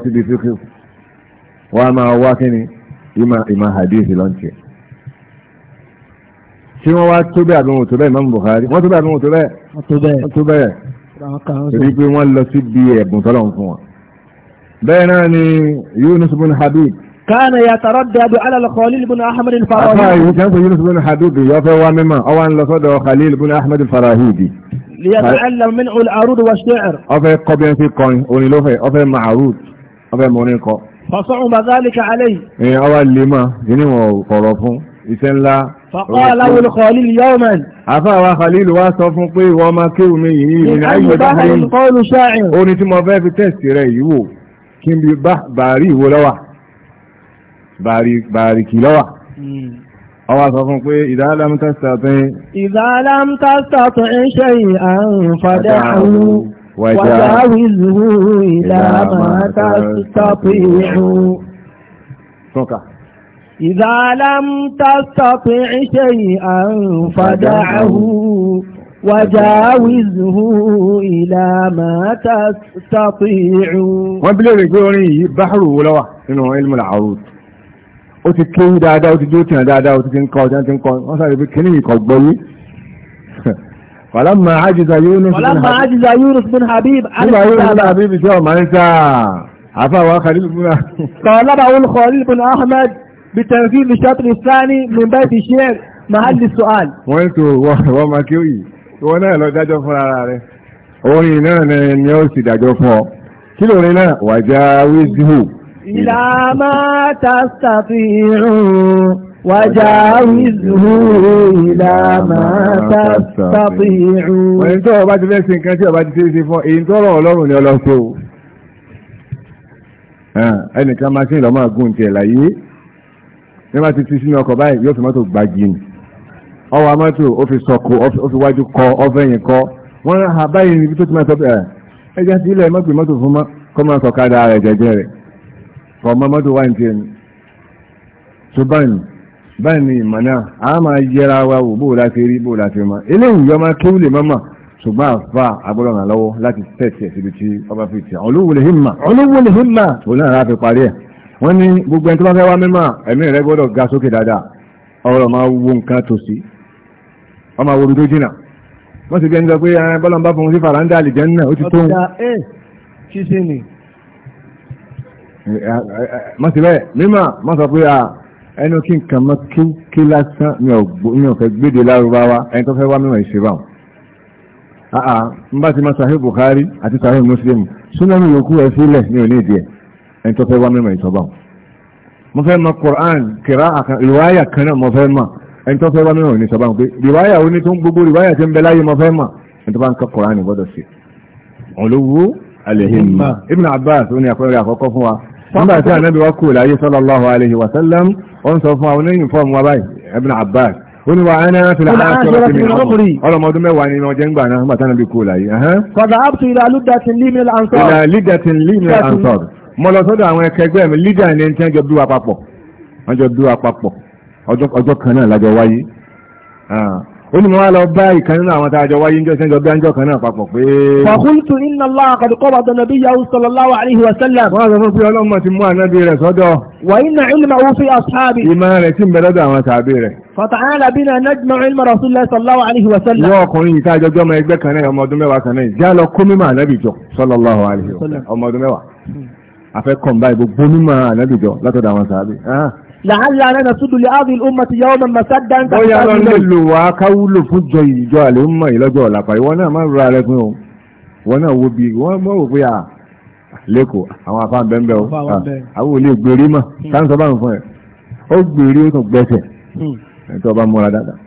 hadith lọ́nkẹ̀ tí wọ́n wá tó bẹ́ẹ̀ àbíwọ̀n tó bẹ́ẹ̀ imam buhari wọ́n tó bẹ́ẹ̀ àbíwọ̀n tó bẹ́ẹ̀ wọ́n tó bẹ́ẹ̀ torí pé wọ́n lọ sí ibi ẹ̀bùn tọ́lọ̀ fún wọn bẹ́ẹ̀ náà ni yunus bin habib كان يتردد على الخليل بن أحمد الفراهيدي كان يونس بن حدود يوفي ومما أو أن لصده خليل بن أحمد الفراهيدي ليتعلم منه العروض والشعر أفي قبين في قوين أولي لوفي أفي معروض أفي مونيكو فصعب ذلك عليه إيه أول لما جني وقرفون إسان لا فقال له الخليل يوما أفا وخليل واصف قوي وما كيو من يمين بحر قول شاعر أولي تمو في تستيري يو كم بحر باري ولوح bàríkì lọ́wà hmm. ọwá sọ fún pé ìdáàlám tàstàtún ìdáàlám tàstàtún ń ṣe ìhàn fàdá àwọn wàjáwìzú ìdáàmà tàstàtún Tọ́ka. Ìdáàlám tàstàtún ń ṣe ìhàn fàdá àwọn wàjáwìzú ìlàmà tàstàtún. Wọ́n bí lè rí pé orin yìí báhùrù wọ́lọ́wà nínú ilmùlà àrùtù ó ti kéwú dáadáa ó ti jó tìǹà dáadáa ó ti ń kọ́ ọ̀tí ń kọ́ wọ́n sáré pé kíní ìkọ̀ gbọ́yé wàlámà ájíza Yunus bin Habib nígbà Yunus bin Habib tí ọmọ ń sá àfáwà Khalil bin Ahmed tọ́lábà ul Khalil bin Ahmed bí tẹ̀sí lè ṣàtúrì sáni min bá ti ṣe mahali su'al wọ́n tó wọ́n ma kí ó yìí wọ́n náà lọ dájọ́ fún ara rẹ̀ orin náà ni ó sì dájọ́ fún ọ kí lórin náà wàjá wíṣíhù إلى ما تستطيع وجاوزه إلى ما تستطيع وإن ترى بعد ذلك كانت بعد ذلك إن ترى Ọlọ́run ni Ọlọ́run ẹnìkan máa ṣe ìlọ́mọ àgùn tiẹ̀ láyé ní wọ́n ti ti sínú ọkọ̀ báyìí yóò fi mọ́tò gbági ni ọwọ́ amọ́tò ó fi sọ̀kò ó fi wájú kọ ọfẹ́yìn kọ wọ́n rán ha báyìí níbi tó ti máa sọ ẹ̀ ẹja sílẹ̀ mọ́gbìn mọ́tò fún mọ́ kọ́ máa sọ̀kadà rẹ̀ jẹjẹrẹ fọmọ mọ́tò wà ní tiẹ̀ ni tó báyìí báyìí ni ìmọ̀ náà a máa yẹra wa wò bó láti rí bó láti mọ eléyìí yọ máa kéwù lè mọ́mọ́ ṣùgbọ́n àfa agbọ́dọ̀ ràn lọ́wọ́ láti tẹ̀sí síbi tí ọba fi tẹ̀ olówó lè hímà olówó lè hímà òun náà láti parí ẹ̀ wọ́n ní gbogbo ẹni tó bá fẹ́ wá mímọ́ ẹ̀mí rẹ̀ gbọ́dọ̀ ga sókè dáadáa ọ̀rọ̀ máa wo nǹkan tó sí má ti bẹ́ẹ̀ mímọ̀ má sọ pé à ẹnu kí nǹkan mọ́ kí lásán mi ò fẹ́ gbéde lárúbáwá ẹni tó fẹ́ wá mímọ̀ ìṣe báwọn àà ń bá ti máa sahih Bukhari àti sahih Muslim súnmọ́nù yòókù ẹ̀ sílẹ̀ ní òní ìdí ẹ̀ ẹni tó fẹ́ wá mímọ̀ ìṣe báwọn mo fẹ́ mọ̀ Quran kìrá àkàn ìwáyà kan náà mo fẹ́ mọ̀ ẹni tó fẹ́ wá mímọ̀ ìṣe báwọn pé ìwáyà oní tó ń gbogbo ìwáyà ti ń bẹ láyé mo fẹ́ mọ̀ ẹni tó bá ń kọ́ Quran gbọ́dọ̀ sí olówó alẹ́hìn Ibn Abbas ó ní àkọ́kọ́ fún wa nígbà tí ànábì wa kú láyé sallallahu alayhi wa sallam ó ń sọ fún àwọn oníyìn fọ́ọ̀mù wa báyìí ibn abbas ó ní wa ana fi láàrín àti ọ̀rọ̀ kìíní ọmọ ọlọmọdún mẹ́wàá ni ọjọ́ ń gbà náà nígbà tí ànábì kú láyé. kọ̀dà abtu ilà ludatin limil ansor. ilà ludatin limil mi lídà ni ẹni ó ní mo wá lọ bá ìkan nínú àwọn tààjọ wáyé ń jọ sẹ́jọ bí ánjọ kan náà papọ̀ pé. fàkúntù iná lọ́wọ́ àkàdùkọ́ bá dọ̀nà bí yahoo sọ̀rọ̀ láwọ̀ àríhì wàsálà. wọ́n sọ fún pé ọlọ́mọ ti mú ànábì rẹ̀ sọ́dọ̀. wà iná ilmà ó fi àṣàbì. ìmọ̀ rẹ̀ ti ń bẹ lọ́dọ̀ àwọn tàbí rẹ̀. فتعالى بنا نجمع علم رسول الله صلى الله عليه وسلم يا ọkùnrin tá jọ jọ mọ́ ẹgbẹ́ kan náà ọmọ صلى الله عليه وسلم ọmọ ọdún mẹ́wàá afẹ́ kọ̀ǹbá ìgbogbo mímọ̀ ànábì jọ látọ̀dọ̀ àwọn sàábì ah làálà náà nàṣúdù lè áàdùn ọmọtí yàwó mọ̀ mọ̀sádà ń tàbí àwọn ilé lò wá káwúlò fún jọ ìjọ àlẹ́ mọ̀ ìlọ́jọ́ ọ̀làpá ìwọ náà má ra rẹ pín o wọn náà wo bí wọn mọ̀ wò pé à lẹ́kọ̀ọ́ àwọn afáàn bẹ́ẹ̀ o àwọn olè gbèrè mọ̀ sáńsọ bá ń hmm. fún ẹ ó gbèrè ó tún gbẹ́sẹ̀ hmm. ẹ̀ tó bá múra dáadáa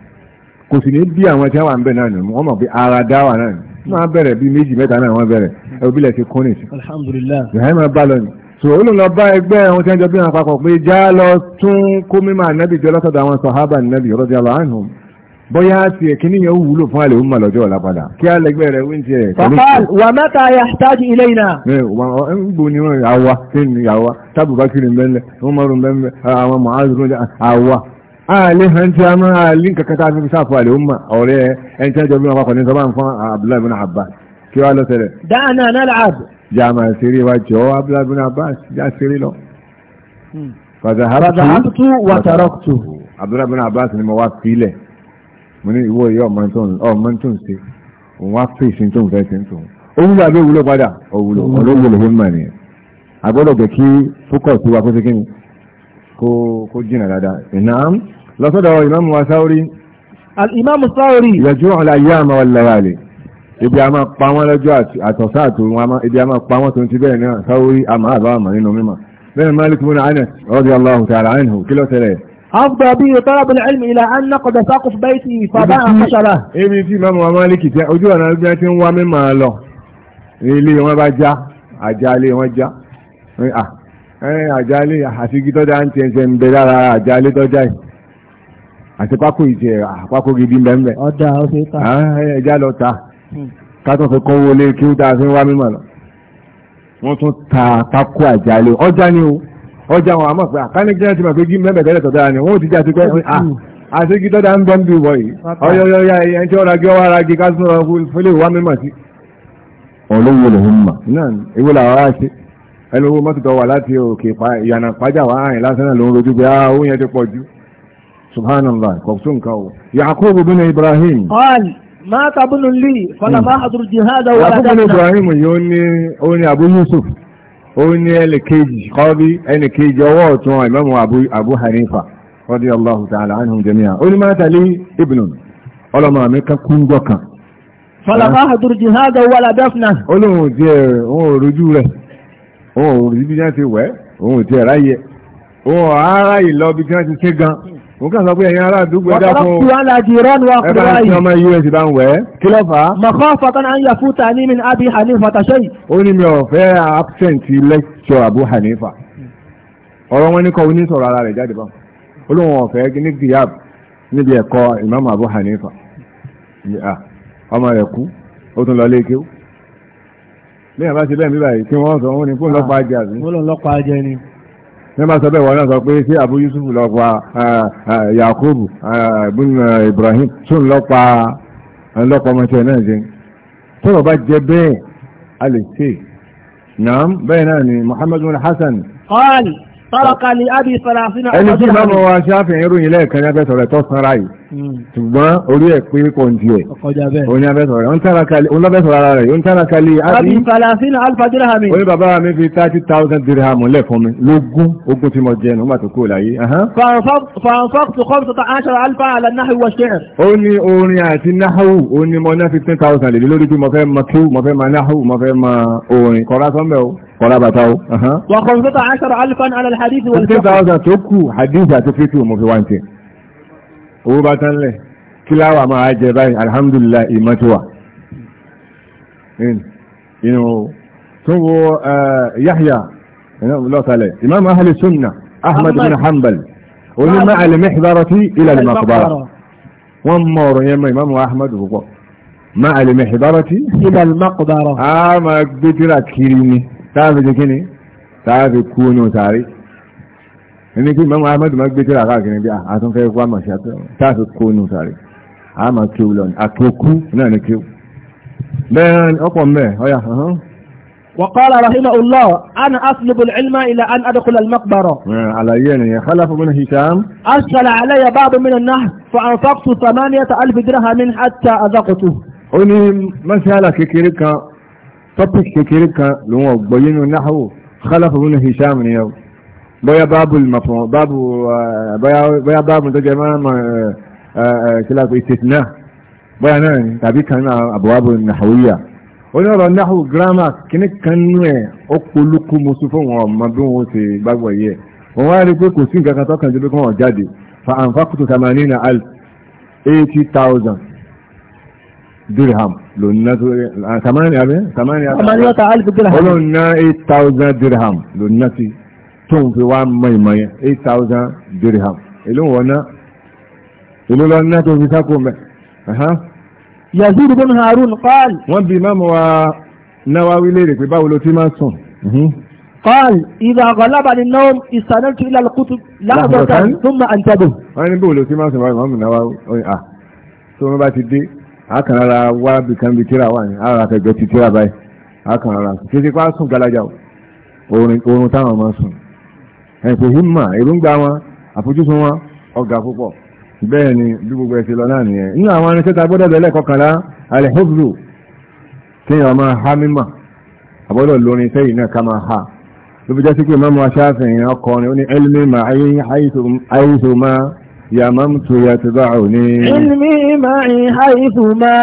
kò sì ní bí àwọn tí wọ́n bẹ̀ náà nù wọ́n mọ̀ bí ara dá wà náà nù máa bẹ̀rẹ̀ bí méjì mẹ́ta náà wọ́n bẹ̀rẹ̀ hmm. ẹ̀ òbí lẹ̀ ti kún nìsí. alhamdulillah. bá lọ nìyí so ó lè lọ bá ẹgbẹ́ ohun tí wọ́n jọ bí wọn papọ̀ pé já lọ tún kó mímọ̀ ànábì jọ lọ́sọ̀dọ̀ àwọn sọ̀hábà ànábì radiyallahu anhum bóyá ti ẹ̀kí níyàn ó wúlò fún àlè òun lọ́jọ́ ọ̀la padà kí alẹ́gbẹ́ rẹ̀ wíńtì ẹ̀. fàkàl wà mẹ́ta yàtàjì ilé iná já máa ṣeré wa jọ abúlábìnrin abbas já ṣeré lọ. Hmm. fàzàhárà tó hàbùtù wàtàrọ́kùtù. bin abbas ni mo wá filẹ̀ mo ní ìwọ yìí ọmọ tó ń ṣe òun wá fèsì tó ń fẹ́ ṣe ń tòun. ó wúlò àbí òwúlò padà òwúlò olówúlò ló ń mà nìyẹn. a gbọ́dọ̀ jẹ́ kí fúkọ̀ sí wa kó ṣe kíni kó jìnà dáadáa. ìnáà lọ́sọ̀dọ̀ ìmáàmù wa sáórì. al-imáàmù sáórì. yẹ ibi a máa pa wọ́n lọ́jọ́ àtọ̀sá àtòrun ibi a máa pa wọ́n tó ń ti bẹ́ẹ̀ náà sáwórí àmà àbáwàmà nínú mímọ̀ bẹ́ẹ̀ Malik ibn Anas radiyallahu ta'ala anhu kí ló tẹ̀lẹ̀ afdá bí i tọ́rọ bẹ̀rẹ̀ ilmi ilẹ̀ an na kọ̀dọ̀ sákùf bẹ́ẹ̀ ti fàbá àkọ́ṣọ́lá ibi tí mọ́mọ́ wa Malik tẹ ojú ọ̀nà bí wọ́n ti ń wá mímọ̀ lọ ilé wọn bá já àjálé wọn já ah, àjálé àti igi tọ́jà pákó ìjẹ àpákó gidi ń bẹ́ẹ̀ ń bẹ́ẹ̀ ọjà ọ̀sẹ̀ ta ah, lọ ta kátó fi kówó lé kí ó dáa fi ń wá mímọ̀ lọ wọ́n tún ta àjálẹ̀ ọjà ni o ọjà wọn àmọ́ pé ti mọ̀ pé gí mẹ́bẹ̀ẹ́ tẹ́lẹ̀ tọ́da ni wọ́n ti jẹ́ sí pé àṣegí ah, tọ́da ń bọ́ yìí ọyọyọ ya ẹni tí ó ọwọ́ lọ mímọ̀ sí. ọlọ́wọ́ mà náà ewu làwọn ṣe ẹnu owó mọ́tò tó wà láti òkè ìyànà wà áyìn lásán náà ló ń rojú pé ah, ó yẹn ti pọ̀ subhanallah kọ̀ọ̀tún o máa tabúnú lì fọlá máa àdúrú jihada wà láti àná. Ibrahim yóò ní ó ní Abu Yusuf ó ní ẹnì kejì kọ́bí ẹnì kejì ọwọ́ ọ̀tún Imam Abu Hanifa radiyallahu ta'ala anhum jami'a ó ní máa tàlé ibùnú ọlọ́mọ mi kan kún jọ kan. fọlá máa àdúrú jihada wà láti àná. ó lóun ò tiẹ̀ òun ò rojú rẹ̀ òun ò rojú ti wẹ̀ òun ò tiẹ̀ ráyè òun ò ti ṣe gan mo kàn sọ pé ẹ̀yin ará àdúgbò ẹ̀dá fún un ẹ̀fà tí ọmọ us bá ń wẹ̀. kí fà á. mọ̀kọ́ ń yà fúta ní abi hanifa tàṣẹ́yì. ó ní mi ò fẹ́ absent lecture abu hanifa ọ̀rọ̀ wọn ní kọ́ ní sọ̀rọ̀ ara rẹ̀ jáde bá olóhùn ọ̀fẹ́ ní gíyàb níbi ẹ̀kọ́ imam abu hanifa ọmọ rẹ̀ kú ó tún lọ lékeu bí àbá ti bẹ́ẹ̀ mi báyìí tí wọ́n sọ wọn ni ah, kó lọ́pàá jẹ àbí. kó lọ́pàá jẹ ni nígbà sọ bẹ́ẹ̀ wọ́n náà sọ pé ṣé Abu Yusuf lọ pa Yakubu ibn Ibrahim tún lọ pa ọlọ́pàá ọmọ tiẹ̀ náà jẹ́ tọ́rọ̀ bá jẹ bẹ́ẹ̀ a lè ṣe naam bẹ́ẹ̀ náà ni Muhammad bin Hasan. kọ́ọ̀lì tọ́rọ̀ kan ni abi faransé ẹni tí ìmáàmù wa ṣáfihàn ìròyìn lẹ́ẹ̀kan ní abẹ́sọ̀rọ̀ ẹ̀tọ́ sanra yìí ṣùgbọ́n orí ẹ̀ pé kò ń tiẹ̀ òun ni abẹ́sọ̀rọ̀ rẹ̀ òun lábẹ́sọ̀rọ̀ ara rẹ̀ òun tára kalẹ̀ àbí falafina alfa dirhami orí bàbá mi fi thirty thousand dirham lẹ̀ fún mi lógún ogún tí mo jẹ nù nígbà tó kúrò láyé. fanfọ́ọ̀tù kọ́ọ̀tù aṣọ alfa ala nahu wa ṣẹ́ẹ̀. ó ní orin àti nahu ó ní mo ná fifteen thousand lè lórí bí mo fẹ́ ma tú mo fẹ́ ma nahu mo fẹ́ ma orin kọ́ra sọ́mbẹ́ o kọ́ra bàtà o. wà kọ́ọ̀tù aṣọ alfa ala hadith wa ṣẹ́ẹ̀. fifteen thousand tó kù hadith àti fífi mo fi wá ní tiẹ̀ owó bá tán lẹ̀ kí láwà máa jẹ báyìí alhamdulillah ìmọ́tíwà inú tún wo yahya lọ́tàlẹ̀ imam ahli sunna ahmad bin hanbal oní máa al-mihbarati ila al-maqbara wọ́n mọ̀ ọ̀rọ̀ yẹn mọ̀ imam ahmad púpọ̀ máa al-mihbarati ila al-maqbara a máa gbé tíra kiri ni táàfi jẹ́ kí ni táàfi ní kí mọ́mọ́ amẹ́dùn máa gbé tíra káàkiri bí àtúnfẹ́ wá màṣí táàfi kó nù sáré àmà kí o lọ́nà àtòkú náà ní kí o bẹ́ẹ̀ ni ọ̀pọ̀ mẹ́ ọ̀yà وقال رحمه الله أنا أطلب العلم إلى أن أدخل المقبرة على يني خلف من هشام أشكل علي بعض من النحس فأنفقت ثمانية ألف درهم حتى أذقته أني مسألة كيكيريكا topic kékeré kan ló wọn gbọ́yé nínú náhù khalafa ibn hisham ni yau bóyá báàbù ìmọ̀fọ̀n báàbù bóyá báàbù tó jẹ máa mọ̀ kíláàpù ìtẹ̀sínà bóyá náà ni tàbí kan náà àbúwábù nàhàwíyà onírọ̀ náà gírámà kíní kan nú ẹ̀ ó polúkú musu fún wọn ọmọ bí wọn ṣe gbàgbọ́ yẹ wọn wá rí pé kò sí nǹkan kan tọ́kàn jẹ́ pé kí wọ́n jáde fa àǹfàkùtù tamanina al eighty thousand dirham lòna tó tamani abẹ́ tamani abẹ́ olóòna eight thousand dirham lòna sí. tó ń fi wá mọ ìmọ̀ yẹn eight thousand dirham èló wọn ná èló lọ ná tó fi sáko yazid bin harun qaal. wọ́n bi imam wa náwáwí léèrè pé báwo ló ti máa sùn. قال إذا غلبني النوم استندت إلى الكتب لحظة ثم أنتبه. wọ́n ní bóòlù tí máa sùn báyìí mọ́mù náwáwí ọ̀yìn à tó wọ́n bá ti dé àkànlára wá bìkan bí tíra wà ní ara àkẹgbẹ́ ti tíra báyìí àkànlára kí ti pa sùn galaja o oorun táwọn máa sùn. ẹ̀kọ́ hímà èròǹgbà wọn àfojúsùn wọn ọgá púpọ̀ bẹ́ẹ̀ ni bí gbogbo ẹ̀sìn lọ náà nìyẹn nínú àwọn irinṣẹ́ ta gbọ́dọ̀ bẹ̀lẹ̀ kọkànlá alẹ́hóbùrù kéèyàn máa ha mímà àbọ́dọ̀ lórin iṣẹ́ yìí náà ká máa ha ló fi ma sí pé mọ́mú aṣáfihàn ọkọrin ó ní ẹlẹ́mì máa ayé máa يممت يتبعني علمي معي حيث ما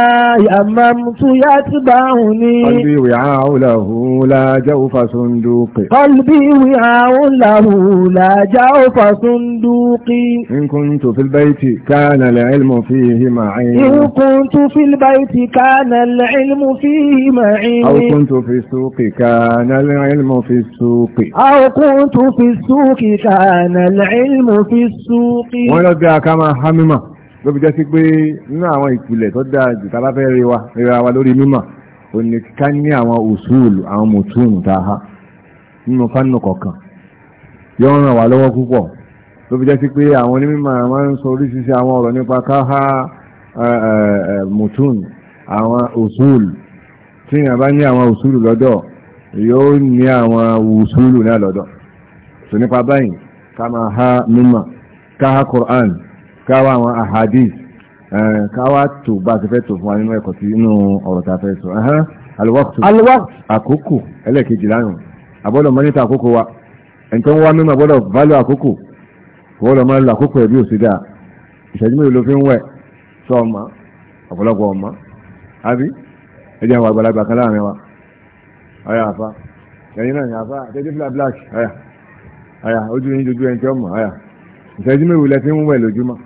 يممت يتبعني قلبي وعاء له لا جوف صندوق قلبي وعاء له لا جوف صندوق إن كنت في البيت كان العلم فيه معي إن كنت في البيت كان العلم فيه معي أو كنت في السوق كان العلم في السوق أو كنت في السوق كان العلم في السوق dáa a ka ha ló fi jẹ́ sí pé nínú àwọn ìpìlẹ̀ tó dáa jù tá bá fẹ́ rí wa wa lórí mímọ̀ ò ní ká ní àwọn òṣùlù àwọn mùtúùnù tá a nínú fánù kọ̀ọ̀kan yóò ràn wá lọ́wọ́ púpọ̀ ló fi jẹ́ sí pé àwọn onímọ̀ máa ń sọ oríṣiríṣi àwọn ọ̀rọ̀ nípa ká mùtúùnù àwọn òṣùlù tí èèyàn bá ní àwọn òṣùlù lọ́dọ̀ yóò ní àwọn káhá Qur'an káwá àwọn ahadith káwá tó bá ti fẹ́ tó fún wa nínú ẹ̀kọ́ tí inú ọ̀rọ̀ ta fẹ́ sọ alwaqtu alwaqtu àkókò ẹlẹ́ẹ̀kejì lánàá àbọ́dọ̀ mọ́nítà àkókò wa ẹ̀ntọ́ ń wá mímọ̀ àbọ́dọ̀ válù àkókò wọ́lọ̀ máa ń lo àkókò ẹ̀bí òsídà ìṣẹ́jú mélòó ló fi ń wẹ̀ sọ ọmọ ọ̀pọ̀lọpọ̀ ọmọ àbí ẹjẹ́ àwọn àgbàlagbà kan láàrin wa ọ̀yà àfa ẹ̀yin náà ní àfa àtẹ́jú fúlà black ọ̀yà ọ̀yà ojú yín dojú ẹni tí ọmọ ọ̀yà ìṣẹ́jú mẹ́wìí lẹ́tí ń wẹ̀ lójúmọ́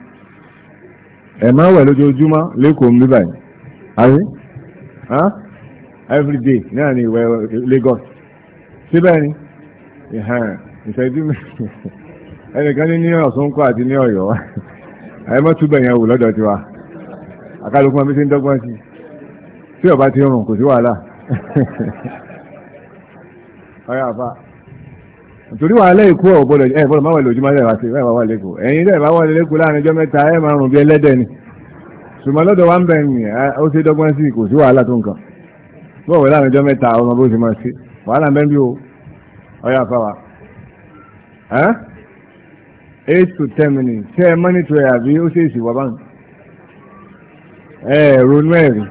ẹ̀ máa wẹ̀ lójoojúmọ́ lẹ́kọ̀ọ́ mi báyìí àbí every day náà ni ìwẹ̀ Lagos síbẹ̀ ni ìṣẹ́jú mẹ́wìí ẹnìkan ní ní ọ̀sùnkọ́ àti ní ọ̀yọ́ ẹ mọ́ túbẹ̀ yẹn wò lọ́dọ̀ tiwa àkàlùkùn ọmọ tí ń dọ́gbọ́n sí tí ọba ti rùn kò sí wàhálà ọyọ àfa torí wàhálà èkó ọ̀gbọ́dọ̀ ẹ̀ bọ́dọ̀ má wà lójúmọ́ ẹ̀ wá sí ẹ̀ wá lẹ́kọ̀ọ́ ẹ̀yin dẹ̀ bá wà lẹ́kọ̀ọ́ láàrin ọjọ́ mẹ́ta ẹ̀ máa rùn bí ẹlẹ́dẹ̀ ni ṣùgbọ́n lọ́dọ̀ wa ń bẹ̀ ní ó ṣe dọ́gbọ́n sí kò sí wàhálà tó nǹkan bọ́ọ̀wẹ̀ láàrin ọjọ́ mẹ́ta ọmọ bó ṣe máa ṣe wàhálà bẹ́ẹ̀ bí o ọyà fáwa eight to ten minutes ṣe ẹ mọ́nítò ẹ̀ àbí ó ṣe èsì wà báyìí ẹ ronú ẹ̀rí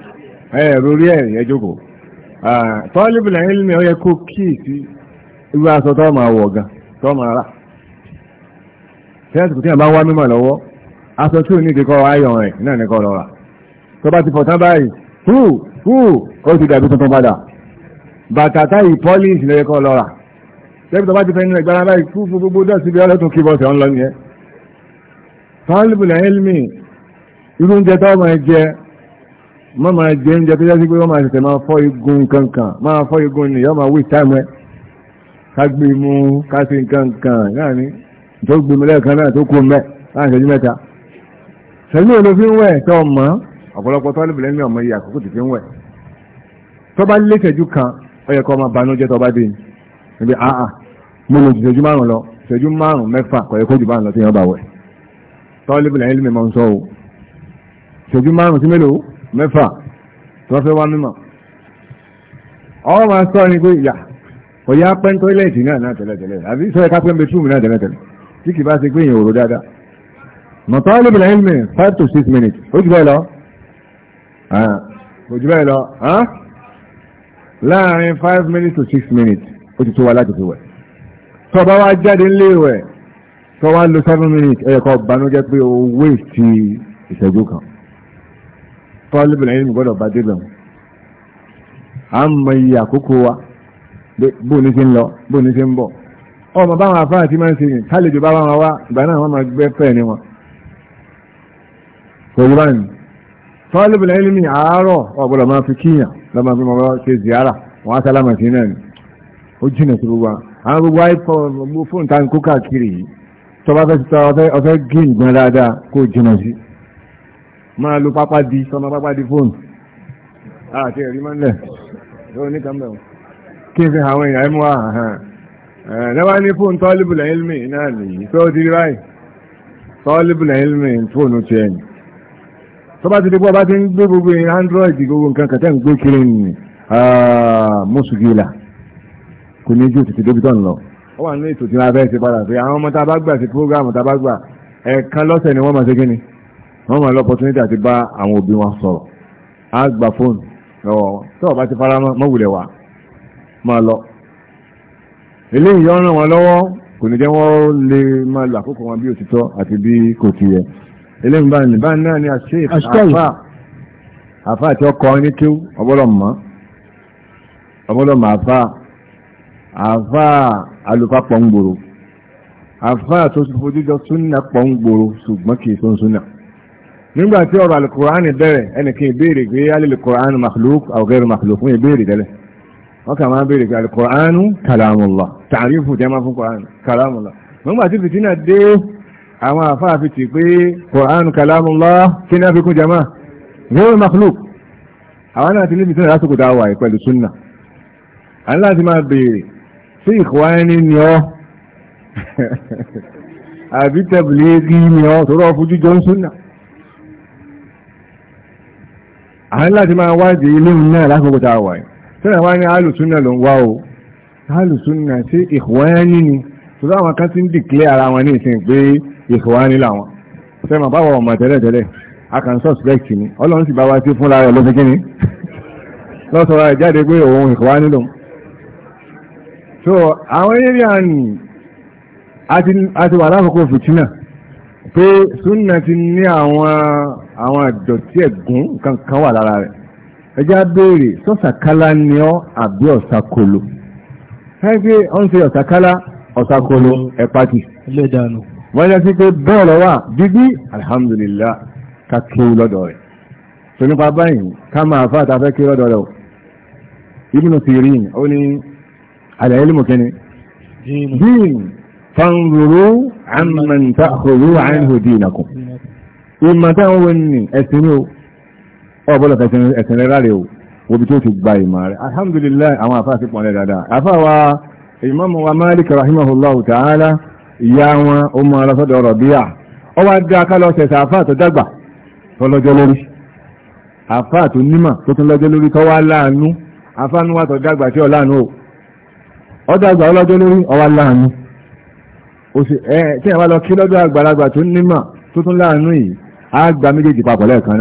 ẹ ilmi ó yẹ kó kíyèsí irú aṣọ tó máa wọ̀ gan tó máa rà tẹ́lẹ̀tì tí a bá wá mímọ̀ lọ́wọ́ aṣọ tí ò ní ìdíkọ́ ayọ̀ rẹ̀ náà ní kọ́ lọ́ra tó bá ti fọ̀ tán báyìí hù hù ó ti dàbí tuntun padà bàtà táyì pọ́líìsì lẹ́yẹ kọ́ lọ́ra tẹ́lẹ̀tì tó bá ti fẹ́ nílẹ̀ gbára báyìí fún fún gbogbo dọ́sí bí ọlọ́tún kí bọ́sẹ̀ ń lọ nìyẹn fáńlìbùlẹ̀ elmi irú oúnjẹ tó máa jẹ mọ́ máa jẹ oúnjẹ tó yẹ sí pé wọ́n máa tètè máa fọ́ igun kankan máa fọ́ igun nìyọ́ máa wí táìmù ẹ̀ kágbé mú kásí nǹkan kan náà ní tó gbé mi lẹ́ẹ̀kan náà tó kó mẹ́ láàrin ìṣẹ́jú mẹ́ta ṣẹ́jú òun ló fi ń wẹ̀ tó mọ́ ọ̀pọ̀lọpọ̀ tó lébìlẹ́ ní ọmọ iye àkókò tó fi ń wẹ̀ tó bá lé ṣẹ́jú kan ó yẹ kó máa banújẹ́ tó bá dé níbi àá mo lò ṣẹ́jú márùn lọ ṣẹ́jú márùn mẹ́fà kò yẹ kó jù bá ń lọ sí yẹn bá wẹ̀ tó lébìlẹ́ ní mímọ́ ń sọ o ṣẹ́jú márùn sí mélòó mẹ́fà tó fẹ́ wá mímọ́ máa sọ ni pé ìyá kò yá pẹ́ tọ́ílẹ̀tì náà náà tẹ́lẹ̀tẹ́lẹ̀ àbí sọ ẹ̀ká pẹ́ bẹ́túmù náà tẹ́lẹ̀tẹ́lẹ̀ tí kì bá ṣe pé èèyàn òrò dáadáa mọ̀tọ́lẹ̀ bìlẹ̀ ilmi five to six minutes ó jù bẹ́ẹ̀ lọ ó jù bẹ́ẹ̀ lọ láàrin five minutes to six minutes ó ti tó wa láti fi wẹ̀ tó bá wá jáde nílé wẹ̀ tó wá lo seven minutes ẹ̀yẹ kọ́ banújẹ́ pé o waste ti ìṣẹ́jú kan tọ́lẹ̀ bìlẹ̀ ilmi gbọ́dọ̀ bá débẹ̀ wọn à ń mọ àkókò wa bó ní ti ń lọ bó ní ti ń bọ̀ ọmọ báwọn afáà ti máa ń ṣe yìn kálejò bá wọn wá ìgbà náà wọn máa gbé pẹ̀ ní wọn. kò yíwá ni tọ́lẹ̀bùlà ilmi àárọ̀ ọ̀gbọ́dọ̀ máa fi kíyàn lọ́mọ fi máa ṣe ziyara wọn á sálámà sí náà ni ó jìnà sí gbogbo àwọn gbogbo àìpọ̀ fóònù tá n kó káàkiri yìí tó bá fẹ́ sọ ọfẹ́ gé ìgbọ́n dáadáa kó jìnà sí máa lo pápá di sọmọ pápá di fóònù àti ẹ̀rí mọ́lẹ̀ lórí níta mẹ́wọ̀n kí n fi àwọn èèyàn mú àhàn lẹ́wà ní fóònù tọ́lìbùl ilmi náà nìyí tó ti rí báyìí tọ́lìbùl ilmi fóònù ti ẹ̀yìn tó bá ti dé pọ́ bá ti ń gbé gbogbo android gbogbo nǹkan kẹtẹ́ ń gbé kiri ní mọ́sùgìlà kò ní ju tètè débi tó ń lọ ó wà ní ètò tí wọ́n fẹ́ ṣe padà pé àwọn ọmọ tá a bá gbà sí prógráàmù tá a bá gbà ẹ̀ẹ̀kan lọ́sẹ̀ ni wọ́n máa ṣe kí ni wọ́n máa lọ́pọ̀tunítì àti bá àwọn òbí wọn sọ̀rọ̀ á gba fóònù lọ́wọ́ tó bá ti fara mọ́ wulẹ̀ wá máa lọ eléyìí yọ ràn wọn lọ́wọ́ kò ní jẹ́ wọ́n lè máa làkókò wọn bí òtítọ́ àti bí kò ti yẹ eléyìí bá ní bá náà ní àṣẹ àfà àfà àti ọkọ ní kí ọgbọ́dọ̀ mọ́ ọgbọ́dọ̀ mọ́ àfà àfà àlùfà pọ̀ ń gbòòrò àfà tó ti fojú jọ súnà pọ̀ ń gbòòrò ṣùgbọ́n kì í tó ń súnà nígbà tí ọ̀rọ̀ alukuraani bẹ̀rẹ̀ ẹnì kí ìbéèrè gbé alẹ́ alukuraani makhluk aw ghayr fún ìbéèrè tẹ́lẹ̀ wọ́n kà máa bèèrè pé alkùránù kàlámùlá tààrífù jẹ́ máa fún kùránù kàlámùlá nígbà tí fìtínà dé àwọn àfáà fi tì pé kùránù kàlámùlá kí ní àfikún jama zero makhluk àwọn náà ti ní fìtínà lásìkò dáwà pẹ̀lú súnà àwọn láti máa bèèrè sí ìkùránì ni ọ́ àbí tẹ̀bìlì ni ọ́ tó rọ́ fojú jọ súnà àwọn láti máa wádìí ilé náà lásìkò dáwà yìí sẹ́nà wá ní alùsúnà ló ń wá o alùsúnà sí ìhùwání ni tó dáwọn kan ti ń dìklẹ́ ara wọn ní ìsìn pé ìhùwání làwọn sẹ́nà báwọ̀ ọmọ tẹ́lẹ̀ tẹ́lẹ̀ a kàn suspect ni ọlọ́run sì bá wá sí fúnra rẹ̀ lọ́sẹ̀ kíni lọ́sọ̀rọ̀ rẹ̀ jáde pé òun ìhùwání lòun so àwọn eré àní àti wà lákòókò fìtínà pé súnà ti ní àwọn àwọn àjọ tí ẹ̀gún kankan wà lára rẹ̀ ẹjá béèrè sọ́sàkálá ni ọ́ àbí ọ̀sàkóló ẹ́ pé ọ́n ń ṣe ọ̀sàkálá ọ̀sàkóló ẹ̀pàtì wọ́n yẹ sí pé bẹ́ẹ̀ lọ wà dídí alhamdulillah ká kí lọ́dọ̀ rẹ̀ tó nípa báyìí ká máa fà tá a fẹ́ kí lọ́dọ̀ rẹ̀ o ibùnú ti rí ó ní àlàyé lè mú kíni dín fanzuru amman ta'khudhu anhu ni ẹ̀sìn ni o Ọ ẹ̀sẹ̀rẹ̀ ráre o wo bí tó ti gba alhamdulillah àwọn àfáà sí pọ̀lẹ̀ dáadáa wa ìmáàmù wa Malik rahimahullahu ta'ala ya wọn ó mọ ọlọ́sọ́dọ̀ ọ̀rọ̀ ọ wá wa tó tí o lórí laanu. lọ kí tó tó tún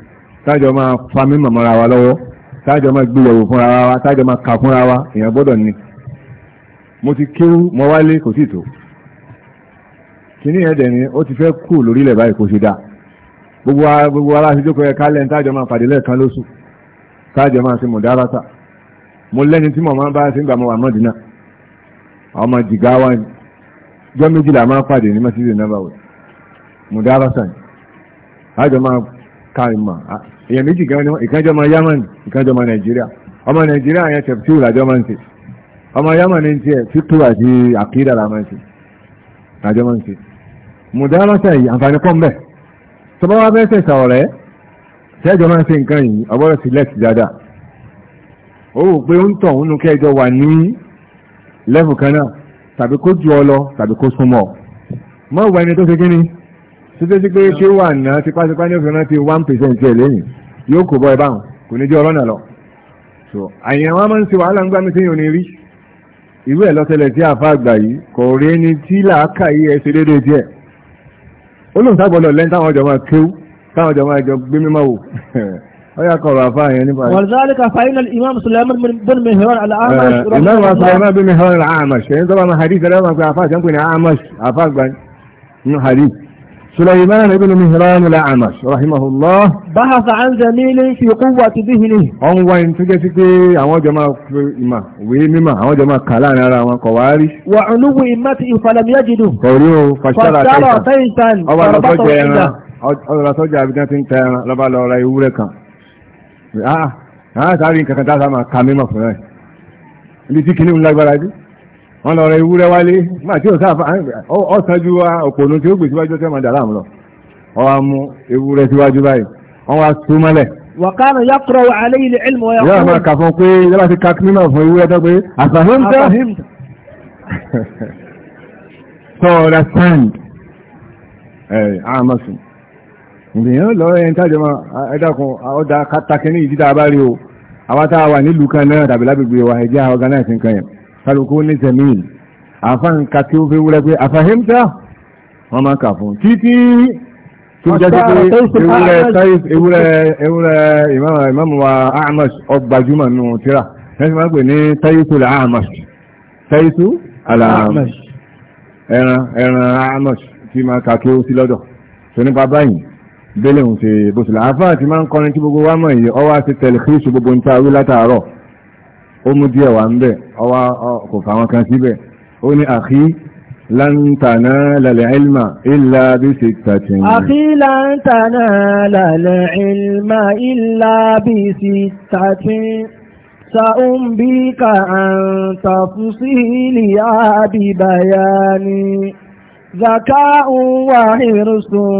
tájọ ma fami mímọ̀ wa lọ́wọ́ tájọ máa gbéyàwó fúnra wa tájọ ma kà fúnra wa èèyàn gbọ́dọ̀ mo ti kéwú mo wálé kò sí tó kíní yẹn ni ó ti fẹ́ kú lórílẹ̀ báyìí kò sí dáa gbogbo wa gbogbo wa láti jókòó ẹ kálẹ̀ tájọ máa pàdé lẹ́ẹ̀kan lóṣù tájọ mo lẹ́ni tí bá ṣe ń gbà wà mọ́dínà jọ́ méjìlá máa káìmà èèyàn méjì gan ni ìkànjọ́ ọmọ yamani ìkànjọ́ ọmọ nàìjíríà ọmọ nàìjíríà yẹn tẹ̀fù tí ìlàjọ́ máa ń ṣe ọmọ yamani ń tiẹ̀ títú àti àkídà la máa ń ṣe ìlàjọ́ máa ń ṣe mùdárọ́sẹ̀ yìí àǹfààní pọ̀ mbẹ̀ tó bá wá fẹ́ ṣe sọ̀rẹ́ ṣẹ́jọ́ máa ń ṣe nǹkan yìí ọgbọ́dọ̀ sí lẹ́ẹ̀sì dáadáa ó wò pé ó ń tọ̀ nínú kẹjọ wà ní lẹ́fù kan náà tàbí kó ju ọ lọ tàbí kó súnmọ́ mọ́ ìwà ẹni tó títí sí pé ṣé wà ná tipátipá ní òfin rántí one percent ẹ̀ lẹ́yìn yóò kó bọ́ ẹ báwọn kò ní jẹ́ ọlọ́nà lọ. so àyàn wa máa ń ṣe wàhálà ń gbá mi téèyàn ní rí irú ẹ̀ lọ́tẹ̀lẹ̀ tí àfa àgbà yìí kò rí ẹni tí làákà yìí ẹ ṣe déédéé díẹ̀ olóhùn sábọ̀dọ̀ lẹ́yìn táwọn ọjọ́ máa kéwú táwọn ọjọ́ máa jọ gbé mímọ́ wò ọyà kọ̀rọ̀ àfa àyàn nípa rẹ̀. wàlúùsálìkà fàyínà imam sulaiman bin mihran al-amash. Eh, imam sulaiman bin mihran al-amash ẹni tó bá ma hadith ẹlẹ́wọ̀n pé àfa àti ẹni pé ní amash àfa àgbà ní hadith سليمان بن مهران الأعمش رحمه الله بحث عن زميل في قوة ذهنه أن وين تجسك أو جماعة إما وإما أو جماعة كلام على وقوارش وعلو إمته فلم يجده قولوا فاشترى تيسا فربطه عنده ọ̀rọ̀ sọ́jà àbíkán ti ń tẹ ẹran آه lọ ra ewúrẹ́ kan àà sáré nǹkan kan tá a sá wọ́n lọ rẹ ewúrẹ́ wálé nígbà tí òsà ọ̀sán ju òpònú tí ó gbèsè wájú tẹ́ máa lọ wọ́n wá mú ewúrẹ́ síwájú báyìí wọ́n wá tú mọ́lẹ̀. wàkánà yàkùrọ̀ wà alẹ́ ilẹ̀ ilmọ̀ ọ̀yà so understand àmọ̀sùn ìgbìyàn lọ ẹni tàjọ ma ẹ̀dàkùn ọ̀dà kátàkì ní ìdídà abárí o àwọn táwa wà nílùú kan náà kálukú ní tẹ̀míìl àfáǹkà tí ó fi wúrẹ́ pé àfàhímtà wọ́n máa kà fún títí tí ó jẹ́ pé ewúrẹ́ ìmáàmù wa ahmad ọgbàjúmọ̀ nù tíra lẹ́sìn máa pè ní tayisu la ahmad tayisu ala ahmad ẹran ẹran ahmad tí máa kà kí ó sí lọ́dọ̀ tó nípa báyìí bẹ́lẹ̀ òun ṣe bó ṣe làáfáà ti máa ń kọrin tí gbogbo wa mọ̀ yìí ọwọ́ àti tẹ̀lé kí gbogbo ń ta orí látàárọ̀ ó mú díẹ̀ wà ń bẹ̀ ọwá kò fàwọn kan síbẹ̀ ó ní àkí lan tanala al-ilma illa bí sittatin àkí lan tanala al-ilma illa bí sittatin sa'umbika an tafsili abi bayani zaka'un wa hirsun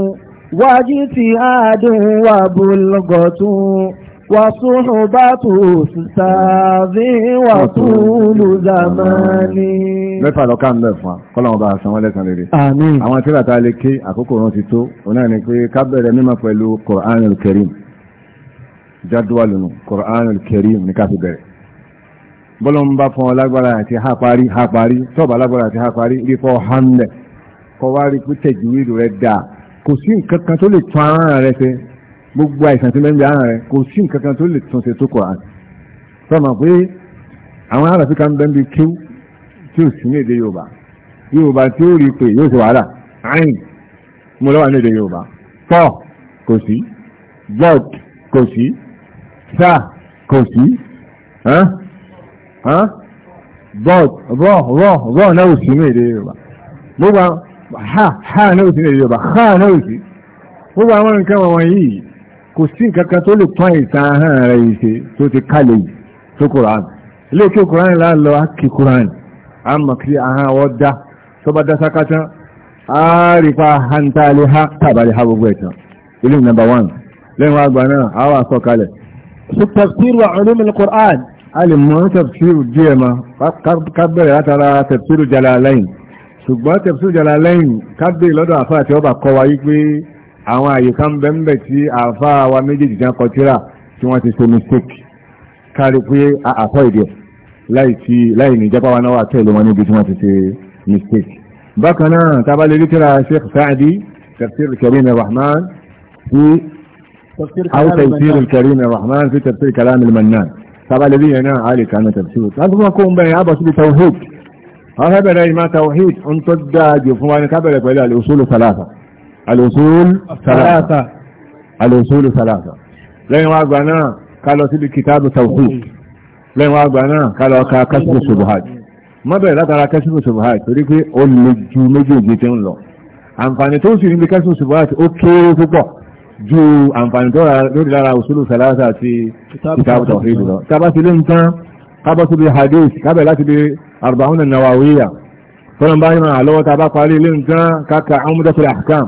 wajitihadun wa bulghatun wàsúnhùbátù sàbí wàsúnlù zamani. mẹ́fà lọ́ka ń bẹ̀ fún wa kọ́lọ́mù bá san wọ́n lẹ́sàn lére. àmín. àwọn tíra ta lè ké àkókò wọn ti tó òun náà ni pé ká bẹ̀rẹ̀ mímọ́ pẹ̀lú Qur'anul Karim jadwalunu Qur'anul Karim ní ká fi bẹ̀rẹ̀. bọ́lọ̀ ń bá fún ọ ha parí ha parí tọ́ọ̀bà lágbára ha parí rí fọ́ hànlẹ̀ kọ́ wá rí pé tẹ̀jú rẹ̀ dáa kò sí nǹkan kan tó lè tún ara rẹ̀ fẹ́ gbogbo àìsàn tí mẹ́rin ara rẹ̀ kò sí nǹkan kan tó lè tún ṣe tó kọ̀ án sọ́mà pé àwọn ará fi kan bẹ́ẹ̀ bí kíw tí ò sí ní èdè Yorùbá Yorùbá tí ó rí i pé yóò ṣe wàhálà àìn mo lọ́wọ́ ní èdè Yorùbá tọ́ kò sí blood kò sí sá kò sí blood rọ rọ rọ náà ò sí ní èdè Yorùbá gbogbo ha ha náà ò sí ní èdè Yorùbá ha náà ò sí gbogbo àwọn nǹkan wọ̀nyí kò sí nǹkankan tó lè tán ìtàn ahọ́n rẹ̀ yìí ṣe tó ti kálẹ̀ yìí tó kùránì ilé kí kùránì là ń lọ kùránì a mọ̀ kí ahọ́n wọ́n dá tó bá dá a rí pa hanta lè ha tàbálẹ̀ ha gbogbo ẹ̀tàn ilé nàmbà wán lẹ́yìn wá gbà náà a wà sọ kalẹ̀. tafsir wa ulum al-Qur'an a lè mọ̀ tafsir díẹ̀ ma ká bẹ̀rẹ̀ látara tafsir Jalalayn ṣùgbọ́n tafsir Jalalayn ká bẹ̀rẹ̀ lọ́dọ̀ àfáà tí ó bà kọ́ wa pé àwọn àyíká ń bẹ́ńbẹ̀ tí àáfàá wa méjèèjì jẹ́ kọtíra tí wọ́n ti ṣe mistake kárí pé àtọ́ ìdí ẹ̀ láì tí láì ní jápá wa náà wà tẹ̀lé wọn níbi tí wọ́n ti ṣe mistake. bákan náà tábàlẹ̀ lítírà Sheikh Saadi tafsir Karim Rahman sí أو تفسير الكريم الرحمن في تفسير كلام المنان طبعا الذي هنا علي كان تفسير هذا يكون بين عبس بتوحيد هذا بين ما توحيد أن تدى جفوان كبلك ولا الأصول ثلاثة alòsúlù sàlàsà alòsúlù sàlàsà lẹ́yìn wá gbà náà ká lọ síbi kìtàbù tawhid lẹ́yìn wá gbà náà ká lọ ka kásìkò ṣubuhat mọ́bẹ̀rẹ̀ látara kásìkò ṣubuhat torí pé ó lè ju méjèèjì tí ń lọ àǹfààní tó sì níbi kásìkò ṣubuhat ó kéré púpọ̀ ju àǹfààní tó lórí lára òṣèlú sàlàsà àti kìtàbù tawhid lọ tábà sí lé nǹkan kábọ̀ síbi hadith kábẹ̀ láti bí arba'una nawawiya tọ́lọ́mbáyìí máa lọ́wọ́ tá a bá parí lé nǹkan káka umdatul ahkam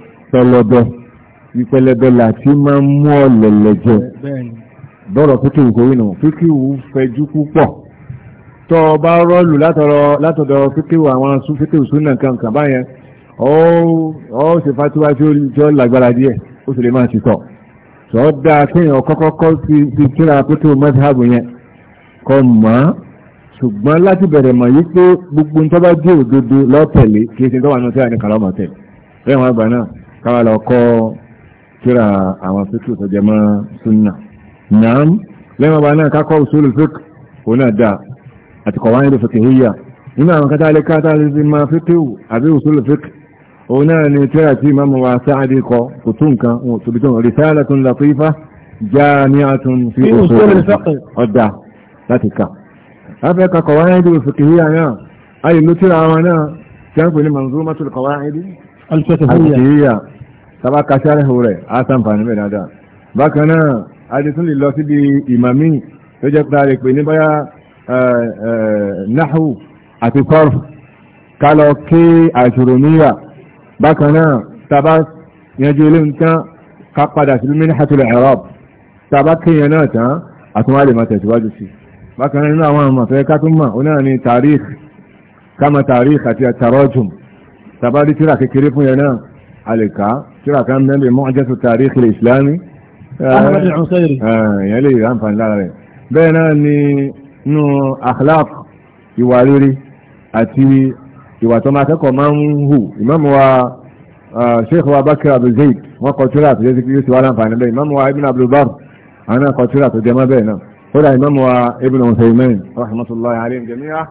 pẹlẹbẹ ìpẹlẹbẹ láti máa ń mú ọ̀lẹ̀lẹ̀ jẹ bọ́rọ̀ fíkì wù kórìnà fíkì wù fẹjú púpọ̀ tó o bá rọ́ọ̀lù látọ̀dọ̀ fíkì wù àwọn fíkì wù súnà kankan báyẹn ó ṣe fatiwa tí ó jọ lágbára díẹ̀ ó sì lè máa ti sọ tó dáa kéèyàn kọ́kọ́kọ́ ti kíra fíkì wù mọ́sáàbù yẹn kọ́ mọ́ ṣùgbọ́n láti bẹ̀rẹ̀ mọ̀ yí pé gbogbo ń tọ́ bá dé òdodo lọ́tẹ̀lé kì í ṣe tọ́wọ́ àná tí a ní kàlọ́ mọ̀ tẹ̀lé wọn àgbà náà káwà lọ kọ́ kíra àwọn fíkì tó jẹmọ́ súnà náà lẹ́wọ̀n bá náà kákọ́ òṣèlú fíkì òun náà dáa àti kọ̀wáyé lè fìkì híyà nínú àwọn kátà lè kátà lè fi máa fíkì àbí òṣèlú fíkì òun náà ni kíra tí ìmáàmù wa sáàdì kọ kò tún nǹkan òun tóbi sábà kaṣárehu rẹ̀ á sàǹfààní bẹ̀ dáadáa bákan náà a ti tún lè lọ síbi ìmàmí tó jẹ́ pé a lè pè ní báyà náhù àti sọ́rọ̀ ká lọ kí àṣùròmíyà bákan náà sábà yanjú ilé nǹkan ká padà sí mímí hàtúlẹ̀ ẹ̀rọ sábà kéèyàn náà tán àtúnwá lè máa tẹ̀síwájú sí bákan náà nínú àwọn àmọ̀ fẹ́ ká tún mọ̀ ó náà ni tàríkì ká mọ̀ tàríkì àti àtàrọ́jùm sábà rí tíra kékeré fún yẹn náà alìká tíra kan mẹ́bẹ̀ Mu'jam at-Tarikh al-Islami Ahmad al-Usairi eh, ìyẹn eh, lè rí àǹfààní lára rẹ̀ bẹ́ẹ̀ náà ni nínú akhlaq ìwà rere àti ìwà tó máa kẹ́kọ̀ọ́ máa ń hù ìmáàmù wa eh, sheikh wa Bakr Abu Zayd wọ́n kọ tíra tó jẹ́ sí yóò ti wá láǹfààní bẹ́ẹ̀ ìmáàmù wa Ibn Abdul Barr àwọn náà kọ tíra tó jẹ mọ́ bẹ́ẹ̀ náà kódà ìmáàmù wa Ibn Uthaymin rahmatullahi alayhim jami'a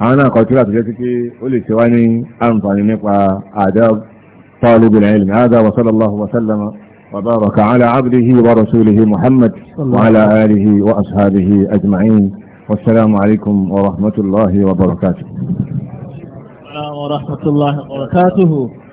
àwọn náà kọ tíra tó jẹ́ sí pé ó lè ṣe wá ní àǹfààní nípa adab طالب العلم هذا وصلى الله وسلم وبارك على عبده ورسوله محمد وعلى آله وأصحابه أجمعين والسلام عليكم ورحمة الله وبركاته ورحمة الله وبركاته